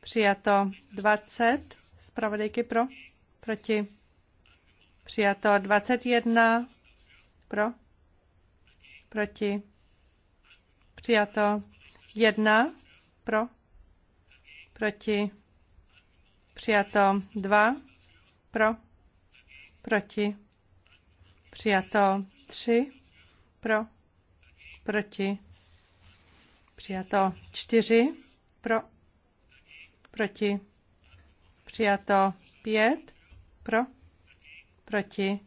Přijato 20. Zpravodajky pro? Proti? Přijato 21. Pro? Proti? Přijato 1. Pro? Proti? Přijato 2. Pro? Proti. Přijato. tři. Pro. Proti. Přijato. čtyři. Pro. Proti. Přijato. pět. Pro. Proti.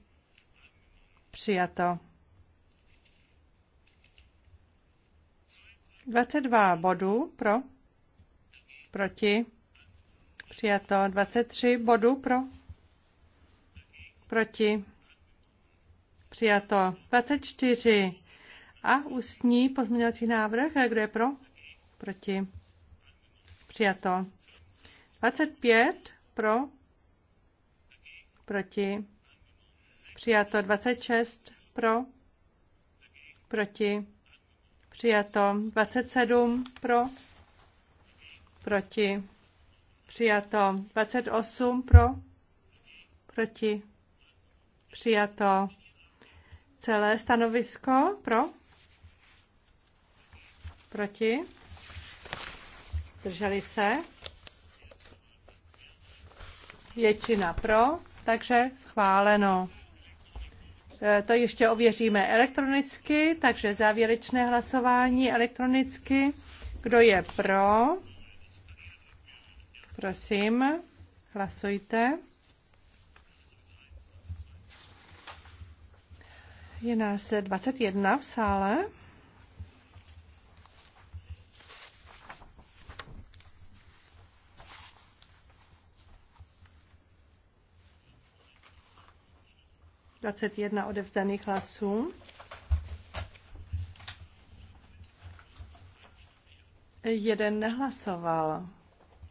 Přijato. 22 bodů pro, proti, přijato 23 bodů pro, Proti? Přijato. 24. A ústní pozměňovací návrh. Kdo je pro? Proti? Přijato. 25. Pro? Proti? Přijato. 26. Pro? Proti? Přijato. 27. Pro? Proti? Přijato. 28. Pro? Proti? Přijato. Celé stanovisko pro? Proti? Drželi se? Většina pro, takže schváleno. E, to ještě ověříme elektronicky, takže závěrečné hlasování elektronicky. Kdo je pro? Prosím, hlasujte. Je nás 21 v sále. Dvacet jedna odevzdaných hlasů. Jeden nehlasoval.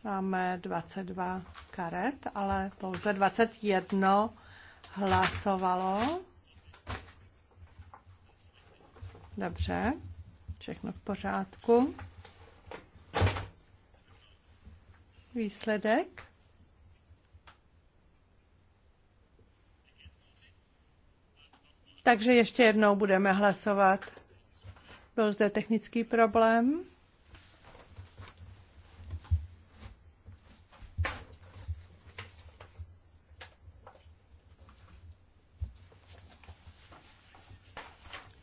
Máme 22 karet, ale pouze 21 hlasovalo. Dobře, všechno v pořádku. Výsledek. Takže ještě jednou budeme hlasovat. Byl zde technický problém.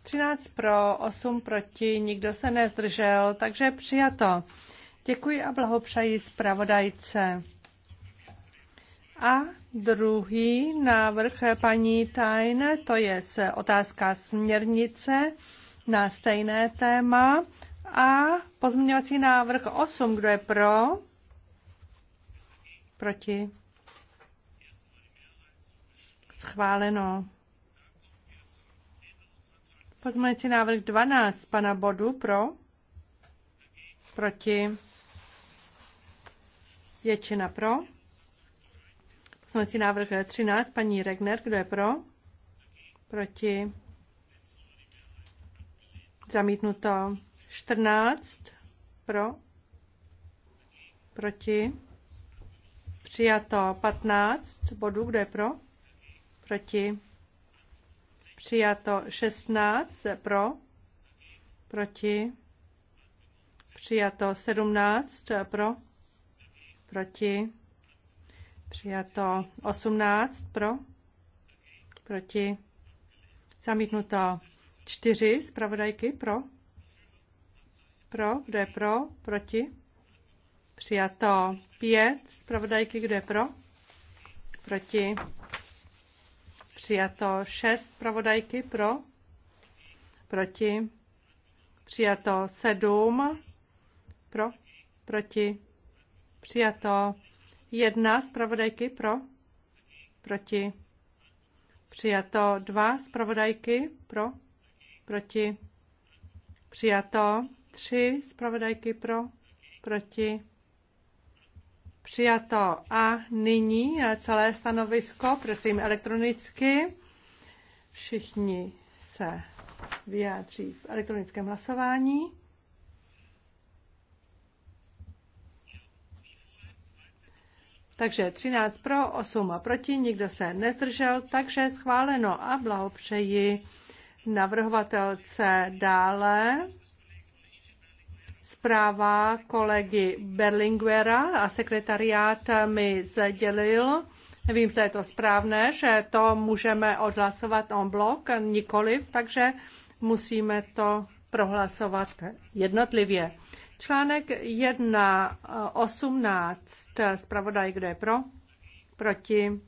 13 pro, 8 proti, nikdo se nezdržel, takže přijato. Děkuji a blahopřeji zpravodajce. A druhý návrh paní Tajne, to je otázka směrnice na stejné téma. A pozměňovací návrh 8, kdo je pro? Proti? Schváleno. Pozměňující návrh 12 pana Bodu pro. Proti. Většina pro. Poslanecí návrh 13, paní Regner, kdo je pro? Proti? Zamítnuto 14, pro? Proti? Přijato 15 bodů, kdo je pro? Proti? Přijato 16 pro, proti. Přijato 17 pro, proti. Přijato 18 pro, proti. Zamítnuto 4 zpravodajky pro. Pro, kdo je pro, proti. Přijato 5 zpravodajky, kdo je pro, proti. Přijato 6 pravodajky pro, proti. Přijato 7 pro, proti. Přijato 1 zpravodajky pro, proti. Přijato 2 zpravodajky pro, proti. Přijato 3 zpravodajky pro, proti. Přijato. A nyní eh, celé stanovisko, prosím elektronicky. Všichni se vyjádří v elektronickém hlasování. Takže 13 pro, 8 proti, nikdo se nezdržel, takže schváleno a blahopřeji navrhovatelce dále. Zpráva kolegy Berlinguera a sekretariát mi sdělil, nevím, se je to správné, že to můžeme odhlasovat en blok, nikoliv, takže musíme to prohlasovat jednotlivě. Článek 1.18. Zpravodaj, kdo je pro? Proti?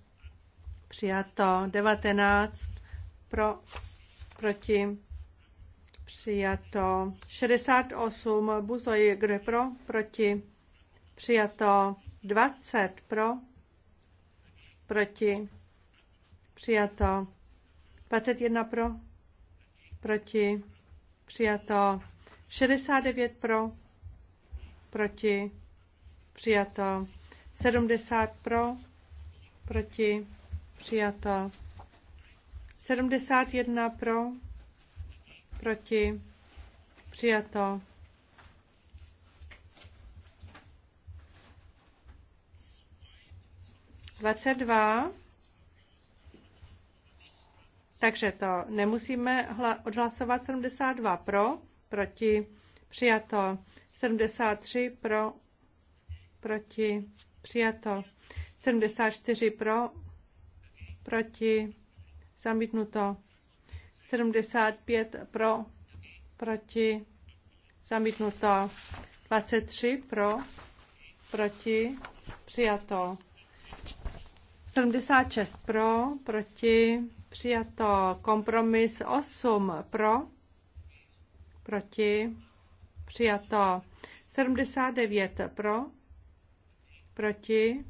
Přijato. 19. Pro? Proti? Přijato. 68. Buzoj, kdo je pro? Proti. Přijato. 20. Pro? Proti. Přijato. 21 pro? Proti. Přijato. 69 pro? Proti. Přijato. 70 pro? Proti. Přijato. 71 pro? proti, přijato. Dvacet dva. Takže to nemusíme odhlasovat 72 pro, proti, přijato 73 pro, proti, přijato 74 pro, proti, zamítnuto 75 pro, proti, zamítnuto. 23 pro, proti, přijato. 76 pro, proti, přijato. Kompromis 8 pro, proti, přijato. 79 pro, proti,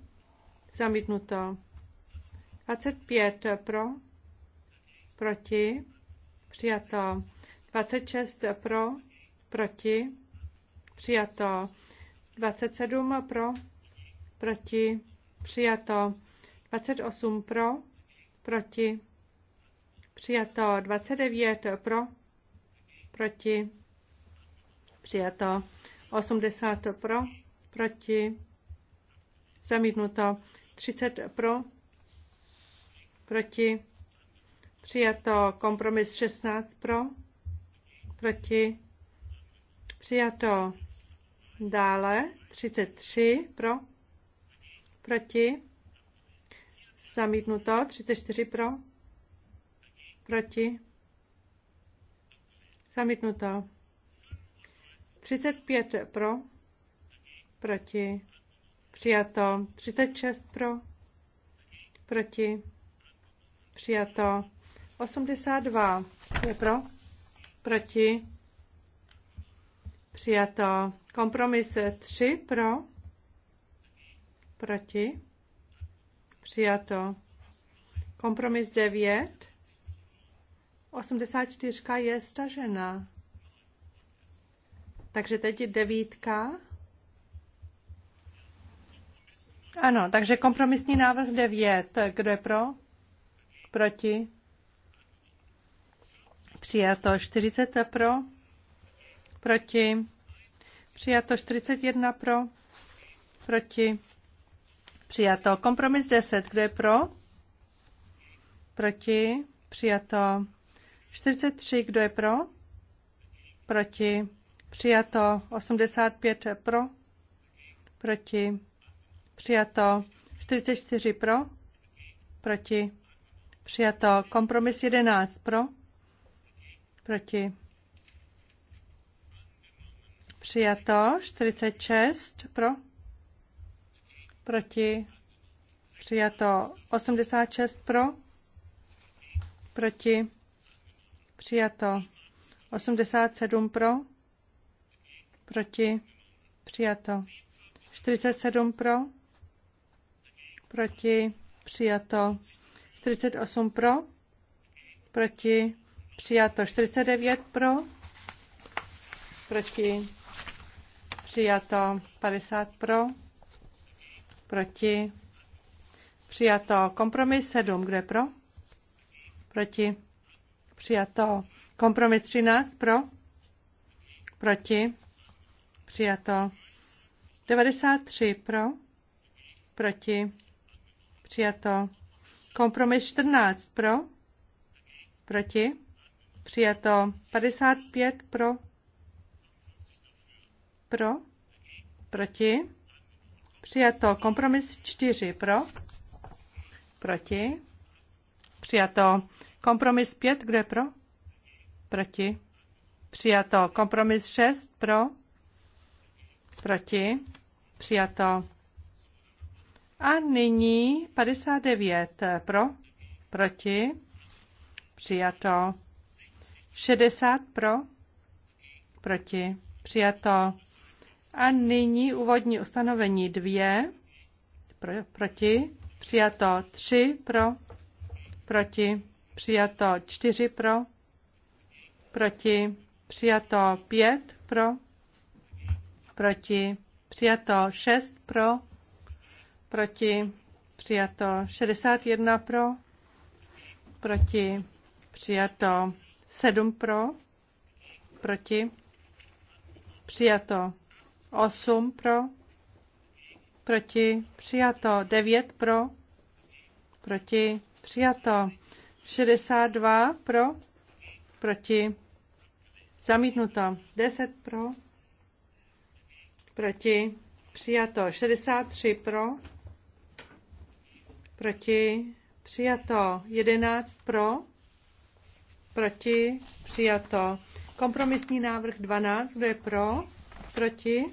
zamítnuto. 25 pro, proti, Přijato. 26 pro, proti. Přijato. 27 pro, proti. Přijato. 28 pro, proti. Přijato. 29 pro, proti. Přijato. 80 pro, proti. Zamítnuto. 30 pro, proti. Přijato kompromis 16 pro, proti, přijato dále 33 pro, proti, zamítnuto 34 pro, proti, zamítnuto 35 pro, proti, přijato 36 pro, proti, přijato 82. Je pro? Proti? Přijato. Kompromis 3 pro? Proti? Přijato. Kompromis 9. 84 je stažena. Takže teď je devítka. Ano, takže kompromisní návrh 9. Kdo je pro? Proti? Přijato 40 pro, proti. Přijato 41 pro, proti. Přijato kompromis 10, kdo je pro? Proti. Přijato 43, kdo je pro? Proti. Přijato 85 pro, proti. Přijato 44 pro, proti. Přijato kompromis 11 pro Proti? Přijato. 46 pro? Proti? Přijato. 86 pro? Proti? Přijato. 87 pro? Proti? Přijato. 47 pro? Proti? Přijato. 48 pro? Proti? Přijato 49 pro, proti, přijato 50 pro, proti, přijato kompromis 7, kde pro, proti, přijato kompromis 13 pro, proti, přijato 93 pro, proti, přijato kompromis 14 pro, proti, Přijato 55 pro. Pro. Proti. Přijato kompromis 4 pro. Proti. Přijato kompromis 5, kdo je pro? Proti. Přijato kompromis 6 pro. Proti. Přijato. A nyní 59 pro. Proti. Přijato. 60 pro, proti, přijato. A nyní úvodní ustanovení 2, pro, proti, přijato 3 pro, proti, přijato 4 pro, proti, přijato 5 pro, proti, přijato 6 pro, proti, přijato 61 pro, proti, přijato 7 pro, proti, přijato 8 pro, proti, přijato 9 pro, proti, přijato 62 pro, proti, zamítnuto 10 pro, proti, přijato 63 pro, proti, přijato 11 pro, Proti? Přijato. Kompromisní návrh 12. Kdo je pro? Proti?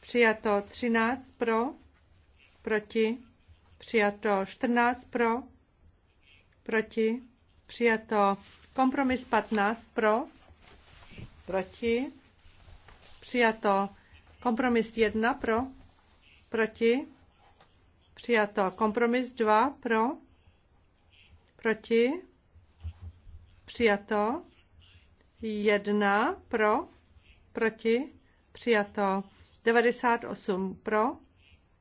Přijato. 13 pro? Proti? Přijato. 14 pro? Proti? Přijato. Kompromis 15 pro? Proti? Přijato. Kompromis 1 pro? Proti? Přijato. Kompromis 2 pro? Proti? přijato. Jedna pro, proti, přijato. 98 pro,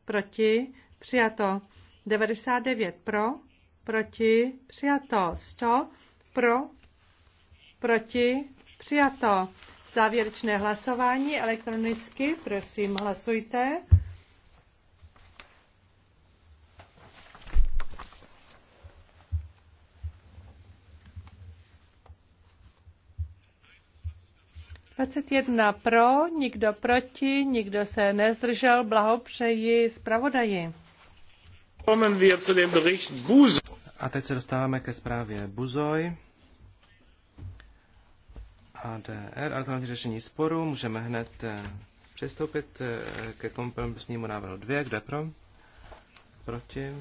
proti, přijato. 99 pro, proti, přijato. 100 pro, proti, přijato. Závěrečné hlasování elektronicky, prosím, hlasujte. 21 pro, nikdo proti, nikdo se nezdržel. Blahopřeji zpravodaji. A teď se dostáváme ke zprávě Buzoj. ADR, alternativní řešení sporu. Můžeme hned eh, přistoupit eh, ke kompromisnímu návrhu 2. Kde pro? Proti?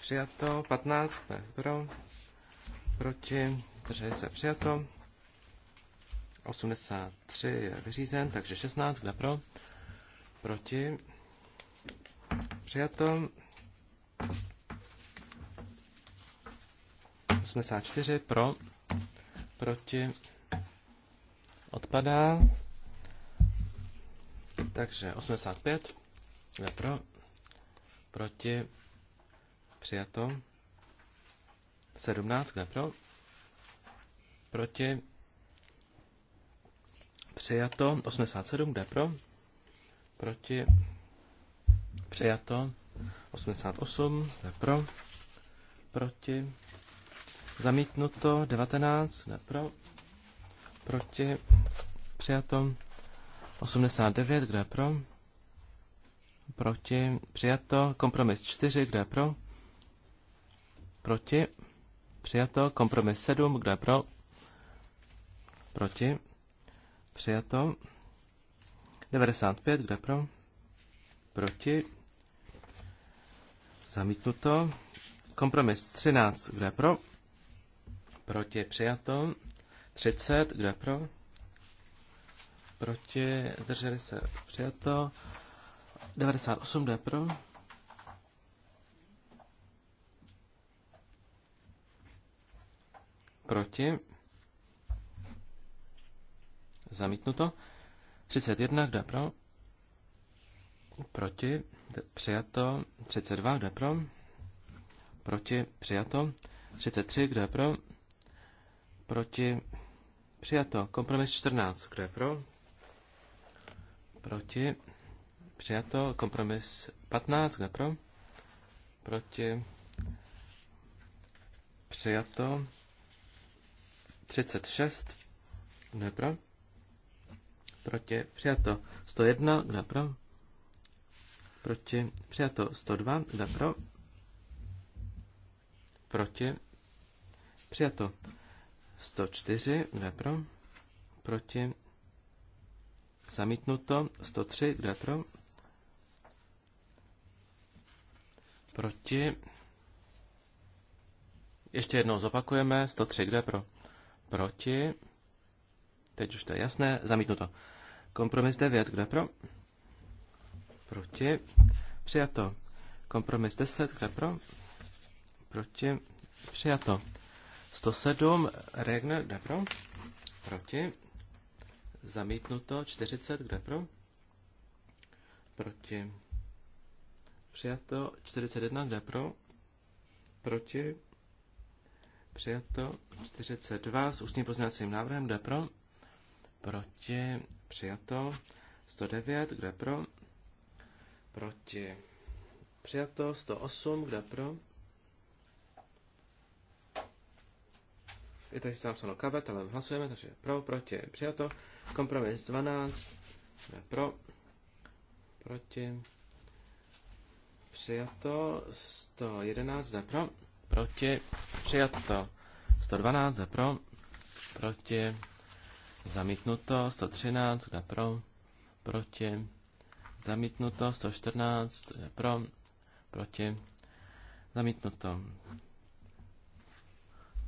Přijato. 15. Pro? Proti? Takže se přijato. 83 je vyřízen, takže 16, kde pro? Proti. Přijato. 84 pro. Proti. Odpadá. Takže 85. Kde pro? Proti. Přijato. 17. Kde pro? Proti Přijato. 87, kde pro? Proti. Přijato. 88, kde pro? Proti. Zamítnuto. 19, kde pro? Proti. Přijato. 89, kde pro? Proti. Přijato. Kompromis 4, kde pro? Proti. Přijato. Kompromis 7, kde pro? Proti. Přijato. 95, kde pro? Proti. Zamítnuto. Kompromis 13, kde pro? Proti. Přijato. 30, kde pro? Proti. Drželi se. Přijato. 98, kde pro? Proti zamítnuto. 31, kdo je pro? Proti, přijato. 32, kdo je pro? Proti, přijato. 33, kdo je pro? Proti, přijato. Kompromis 14, kdo je pro? Proti, přijato. Kompromis 15, kdo je pro? Proti, přijato. 36, kdo je pro? proti, přijato 101, kdo pro, proti, přijato 102, kdo pro, proti, přijato 104, kdo pro, proti, zamítnuto 103, kdo pro, proti, ještě jednou zopakujeme, 103, kdo pro, proti, teď už to je jasné, zamítnuto. Kompromis 9, kdo je pro? Proti. Přijato. Kompromis 10, kdo je pro? Proti. Přijato. 107, Regner, kdo je pro? Proti. Zamítnuto. 40, kdo je pro? Proti. Přijato. 41, kdo je pro? Proti. Přijato 42 s ústním pozměňovacím návrhem. Kdo je pro? Proti. Přijato. 109, kde pro? Proti. Přijato. 108, kde pro? Je tady sice napsáno kabet, ale hlasujeme, takže pro, proti, přijato. Kompromis 12, kde pro? Proti. Přijato. 111, kde pro? Proti. Přijato. 112, kde pro? Proti Zamítnuto 113, kdo je pro, proti. Zamítnuto 114, kdo je pro, proti. Zamítnuto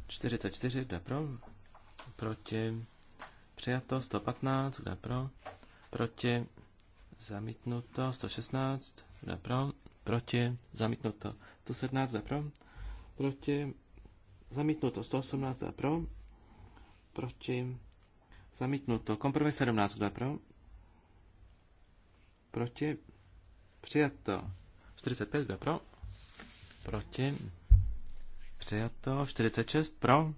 44, kdo je pro, proti. Přijato 115, kdo je pro, proti. Zamítnuto 116, kdo je pro, proti. Zamítnuto 117, kdo je pro, proti. Zamítnuto 118, kdo je pro, proti Zamítnuto. Kompromis 17. Kdo je pro? Proti? Přijato. 45. Kdo je pro? Proti? Přijato. 46. Pro?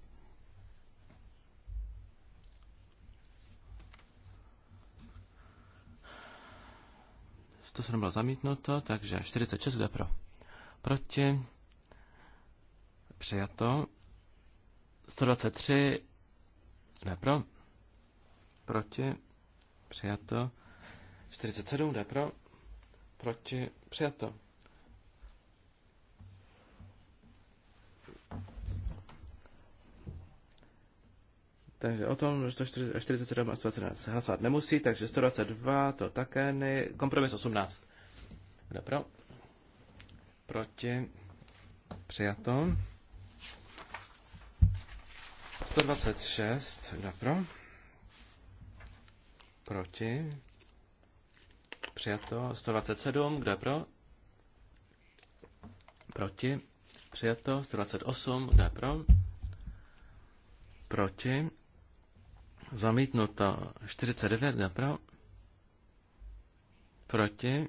To se bylo zamítnuto, takže 46 jde pro. Proti přijato. 123 jde pro proti, přijato. 47 jde pro, proti, přijato. Takže o tom 47 a 117 hlasovat nemusí, takže 122 to také ne. Kompromis 18. Kdo pro? Proti. Přijato. 126. Kdo pro? Proti. Přijato. 127. Kdo je pro? Proti. Přijato. 128. Kdo je pro? Proti. Zamítnuto. 49. Kdo je pro? Proti.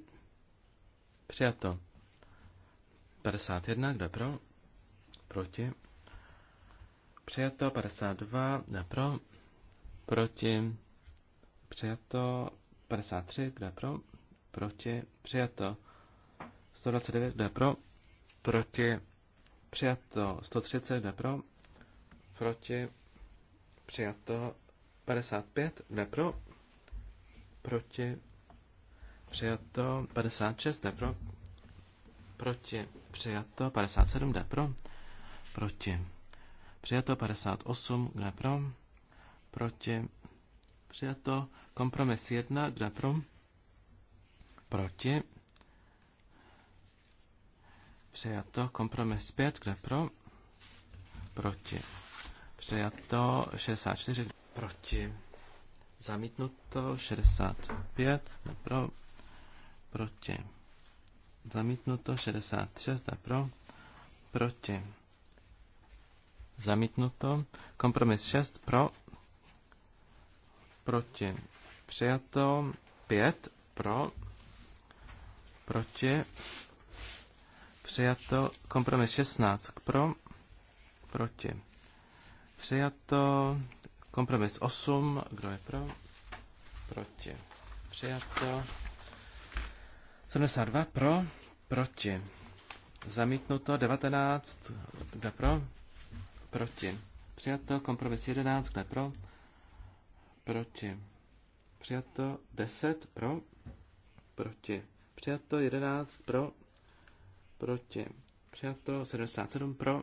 Přijato. 51. Kdo je pro? Proti. Přijato. 52. Kdo je pro? Proti. Přijato 53, kdo je pro? Proti. Přijato 129, kdo je pro? Proti. Přijato 130, kdo je pro? Proti. Přijato 55, kdo je pro? Proti. Přijato 56, kdo je pro? Proti. Přijato 57, kdo je pro? Proti. Přijato 58, kdo je pro? Proti. Přijato Kompromis 1, 2 pro? Proti. Přijato. Kompromis 5, 2 pro? Proti. Přijato 64, proti. Zamítnuto 65, kdo pro? Proti. Zamítnuto 66, kdo pro? Proti. Zamítnuto. Kompromis 6, pro? Proti Přijato. Pět pro. Proti. Přijato. Kompromis 16 pro. Proti. Přijato. Kompromis 8. Kdo je pro? Proti. Přijato. 72 pro. Proti. Zamítnuto 19. kdo pro? Proti. Přijato. Kompromis 11. kdo je pro? Proti. Přijato 10 pro, proti. Přijato 11 pro, proti. Přijato 77 pro,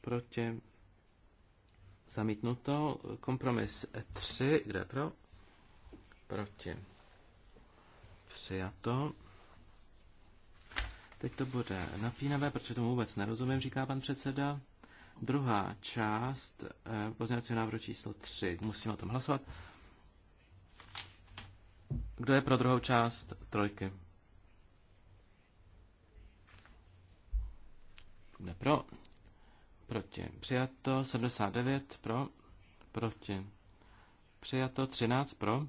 proti. Zamítnuto kompromis 3, kde pro, proti. Přijato. Teď to bude napínavé, protože tomu vůbec nerozumím, říká pan předseda. Druhá část eh, pozměňovacího návrhu číslo 3. Musíme o tom hlasovat. Kdo je pro druhou část trojky? Kdo pro? Proti. Přijato 79 pro. Proti. Přijato 13 pro.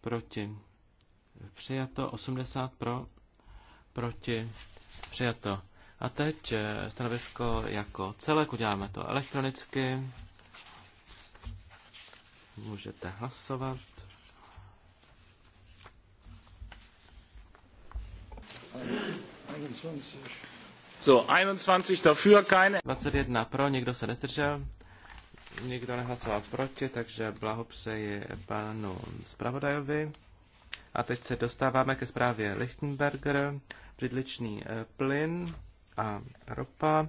Proti. Přijato 80 pro. Proti. Přijato. A teď eh, stanovisko jako celek. Uděláme to elektronicky. Můžete hlasovat. So, 21 dafür, keine... 21 pro, někdo se nestržel, někdo nehlasoval proti, takže blahopřeji panu zpravodajovi. A teď se dostáváme ke zprávě Lichtenberger, přidličný eh, plyn a ropa.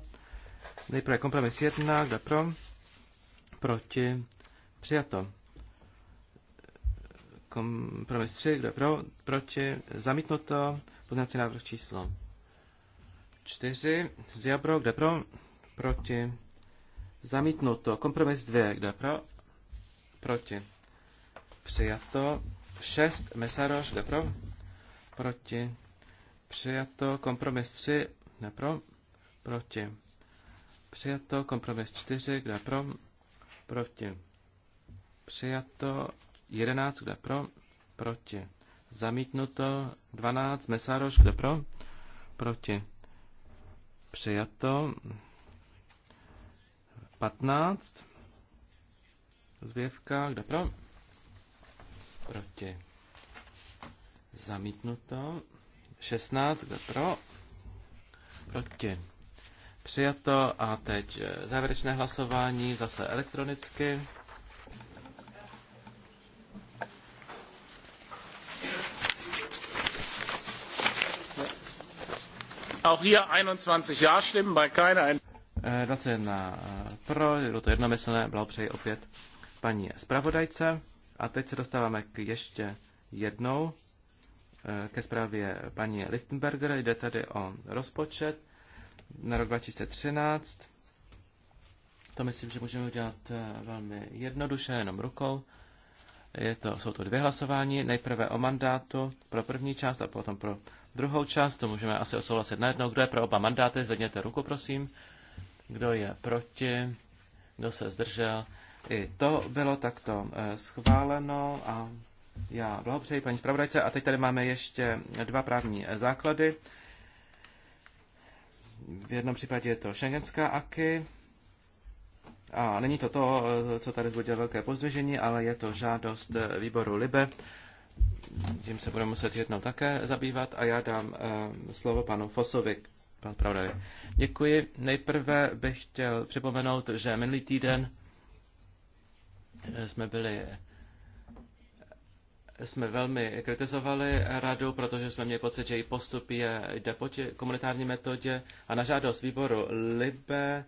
Nejprve kompromis 1, kde pro, proti, přijato. Kompromis 3, kde pro, proti, zamítnuto. Poznací návrh číslo 4. Zja pro, kde pro? Proti. Zamítnuto. Kompromis 2, kde pro? Proti. Přijato. 6. Mesaroš, kde pro? Proti. Přijato. Kompromis 3, kde pro? Proti. Přijato. Kompromis 4, kde pro? Proti. Přijato. 11, kde pro? Proti. Zamítnuto 12. Mesároš, kdo pro? Proti. Přijato 15. Zvěvka, kdo pro? Proti. Zamítnuto 16. Kdo pro? Proti. Přijato a teď eh, závěrečné hlasování zase elektronicky. Auch hier 21 Ja stimmen bei keiner Ent 21 eh, eh, pro, bylo to jednomyslné, blahopřeji opět paní zpravodajce. A teď se dostáváme k ještě jednou eh, ke zprávě paní Lichtenberger. Jde tady o rozpočet na rok 2013. To myslím, že můžeme udělat velmi jednoduše, jenom rukou. Je to, jsou to dvě hlasování, nejprve o mandátu pro první část a potom pro Druhou část, to můžeme asi osouhlasit najednou. Kdo je pro oba mandáty, zvedněte ruku, prosím. Kdo je proti, kdo se zdržel. I to bylo takto eh, schváleno a já blahopřeji paní zpravodajce. A teď tady máme ještě dva právní eh, základy. V jednom případě je to šengenská aky. A není to to, eh, co tady zbudilo velké pozdvižení, ale je to žádost výboru Libe tím se budeme muset jednou také zabývat a já dám eh, slovo panu Fosovi, pan Pravdavě. Děkuji. Nejprve bych chtěl připomenout, že minulý týden eh, jsme byli eh, jsme velmi kritizovali radu, protože jsme měli pocit, že její postup je, jde po tě, komunitární metodě a na žádost výboru LIBE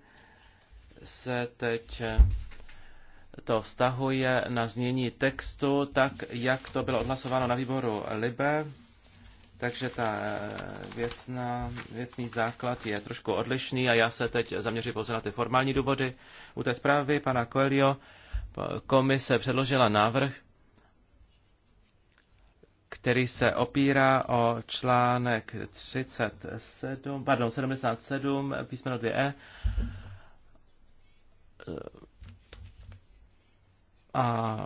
se teď to vztahuje na znění textu, tak jak to bylo odhlasováno na výboru LIBE. Takže ta eh, věcná, věcný základ je trošku odlišný a já se teď zaměřím pouze na ty formální důvody. U té zprávy pana Coelho komise předložila návrh, který se opírá o článek 37, pardon, 77, písmeno 2e, a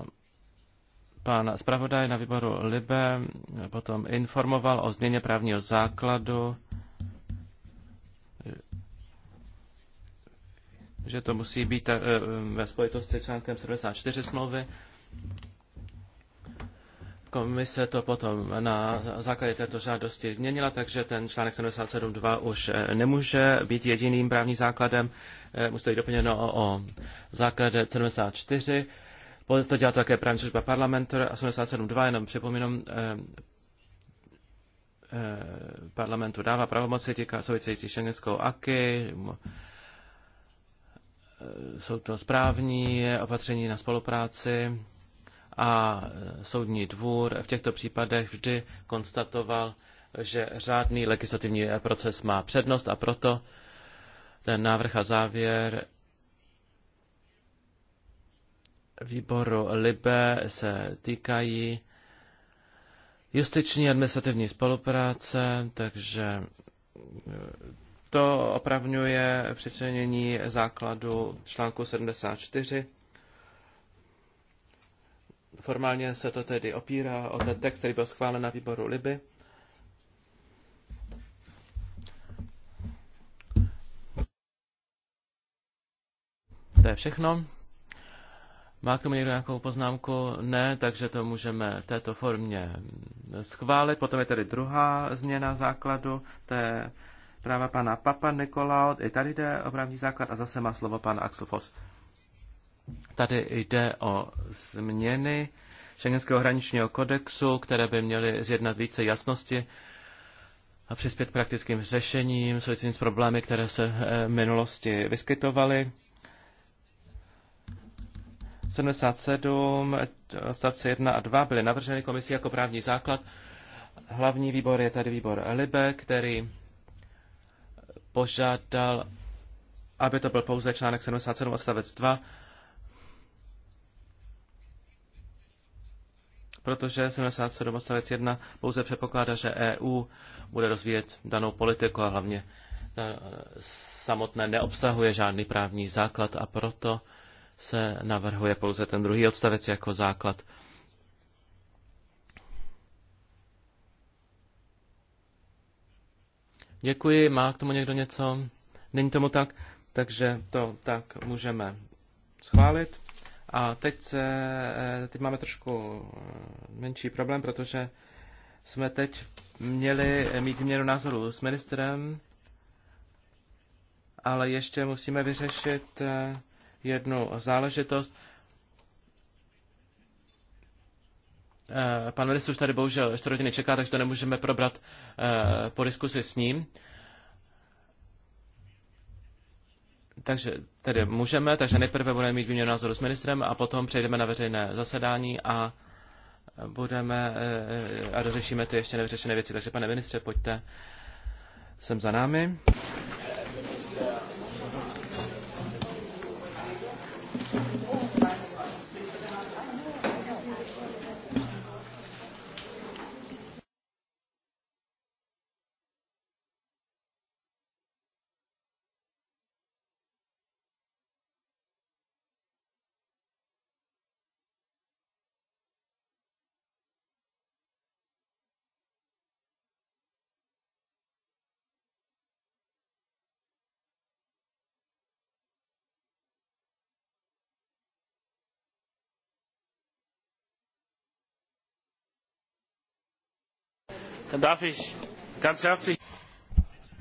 pan zpravodaj na výboru Libe potom informoval o změně právního základu, že to musí být eh, eh, ve spojitosti s článkem 74 smlouvy. Komise to potom na základě této žádosti změnila, takže ten článek 77.2 už eh, nemůže být jediným právním základem. Musí to být doplněno o, o základ 74 to dělá také právní služba parlamentu a 87.2, jenom připomínám, eh, eh, parlamentu dává pravomoci těká související šengenskou AKY, eh, jsou to správní opatření na spolupráci a eh, soudní dvůr v těchto případech vždy konstatoval, že řádný legislativní eh, proces má přednost a proto ten návrh a závěr výboru LIBE se týkají justiční administrativní spolupráce, takže eh, to opravňuje přičlenění základu článku 74. Formálně se to tedy opírá o ten text, který byl schválen na výboru libe. To je všechno. Má k tomu někdo nějakou poznámku? Ne, takže to můžeme v této formě schválit. Potom je tady druhá změna základu, to je práva pana Papa Nikolao. I tady jde o právní základ a zase má slovo pan Axel Foss. Tady jde o změny Schengenského hraničního kodexu, které by měly zjednat více jasnosti a přispět praktickým řešením, souvisejícím s problémy, které se eh, v minulosti vyskytovaly. 77 odstavce 1 a 2 byly navrženy komisí jako právní základ. Hlavní výbor je tady výbor Libe, který požádal, aby to byl pouze článek 77 odstavec 2, protože 77 odstavec 1 pouze předpokládá, že EU bude rozvíjet danou politiku a hlavně eh, samotné neobsahuje žádný právní základ a proto se navrhuje pouze ten druhý odstavec jako základ. Děkuji, má k tomu někdo něco? Není tomu tak, takže to tak můžeme schválit. A teď, se, eh, teď máme trošku eh, menší problém, protože jsme teď měli mít výměnu názoru s ministrem, ale ještě musíme vyřešit eh, jednu záležitost. Eh, pan Liss už tady bohužel 4 hodiny čeká, takže to nemůžeme probrat eh, po diskusi s ním. Takže tedy můžeme, takže nejprve budeme mít výměnu názoru s ministrem a potom přejdeme na veřejné zasedání a budeme eh, a dořešíme ty ještě nevyřešené věci. Takže pane ministře, pojďte sem za námi.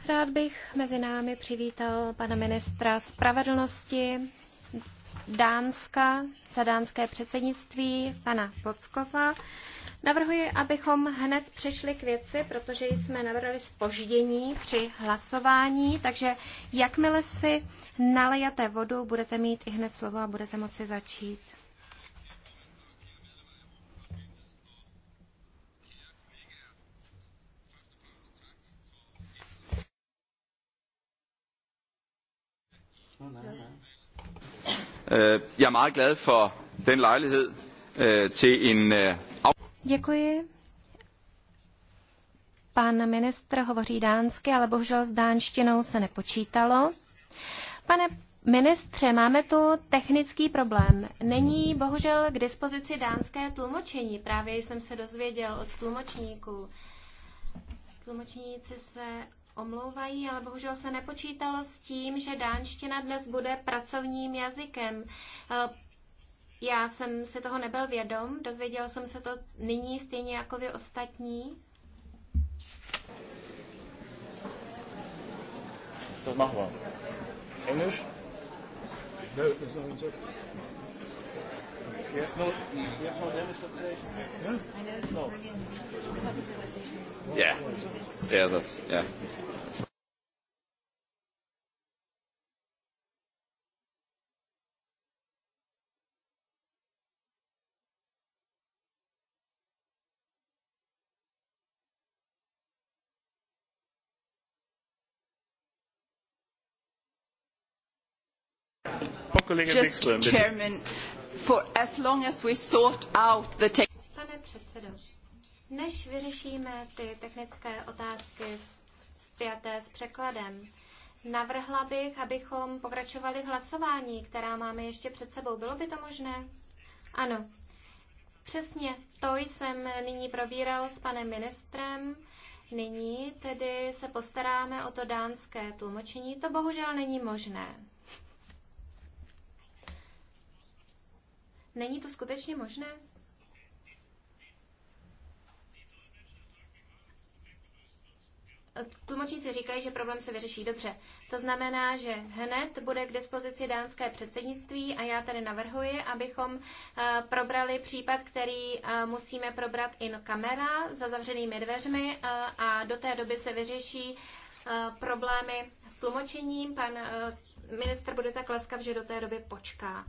Rád bych mezi námi přivítal pana ministra spravedlnosti Dánska za dánské předsednictví, pana Bockova. Navrhuji, abychom hned přešli k věci, protože jsme navrhli spoždění při hlasování, takže jakmile si nalejete vodu, budete mít i hned slovo a budete moci začít. Já øh, er glad for den lejlighed øh, til en... Øh, Děkuji. Pan ministr hovoří dánsky, ale bohužel s dánštinou se nepočítalo. Pane ministře, máme tu technický problém. Není bohužel k dispozici dánské tlumočení. Právě jsem se dozvěděl od tlumočníků. Tlumočníci se omlouvají, ale bohužel se nepočítalo s tím, že dánština dnes bude pracovním jazykem. Eh, já jsem si toho nebyl vědom, dozvěděl jsem se to nyní stejně jako vy ostatní. To machen wir. Englisch? English no. no, no, no. Yeah. Yeah, that's, yeah. Pane předsedo, než vyřešíme ty technické otázky zpěté s překladem, navrhla bych, abychom pokračovali v hlasování, která máme ještě před sebou. Bylo by to možné? Ano. Přesně to jsem nyní probíral s panem ministrem. Nyní tedy se postaráme o to dánské tlumočení. To bohužel není možné. Není to skutečně možné? Tlumočníci říkají, že problém se vyřeší dobře. To znamená, že hned bude k dispozici dánské předsednictví a já tady navrhuji, abychom eh, probrali případ, který eh, musíme probrat in kamera za zavřenými dveřmi eh, a do té doby se vyřeší problémy s tlumočením. Pan minister bude tak laskav, že do té doby počká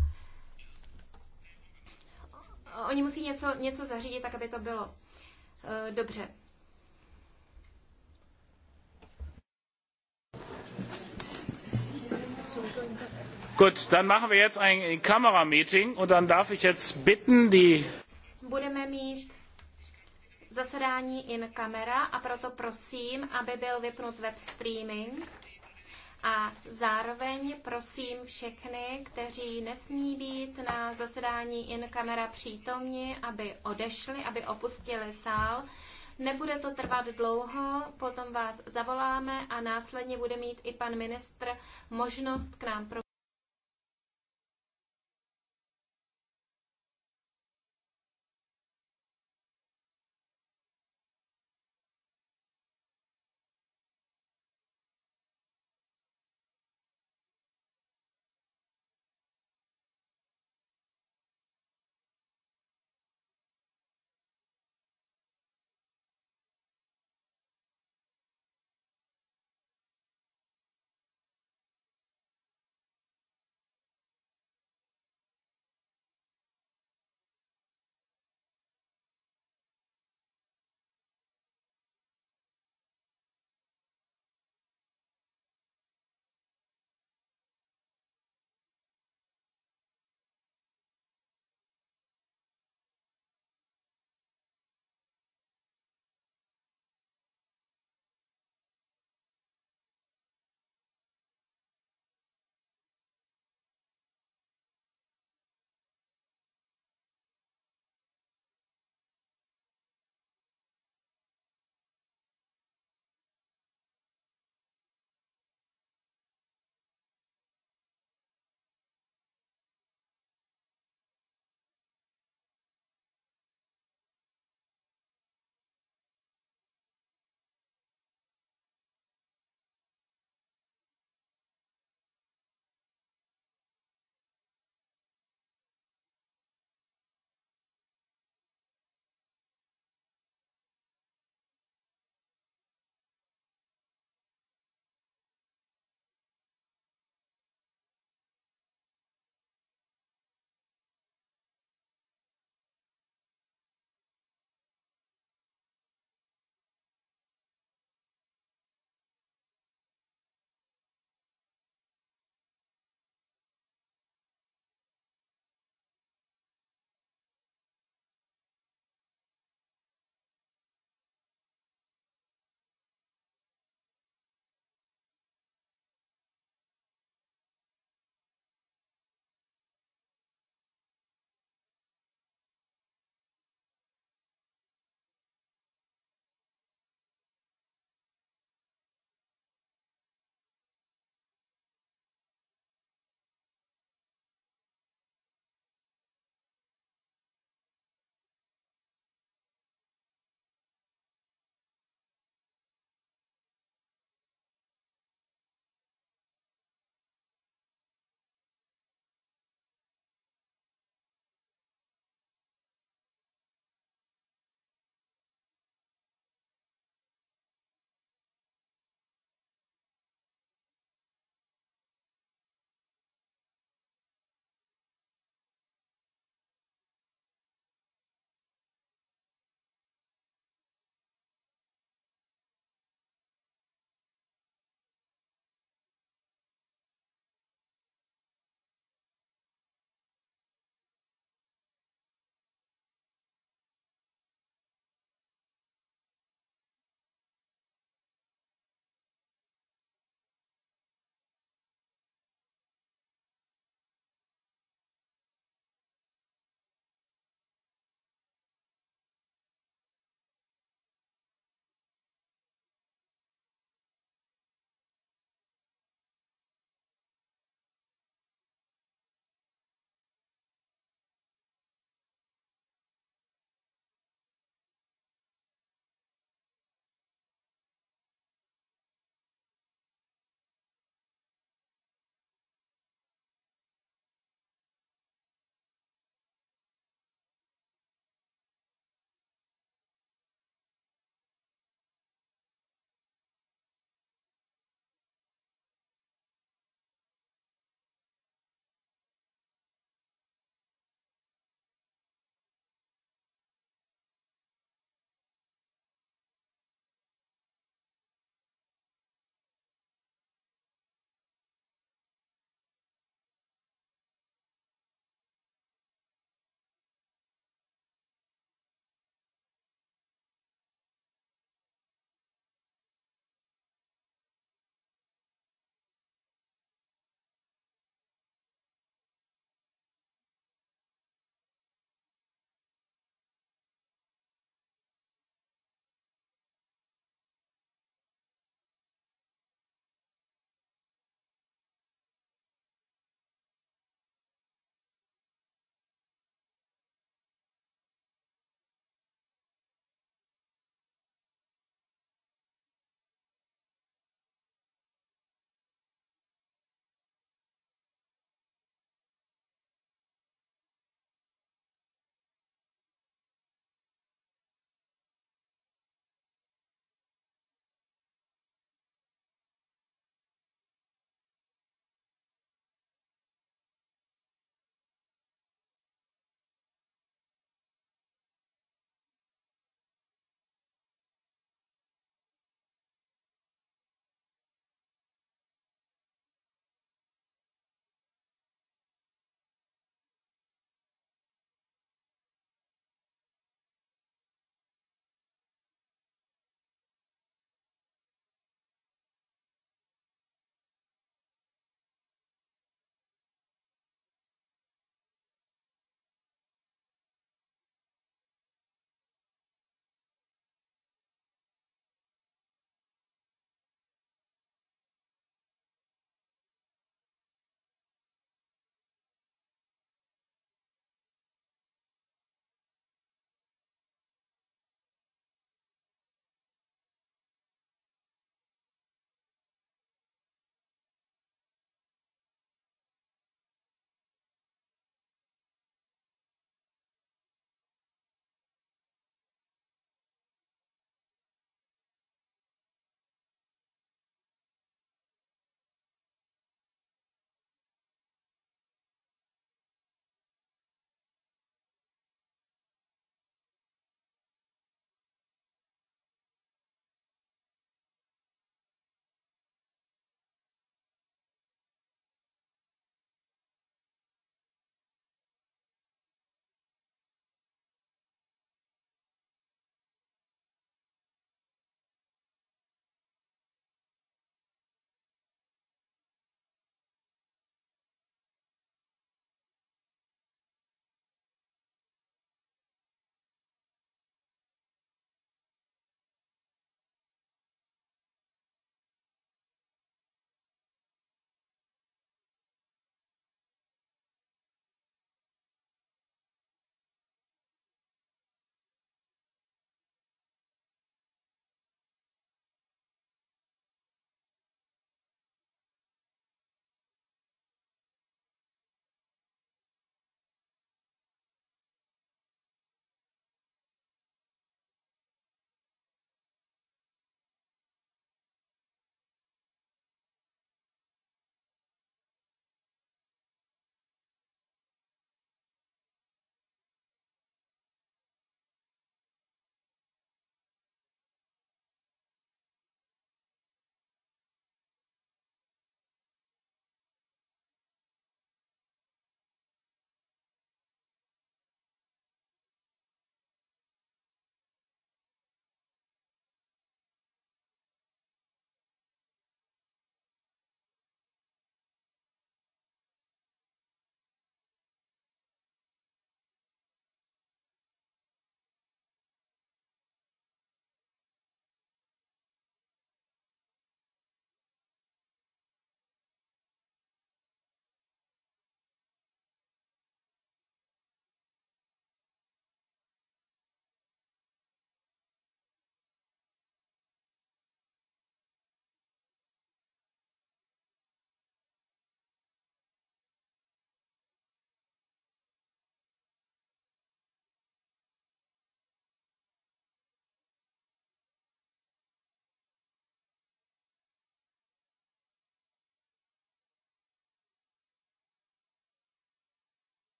oni musí něco, něco zařídit, tak aby to bylo uh, dobře. Gut, dann machen wir jetzt ein Kamerameeting und dann darf ich jetzt bitten die. Budeme mít zasedání in kamera a proto prosím, aby byl vypnut web streaming. A zároveň prosím všechny, kteří nesmí být na zasedání in kamera přítomni, aby odešli, aby opustili sál. Nebude to trvat dlouho, potom vás zavoláme a následně bude mít i pan ministr možnost k nám pro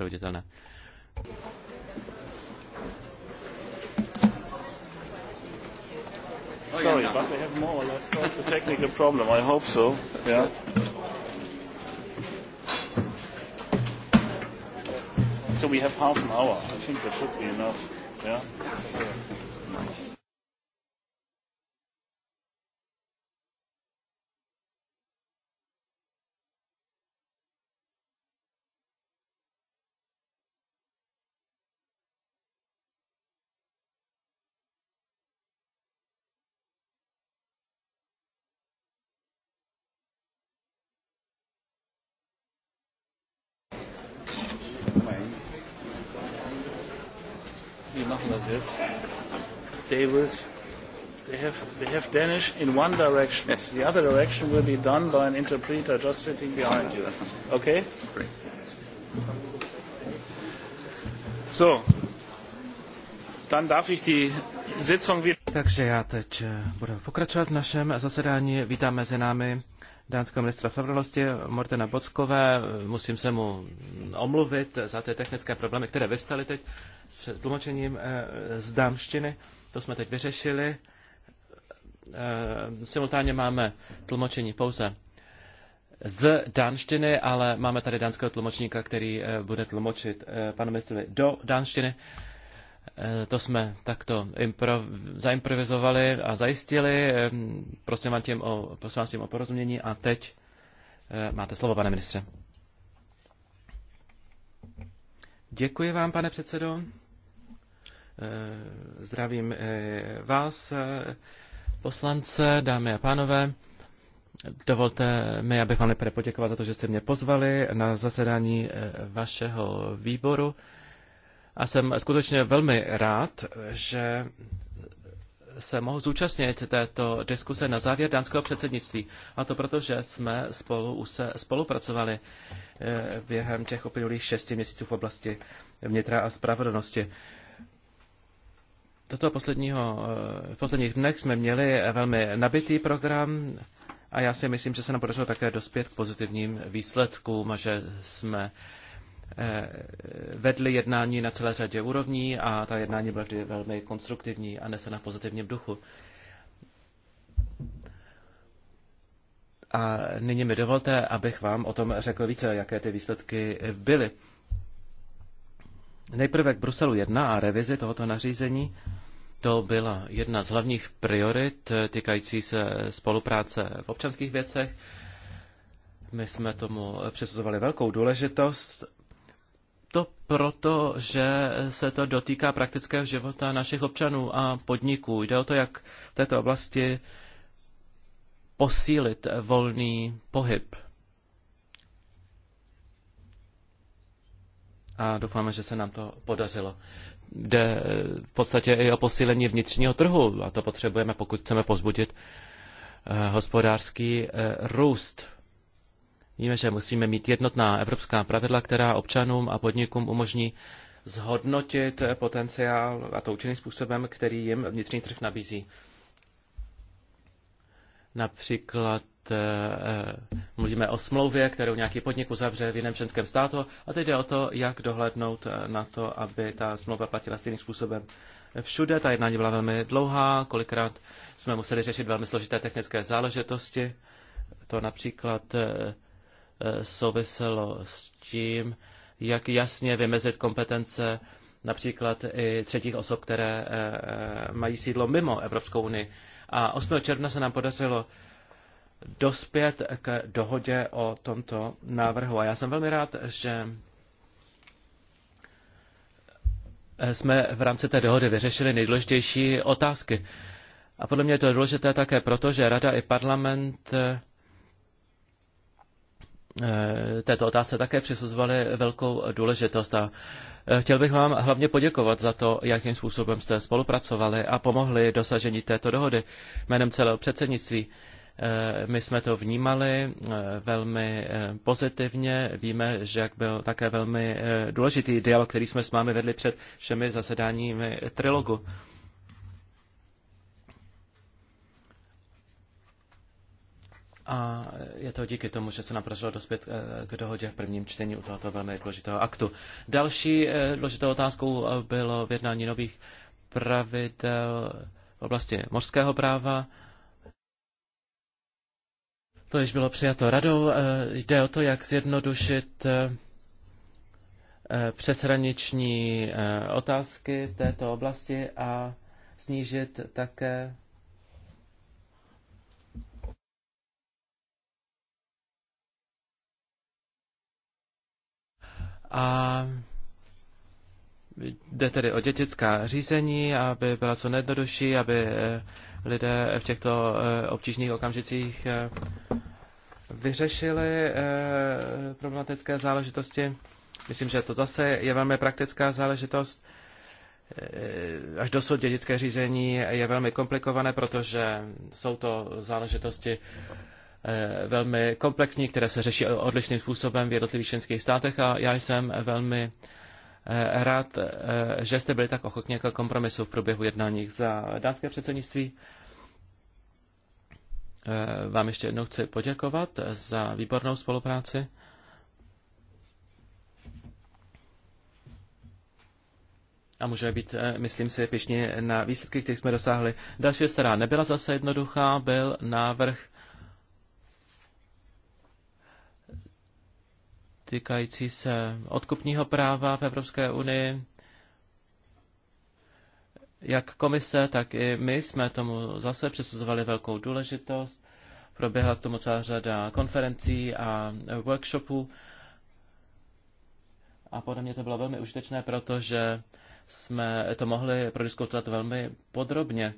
proveditelné. Sorry, but we have more or less caused a technical problem. I hope so. Yeah. So we have half an hour. I think that should be enough. Yeah. Davis. Davis. they have they have Danish in one direction. Yes. The other direction will be done by an interpreter just sitting behind you. Okay? Great. So, dann darf ich die Sitzung wieder. Takže já teď eh, budu pokračovat v našem zasedání. Vítám mezi námi dánského ministra spravedlnosti Mortena Bockové. Musím se mu omluvit za ty technické problémy, které vyvstaly teď s tlumočením eh, z dámštiny. To jsme teď vyřešili. Eh, simultánně máme tlumočení pouze z dánštiny, ale máme tady dánského tlumočníka, který eh, bude tlumočit panu ministrovi do dánštiny. Eh, to jsme takto impro- zaimprovizovali a zajistili. Eh, prosím vás, tím o, prosím vás tím o porozumění a teď eh, máte slovo, pane ministře. Děkuji vám, pane předsedo. Zdravím vás, poslance, dámy a pánové. Dovolte mi, abych vám nejprve poděkoval za to, že jste mě pozvali na zasedání vašeho výboru. A jsem skutečně velmi rád, že se mohu zúčastnit této diskuse na závěr dánského předsednictví. A to proto, že jsme spolu už se spolupracovali eh, během těch uplynulých šesti měsíců v oblasti vnitra a spravedlnosti. Toto posledního, eh, v posledních dnech jsme měli velmi nabitý program a já si myslím, že se nám podařilo také dospět k pozitivním výsledkům a že jsme Eh, vedli jednání na celé řadě úrovní a ta jednání byla vždy velmi konstruktivní a nesena v pozitivním duchu. A nyní mi dovolte, abych vám o tom řekl více, jaké ty výsledky byly. Nejprve k Bruselu 1 a revizi tohoto nařízení. To byla jedna z hlavních priorit eh, týkající se spolupráce v občanských věcech. My jsme tomu eh, přesuzovali velkou důležitost to proto, že se to dotýká praktického života našich občanů a podniků. Jde o to, jak v této oblasti posílit volný pohyb. A doufáme, že se nám to podařilo. Jde v podstatě i o posílení vnitřního trhu a to potřebujeme, pokud chceme pozbudit eh, hospodářský eh, růst Víme, že musíme mít jednotná evropská pravidla, která občanům a podnikům umožní zhodnotit potenciál a to účinným způsobem, který jim vnitřní trh nabízí. Například eh, eh, mluvíme o smlouvě, kterou nějaký podnik uzavře v jiném členském státu a teď jde o to, jak dohlednout eh, na to, aby ta smlouva platila stejným způsobem všude. Ta jednání byla velmi dlouhá, kolikrát jsme museli řešit velmi složité technické záležitosti. To například Eh, souviselo s tím, jak jasně vymezit kompetence například i třetích osob, které eh, eh, mají sídlo mimo Evropskou unii. A 8. června se nám podařilo dospět k dohodě o tomto návrhu. A já jsem velmi rád, že jsme v rámci té dohody vyřešili nejdůležitější otázky. A podle mě je to důležité také proto, že Rada i parlament Eh, této otázce také přisuzovali velkou důležitost a eh, chtěl bych vám hlavně poděkovat za to, jakým způsobem jste spolupracovali a pomohli dosažení této dohody jménem celého předsednictví. Eh, my jsme to vnímali velmi pozitivně. Víme, že jak byl také velmi důležitý dialog, který jsme s vámi vedli před všemi zasedáními trilogu. A je to díky tomu, že se nám podařilo dospět eh, k dohodě v prvním čtení u tohoto velmi důležitého aktu. Další eh, důležitou otázkou eh, bylo vědnání nových pravidel v oblasti mořského práva. To již bylo přijato radou. Jde o to, jak zjednodušit přeshraniční otázky v této oblasti a snížit také A jde tedy o dětická řízení, aby byla co nejjednodušší, aby eh, lidé v těchto eh, obtížných okamžicích eh, vyřešili problematické záležitosti. Myslím, že to zase je velmi praktická záležitost. Až dosud dědické řízení je velmi komplikované, protože jsou to záležitosti Eh, velmi komplexní, které se řeší odlišným způsobem v jednotlivých členských státech a já jsem velmi eh, rád, eh, že jste byli tak ochotně k kompromisu v průběhu jednání za dánské předsednictví. Vám ještě jednou chci poděkovat za výbornou spolupráci. A můžeme být, myslím si, pišně na výsledky, které jsme dosáhli. Další věc, která nebyla zase jednoduchá, byl návrh týkající se odkupního práva v Evropské unii. Jak komise, tak i my jsme tomu zase přisuzovali velkou důležitost. Proběhla k tomu celá řada konferencí a workshopů. A podle mě to bylo velmi užitečné, protože jsme to mohli prodiskutovat velmi podrobně.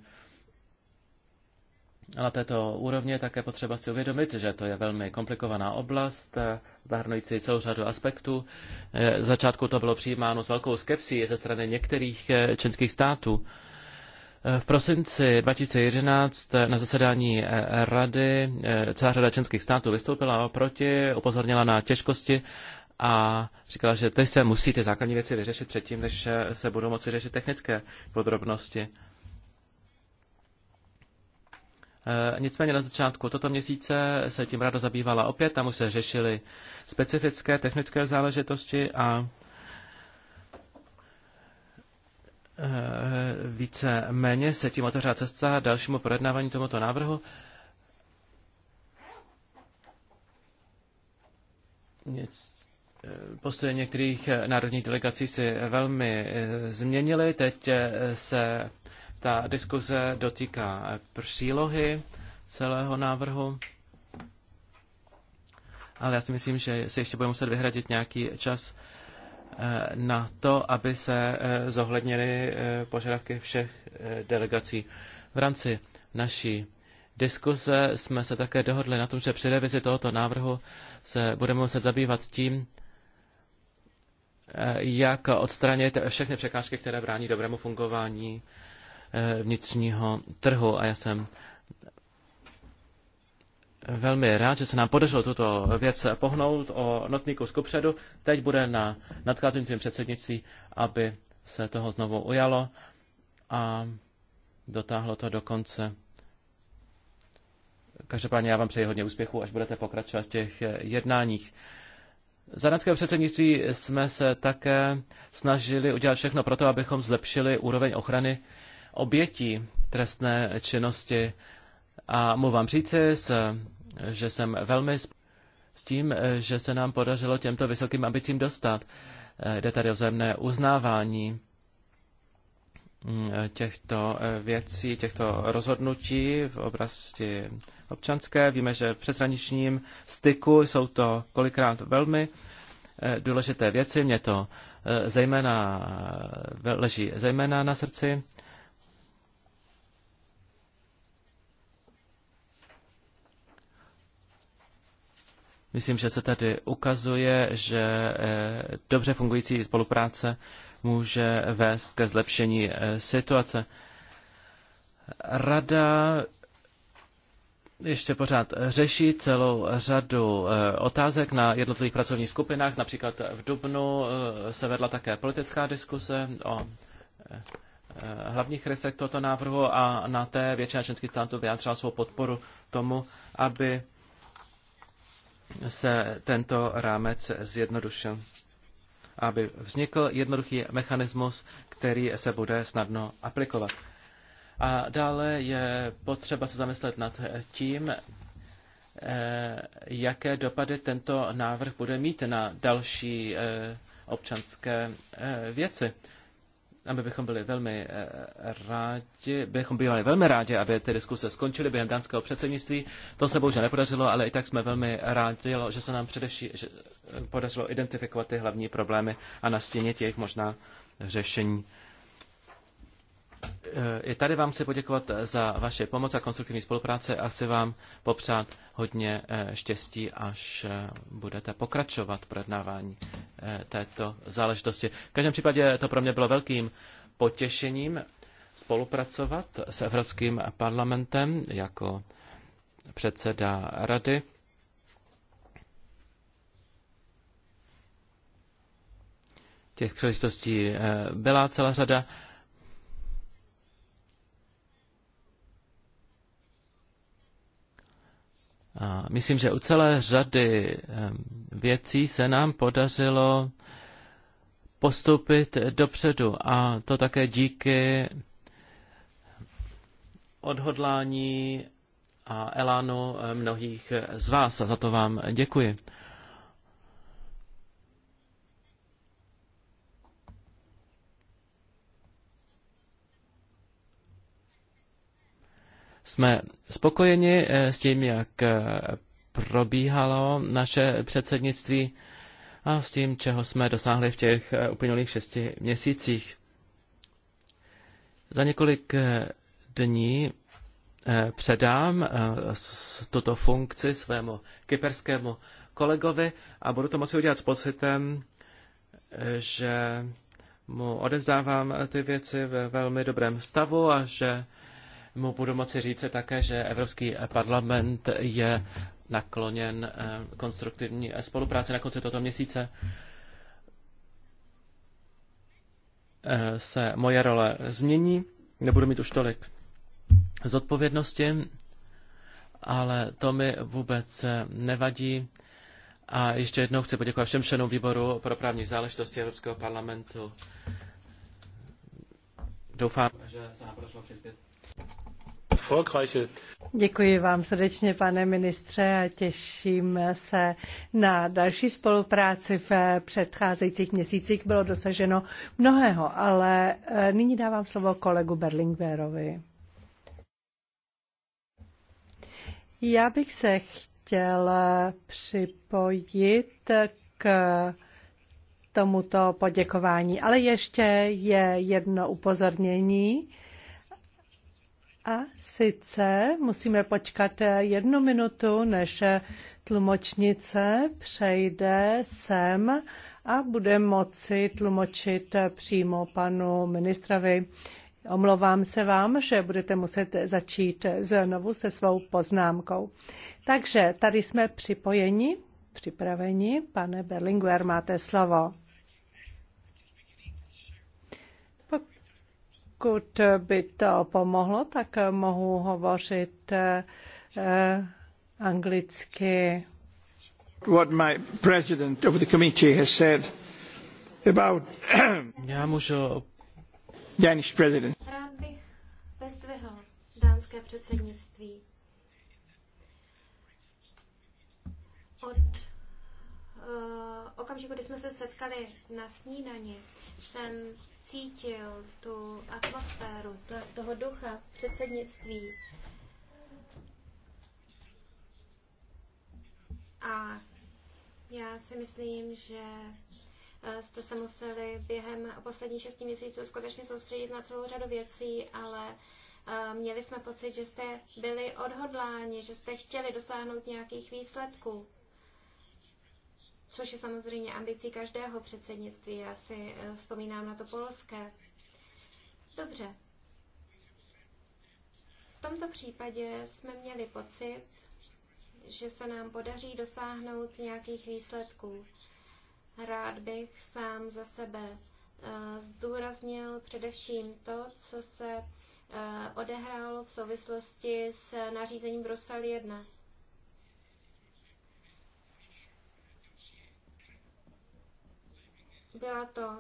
A na této úrovni je také potřeba si uvědomit, že to je velmi komplikovaná oblast, zahrnující celou řadu aspektů. Eh, v začátku to bylo přijímáno s velkou skepsí ze strany některých eh, čínských států. Eh, v prosinci 2011 na zasedání Rady celá řada čínských států vystoupila proti, upozornila na těžkosti a říkala, že teď se musí ty základní věci vyřešit předtím, než se budou moci řešit technické podrobnosti. Eh, nicméně na začátku toto měsíce se tím rada zabývala opět, tam už se řešily specifické technické záležitosti a eh, více méně se tím otevřela cesta dalšímu projednávání tomuto návrhu. Nic. Eh, postoje některých národních delegací si velmi změnily. Teď se ta diskuze dotýká eh, přílohy celého návrhu, ale já si myslím, že si ještě bude muset vyhradit nějaký čas eh, na to, aby se eh, zohlednily požadavky všech delegací. V rámci naší diskuze jsme se také dohodli na tom, že při revizi tohoto návrhu se budeme muset zabývat tím, jak odstranit všechny překážky, které brání dobrému fungování Eh, vnitřního trhu a já jsem velmi rád, že se nám podařilo tuto věc pohnout o notný kus kupředu. Teď bude na nadcházejícím předsednictví, aby se toho znovu ujalo a dotáhlo to do konce. Každopádně já vám přeji hodně úspěchů, až budete pokračovat v těch jednáních. Za dánského předsednictví jsme se také snažili udělat všechno pro to, abychom zlepšili úroveň ochrany obětí trestné činnosti. A mohu vám říci, že jsem velmi s tím, že se nám podařilo těmto vysokým ambicím dostat. Eh, jde tady o zemné uznávání mm, těchto eh, věcí, těchto rozhodnutí v oblasti občanské. Víme, že v přeshraničním styku jsou to kolikrát velmi eh, důležité věci. Mě to zejména leží zejména na srdci. Myslím, že se tady ukazuje, že eh, dobře fungující spolupráce může vést ke zlepšení eh, situace. Rada ještě pořád řeší celou řadu eh, otázek na jednotlivých pracovních skupinách. Například v Dubnu se vedla také politická diskuse o hlavních rysek tohoto návrhu a na té většina členských států vyjádřila svou podporu tomu, aby se tento rámec zjednodušil, aby vznikl jednoduchý mechanismus, který se bude snadno aplikovat. A dále je potřeba se zamyslet nad tím, eh, jaké dopady tento návrh bude mít na další eh, občanské eh, věci a my bychom byli velmi eh, rádi, bychom byli velmi rádi, aby ty diskuse skončily během dánského předsednictví. To se bohužel nepodařilo, ale i tak jsme velmi rádi, že se nám především že eh, podařilo identifikovat ty hlavní problémy a nastínit jejich možná řešení. Eh, I tady vám chci poděkovat eh, za vaše pomoc a konstruktivní spolupráce a chci vám popřát hodně eh, štěstí, až budete pokračovat projednávání této záležitosti. V každém případě to pro mě bylo velkým potěšením spolupracovat s Evropským parlamentem jako předseda rady. Těch příležitostí byla celá řada. A myslím, že u celé řady věcí se nám podařilo postupit dopředu a to také díky odhodlání a elánu mnohých z vás a za to vám děkuji. Jsme spokojeni eh, s tím, jak eh, probíhalo naše předsednictví a s tím, čeho jsme dosáhli v těch eh, uplynulých šesti měsících. Za několik dní předám tuto funkci svému kyperskému kolegovi a budu to moci udělat s pocitem, že mu odevzdávám ty věci ve velmi dobrém stavu a že mu budu moci říct také, že Evropský parlament je nakloněn eh, konstruktivní spolupráci na konci tohoto měsíce. Eh, se moje role změní, nebudu mít už tolik zodpovědnosti, ale to mi vůbec eh, nevadí. A ještě jednou chci poděkovat všem členům výboru pro právní záležitosti Evropského parlamentu. Doufám, že se nám podařilo přispět erfolgreiche Děkuji vám srdečně, pane ministře, a těším se na další spolupráci v předcházejících měsících. Bylo dosaženo mnohého, ale eh, nyní dávám slovo kolegu Berlingwerovi. Já bych se chtěla eh, připojit k tomuto poděkování, ale ještě je jedno upozornění a sice musíme počkat jednu minutu, než tlumočnice přejde sem a bude moci tlumočit přímo panu ministrovi. Omlouvám se vám, že budete muset začít znovu se svou poznámkou. Takže tady jsme připojeni, připraveni. Pane Berlinguer, máte slovo. Pokud by to pomohlo, tak mohu hovořit eh, eh, anglicky. What my president of the committee has said about <clears throat> Já můžu Danish president. Rád bych dánské předsednictví. Od uh, okamžiku, kdy jsme se setkali na snídani, jsem cítil tu atmosféru, to, toho ducha předsednictví. A já si myslím, že eh, jste se museli během posledních šesti měsíců skutečně soustředit na celou řadu věcí, ale eh, měli jsme pocit, že jste byli odhodláni, že jste chtěli dosáhnout nějakých výsledků což je samozřejmě ambicí každého předsednictví. Já si eh, vzpomínám na to polské. Dobře. V tomto případě jsme měli pocit, že se nám podaří dosáhnout nějakých výsledků. Rád bych sám za sebe eh, zdůraznil především to, co se eh, odehrálo v souvislosti s nařízením Brusel 1. Byla to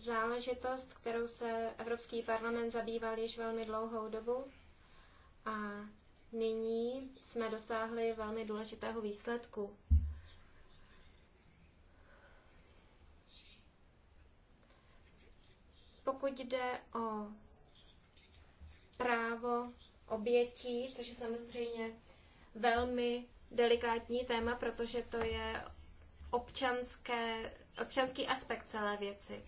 záležitost, kterou se Evropský parlament zabýval již velmi dlouhou dobu a nyní jsme dosáhli velmi důležitého výsledku. Pokud jde o právo obětí, což je samozřejmě velmi delikátní téma, protože to je občanské občanský aspekt celé věci.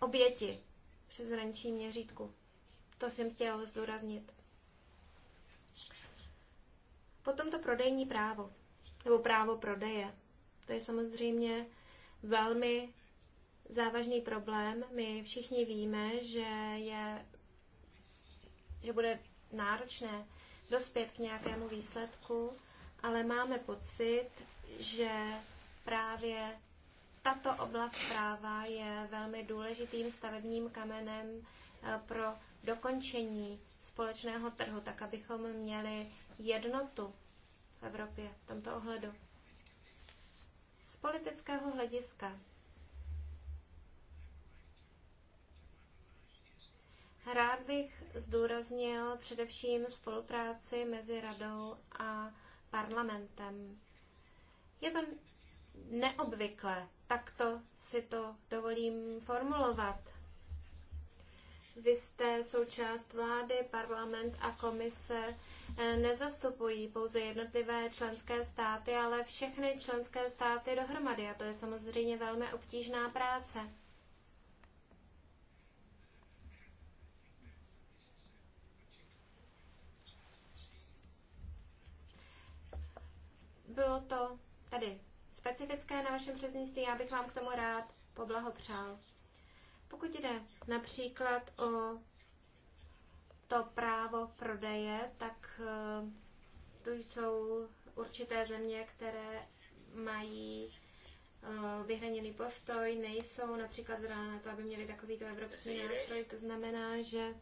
Oběti při hraniční měřítku. To jsem chtěla zdůraznit. Potom to prodejní právo, nebo právo prodeje. To je samozřejmě velmi závažný problém. My všichni víme, že je, že bude náročné dospět k nějakému výsledku, ale máme pocit, že právě tato oblast práva je velmi důležitým stavebním kamenem eh, pro dokončení společného trhu, tak abychom měli jednotu v Evropě v tomto ohledu. Z politického hlediska Rád bych zdůraznil především spolupráci mezi radou a parlamentem. Je to neobvyklé takto si to dovolím formulovat. Vy jste součást vlády, parlament a komise eh, nezastupují pouze jednotlivé členské státy, ale všechny členské státy dohromady a to je samozřejmě velmi obtížná práce. Bylo to tady specifické na vašem předsednictví, já bych vám k tomu rád poblahopřál. Pokud jde například o to právo prodeje, tak eh, tu jsou určité země, které mají eh, vyhraněný postoj, nejsou například zrána na to, aby měli takovýto evropský nástroj. To znamená, že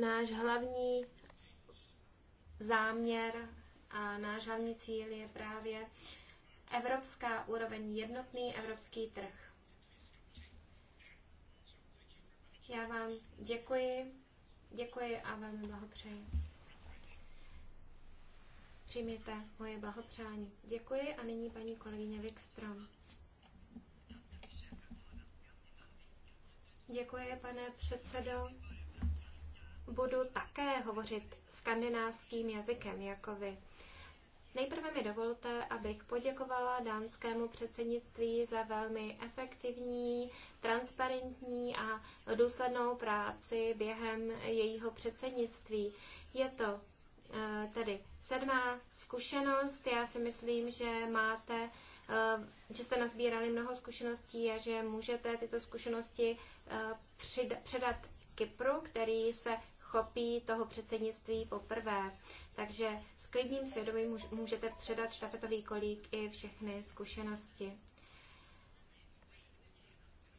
náš hlavní záměr a náš hlavní cíl je právě evropská úroveň, jednotný evropský trh. Já vám děkuji, děkuji a velmi blahopřeji. Přijměte moje blahopřání. Děkuji a nyní paní kolegyně Wikström. Děkuji, pane předsedo. Budu také hovořit skandinávským jazykem jako vy. Nejprve mi dovolte, abych poděkovala dánskému předsednictví za velmi efektivní, transparentní a důslednou práci během jejího předsednictví. Je to eh, tedy sedmá zkušenost. Já si myslím, že máte eh, že jste nazbírali mnoho zkušeností a že můžete tyto zkušenosti eh, předat Kypru, který se chopí toho předsednictví poprvé. Takže klidným svědomím můžete předat štafetový kolík i všechny zkušenosti.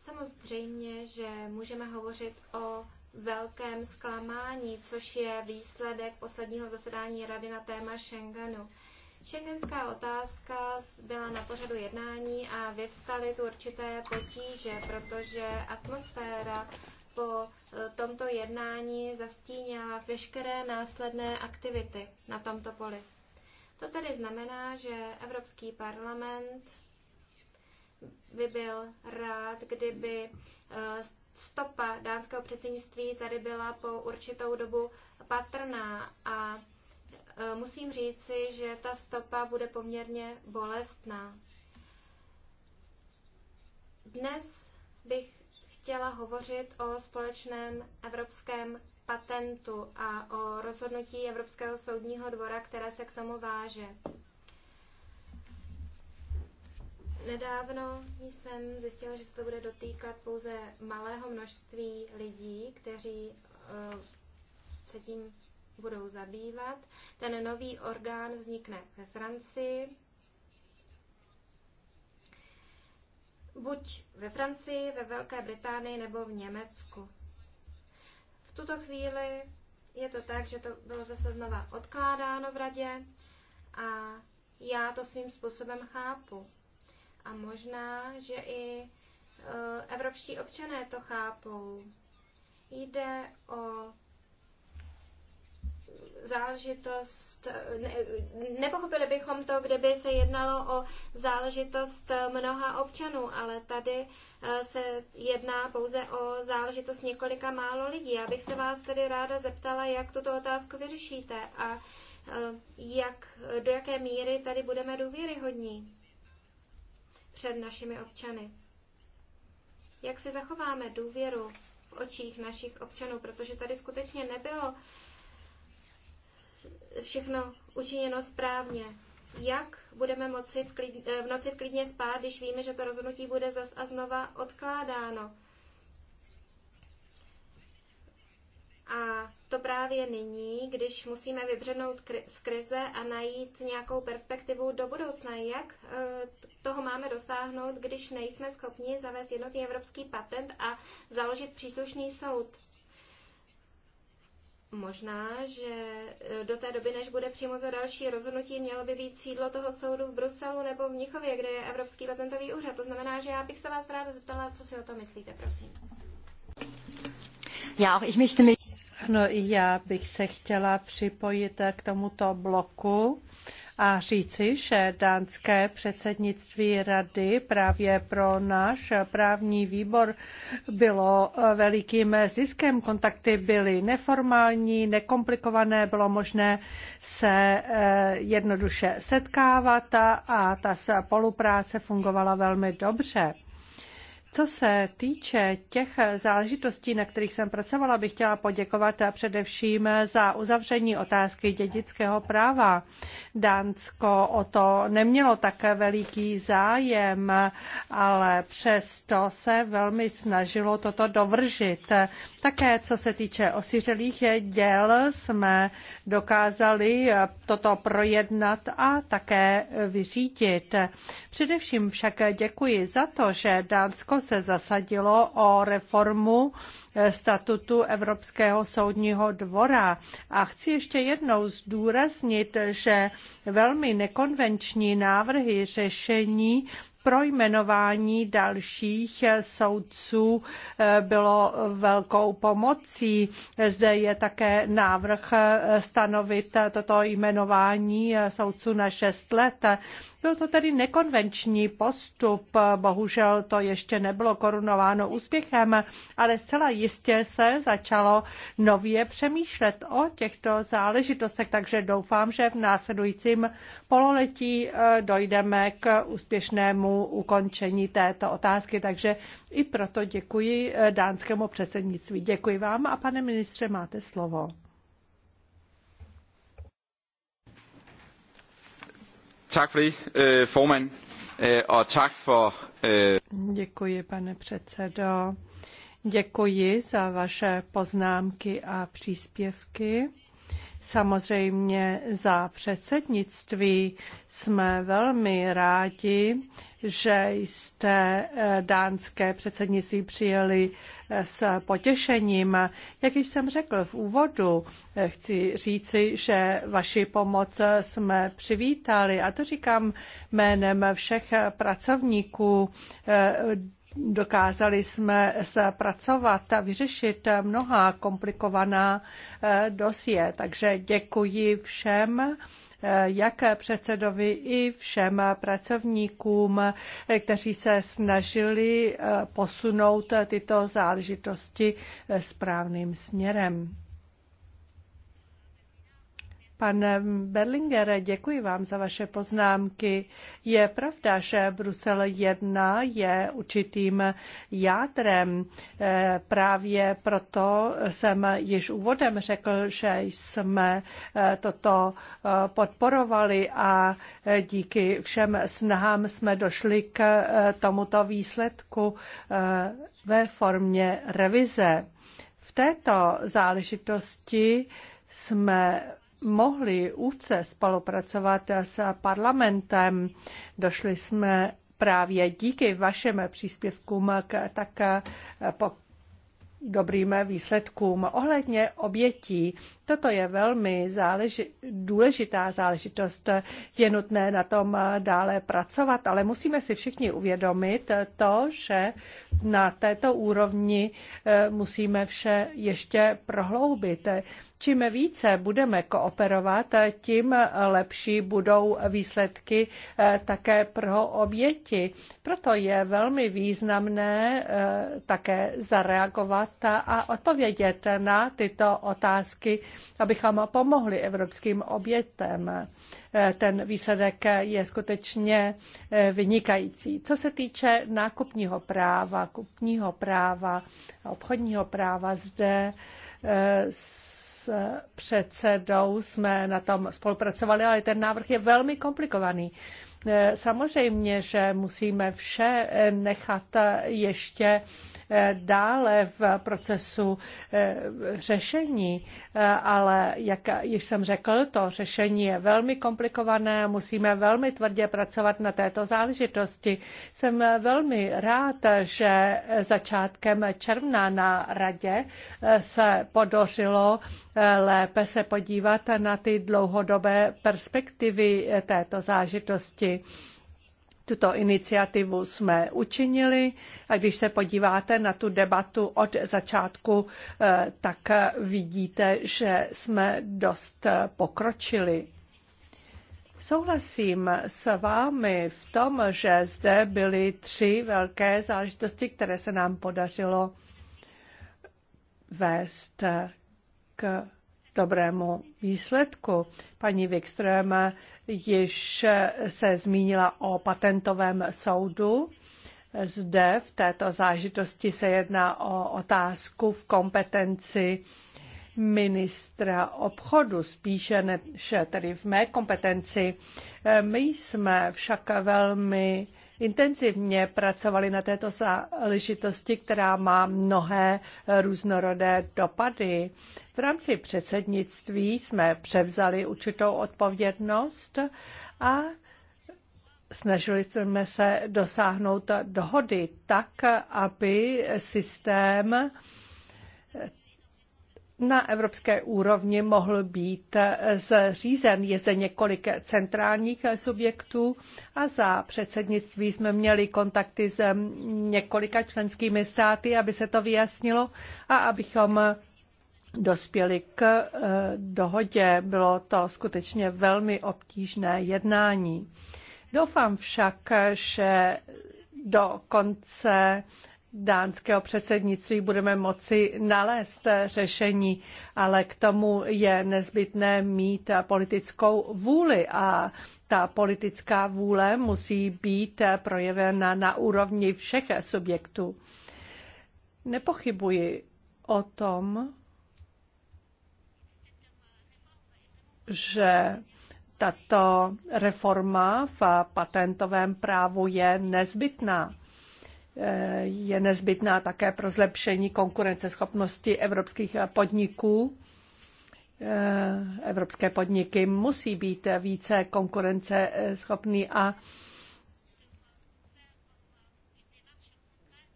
Samozřejmě, že můžeme hovořit o velkém zklamání, což je výsledek posledního zasedání Rady na téma Schengenu. Schengenská otázka byla na pořadu jednání a vyvstaly tu určité potíže, protože atmosféra po eh, tomto jednání zastínila veškeré následné aktivity na tomto poli. To tedy znamená, že Evropský parlament by byl rád, kdyby eh, stopa dánského předsednictví tady byla po určitou dobu patrná a eh, musím říci, že ta stopa bude poměrně bolestná. Dnes bych chtěla hovořit o společném evropském patentu a o rozhodnutí Evropského soudního dvora, které se k tomu váže. Nedávno jsem zjistila, že se to bude dotýkat pouze malého množství lidí, kteří eh, se tím budou zabývat. Ten nový orgán vznikne ve Francii buď ve Francii, ve Velké Británii nebo v Německu. V tuto chvíli je to tak, že to bylo zase znova odkládáno v radě a já to svým způsobem chápu. A možná, že i e, evropští občané to chápou. Jde o záležitost, ne, nepochopili bychom to, kdyby se jednalo o záležitost mnoha občanů, ale tady eh, se jedná pouze o záležitost několika málo lidí. Já bych se vás tedy ráda zeptala, jak tuto otázku vyřešíte a eh, jak, do jaké míry tady budeme důvěryhodní před našimi občany. Jak si zachováme důvěru v očích našich občanů, protože tady skutečně nebylo uh, všechno učiněno správně. Jak budeme moci v, klid, eh, v noci v klidně spát, když víme, že to rozhodnutí bude zas a znova odkládáno? A to právě nyní, když musíme vybřednout z krize a najít nějakou perspektivu do budoucna. Jak eh, toho máme dosáhnout, když nejsme schopni zavést jednotný evropský patent a založit příslušný soud? Možná, že e, do té doby, než bude přímo to další rozhodnutí, mělo by být sídlo toho soudu v Bruselu nebo v Mnichově, kde je Evropský patentový úřad. To znamená, že já bych se vás ráda zeptala, co si o tom myslíte, prosím. Já, ich möchte mich... No, já bych se chtěla připojit k tomuto bloku a říci, že dánské předsednictví rady právě pro náš právní výbor bylo velikým ziskem. Kontakty byly neformální, nekomplikované, bylo možné se eh, jednoduše setkávat a ta spolupráce fungovala velmi dobře. Co se týče těch záležitostí, na kterých jsem pracovala, bych chtěla poděkovat především za uzavření otázky dědického práva. Dánsko o to nemělo tak veliký zájem, ale přesto se velmi snažilo toto dovržit. Také co se týče osiřelých děl, jsme dokázali toto projednat a také vyřídit. Především však děkuji za to, že Dánsko se zasadilo o reformu eh, statutu Evropského soudního dvora. A chci ještě jednou zdůraznit, že velmi nekonvenční návrhy řešení pro jmenování dalších soudců eh, bylo velkou pomocí. Zde je také návrh eh, stanovit toto jmenování soudců na šest let. Byl to tedy nekonvenční postup, bohužel to ještě nebylo korunováno úspěchem, ale zcela jistě se začalo nově přemýšlet o těchto záležitostech, takže doufám, že v následujícím pololetí eh, dojdeme k úspěšnému ukončení této otázky, takže i proto děkuji eh, dánskému předsednictví. Děkuji vám a pane ministře, máte slovo. Tak for det, øh, formand, øh, og tak for... Øh, Děkuji, pane předsedo. Děkuji za vaše poznámky a příspěvky. Samozřejmě za předsednictví jsme velmi rádi, že jste eh, dánské předsednictví přijeli eh, s potěšením. Jak již jsem řekl v úvodu, eh, chci říci, že vaši pomoc jsme přivítali a to říkám jménem všech pracovníků Dokázali jsme zpracovat a vyřešit mnoha komplikovaná dosie, takže děkuji všem jak předsedovi i všem pracovníkům, kteří se snažili eh, posunout tyto záležitosti eh, správným směrem. Pane Berlingere, děkuji vám za vaše poznámky. Je pravda, že Brusel 1 je určitým jádrem. Eh, právě proto jsem již úvodem řekl, že jsme eh, toto eh, podporovali a díky všem snahám jsme došli k tomuto výsledku ve formě revize. V této záležitosti jsme mohli úce spolupracovat s parlamentem. Došli jsme právě díky vašim příspěvkům k tak po dobrým výsledkům. Ohledně obětí, toto je velmi záleži- důležitá záležitost. Je nutné na tom dále pracovat, ale musíme si všichni uvědomit to, že na této úrovni e, musíme vše ještě prohloubit. Čím více budeme kooperovat, tím lepší budou výsledky eh, také pro oběti. Proto je velmi významné eh, také zareagovat a odpovědět na tyto otázky, abychom pomohli evropským obětem. Eh, ten výsledek je skutečně vynikající. Co se týče nákupního práva, kupního práva, obchodního práva, zde předsedou jsme na tom spolupracovali, ale ten návrh je velmi komplikovaný. E, samozřejmě, že musíme vše e, nechat ještě dále v procesu eh, řešení, eh, ale jak již jsem řekl, to řešení je velmi komplikované, musíme velmi tvrdě pracovat na této záležitosti. Jsem velmi rád, že začátkem června na radě eh, se podařilo lépe se podívat na ty dlouhodobé perspektivy této zážitosti. Tuto iniciativu jsme učinili a když se podíváte na tu debatu od začátku, eh, tak vidíte, že jsme dost pokročili. Souhlasím s vámi v tom, že zde byly tři velké záležitosti, které se nám podařilo vést k dobrému výsledku. Paní Wikström již se zmínila o patentovém soudu. Zde v této zážitosti se jedná o otázku v kompetenci ministra obchodu, spíše než tedy v mé kompetenci. My jsme však velmi intenzivně pracovali na této záležitosti, která má mnohé různorodé dopady. V rámci předsednictví jsme převzali určitou odpovědnost a snažili jsme se dosáhnout dohody tak, aby systém na evropské úrovni mohl být zřízen. Je zde několik centrálních subjektů a za předsednictví jsme měli kontakty s několika členskými státy, aby se to vyjasnilo a abychom dospěli k eh, dohodě. Bylo to skutečně velmi obtížné jednání. Doufám však, že do konce dánského předsednictví budeme moci nalézt řešení, ale k tomu je nezbytné mít politickou vůli a ta politická vůle musí být projevena na úrovni všech subjektů. Nepochybuji o tom, že tato reforma v patentovém právu je nezbytná. Eh, je nezbytná také pro zlepšení konkurenceschopnosti evropských eh, podniků. Eh, evropské podniky musí být více konkurenceschopný a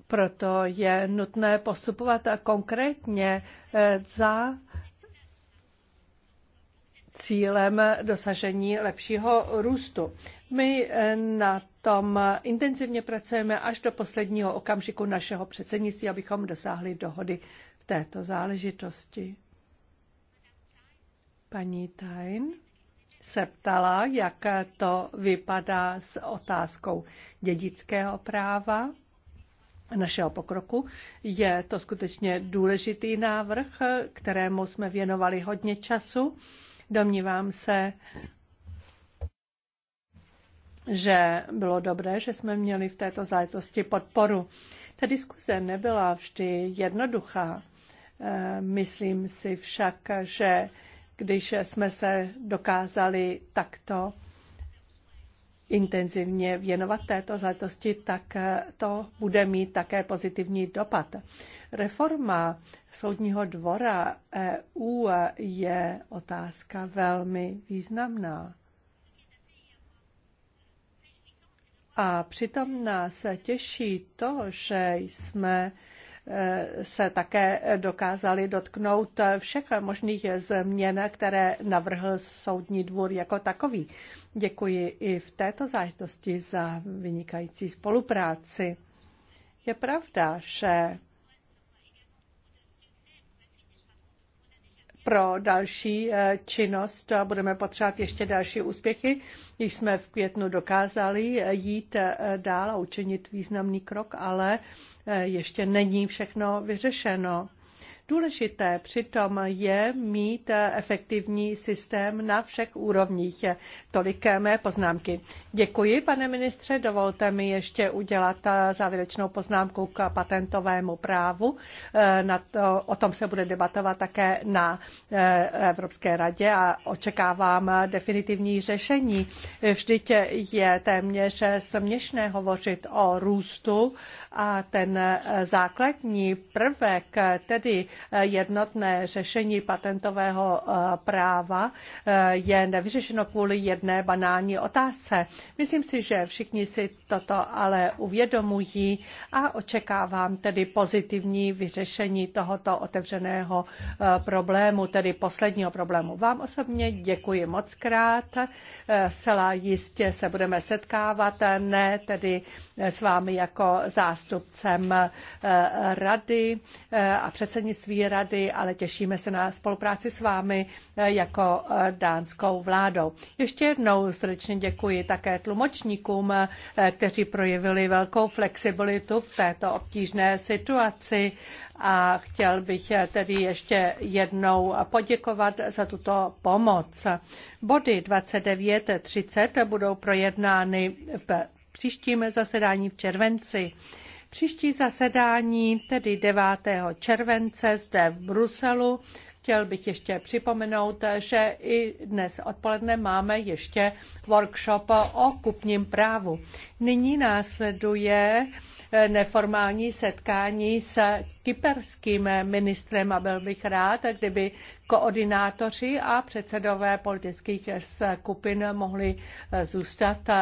proto je nutné postupovat konkrétně za cílem dosažení lepšího růstu. My na tom intenzivně pracujeme až do posledního okamžiku našeho předsednictví, abychom dosáhli dohody v této záležitosti. Paní Tajn se ptala, jak to vypadá s otázkou dědického práva našeho pokroku. Je to skutečně důležitý návrh, kterému jsme věnovali hodně času. Domnívám se, že bylo dobré, že jsme měli v této záležitosti podporu. Ta diskuse nebyla vždy jednoduchá. Eh, myslím si však, že když jsme se dokázali takto intenzivně věnovat této záležitosti, tak eh, to bude mít také pozitivní dopad. Reforma Soudního dvora EU je otázka velmi významná. A přitom nás těší to, že jsme eh, se také dokázali dotknout všech možných změn, které navrhl Soudní dvůr jako takový. Děkuji i v této zážitosti za vynikající spolupráci. Je pravda, že pro další eh, činnost a budeme potřebovat ještě další úspěchy. Již jsme v květnu dokázali eh, jít eh, dál a učinit významný krok, ale ještě není všechno vyřešeno. Důležité přitom je mít efektivní systém na všech úrovních. Tolik mé poznámky. Děkuji, pane ministře. Dovolte mi ještě udělat závěrečnou poznámku k patentovému právu. Eh, na to, o tom se bude debatovat také na eh, Evropské radě a očekávám definitivní řešení. Vždyť je téměř směšné hovořit o růstu a ten základní prvek, tedy jednotné řešení patentového eh, práva eh, je nevyřešeno kvůli jedné banální otázce. Myslím si, že všichni si toto ale uvědomují a očekávám tedy pozitivní vyřešení tohoto otevřeného eh, problému, tedy posledního problému. Vám osobně děkuji moc krát. Celá jistě se budeme setkávat, ne tedy s vámi jako zástupcem rady a předsednictví svý rady, ale těšíme se na spolupráci s vámi eh, jako eh, dánskou vládou. Ještě jednou srdečně děkuji také tlumočníkům, eh, kteří projevili velkou flexibilitu v této obtížné situaci a chtěl bych tedy ještě jednou poděkovat za tuto pomoc. Body 29, 30 budou projednány v příštím zasedání v červenci. Příští zasedání, tedy 9. července zde v Bruselu, Chtěl bych ještě připomenout, že i dnes odpoledne máme ještě workshop o kupním právu. Nyní následuje eh, neformální setkání s kyperským ministrem a byl bych rád, kdyby koordinátoři a předsedové politických skupin mohli eh, zůstat eh,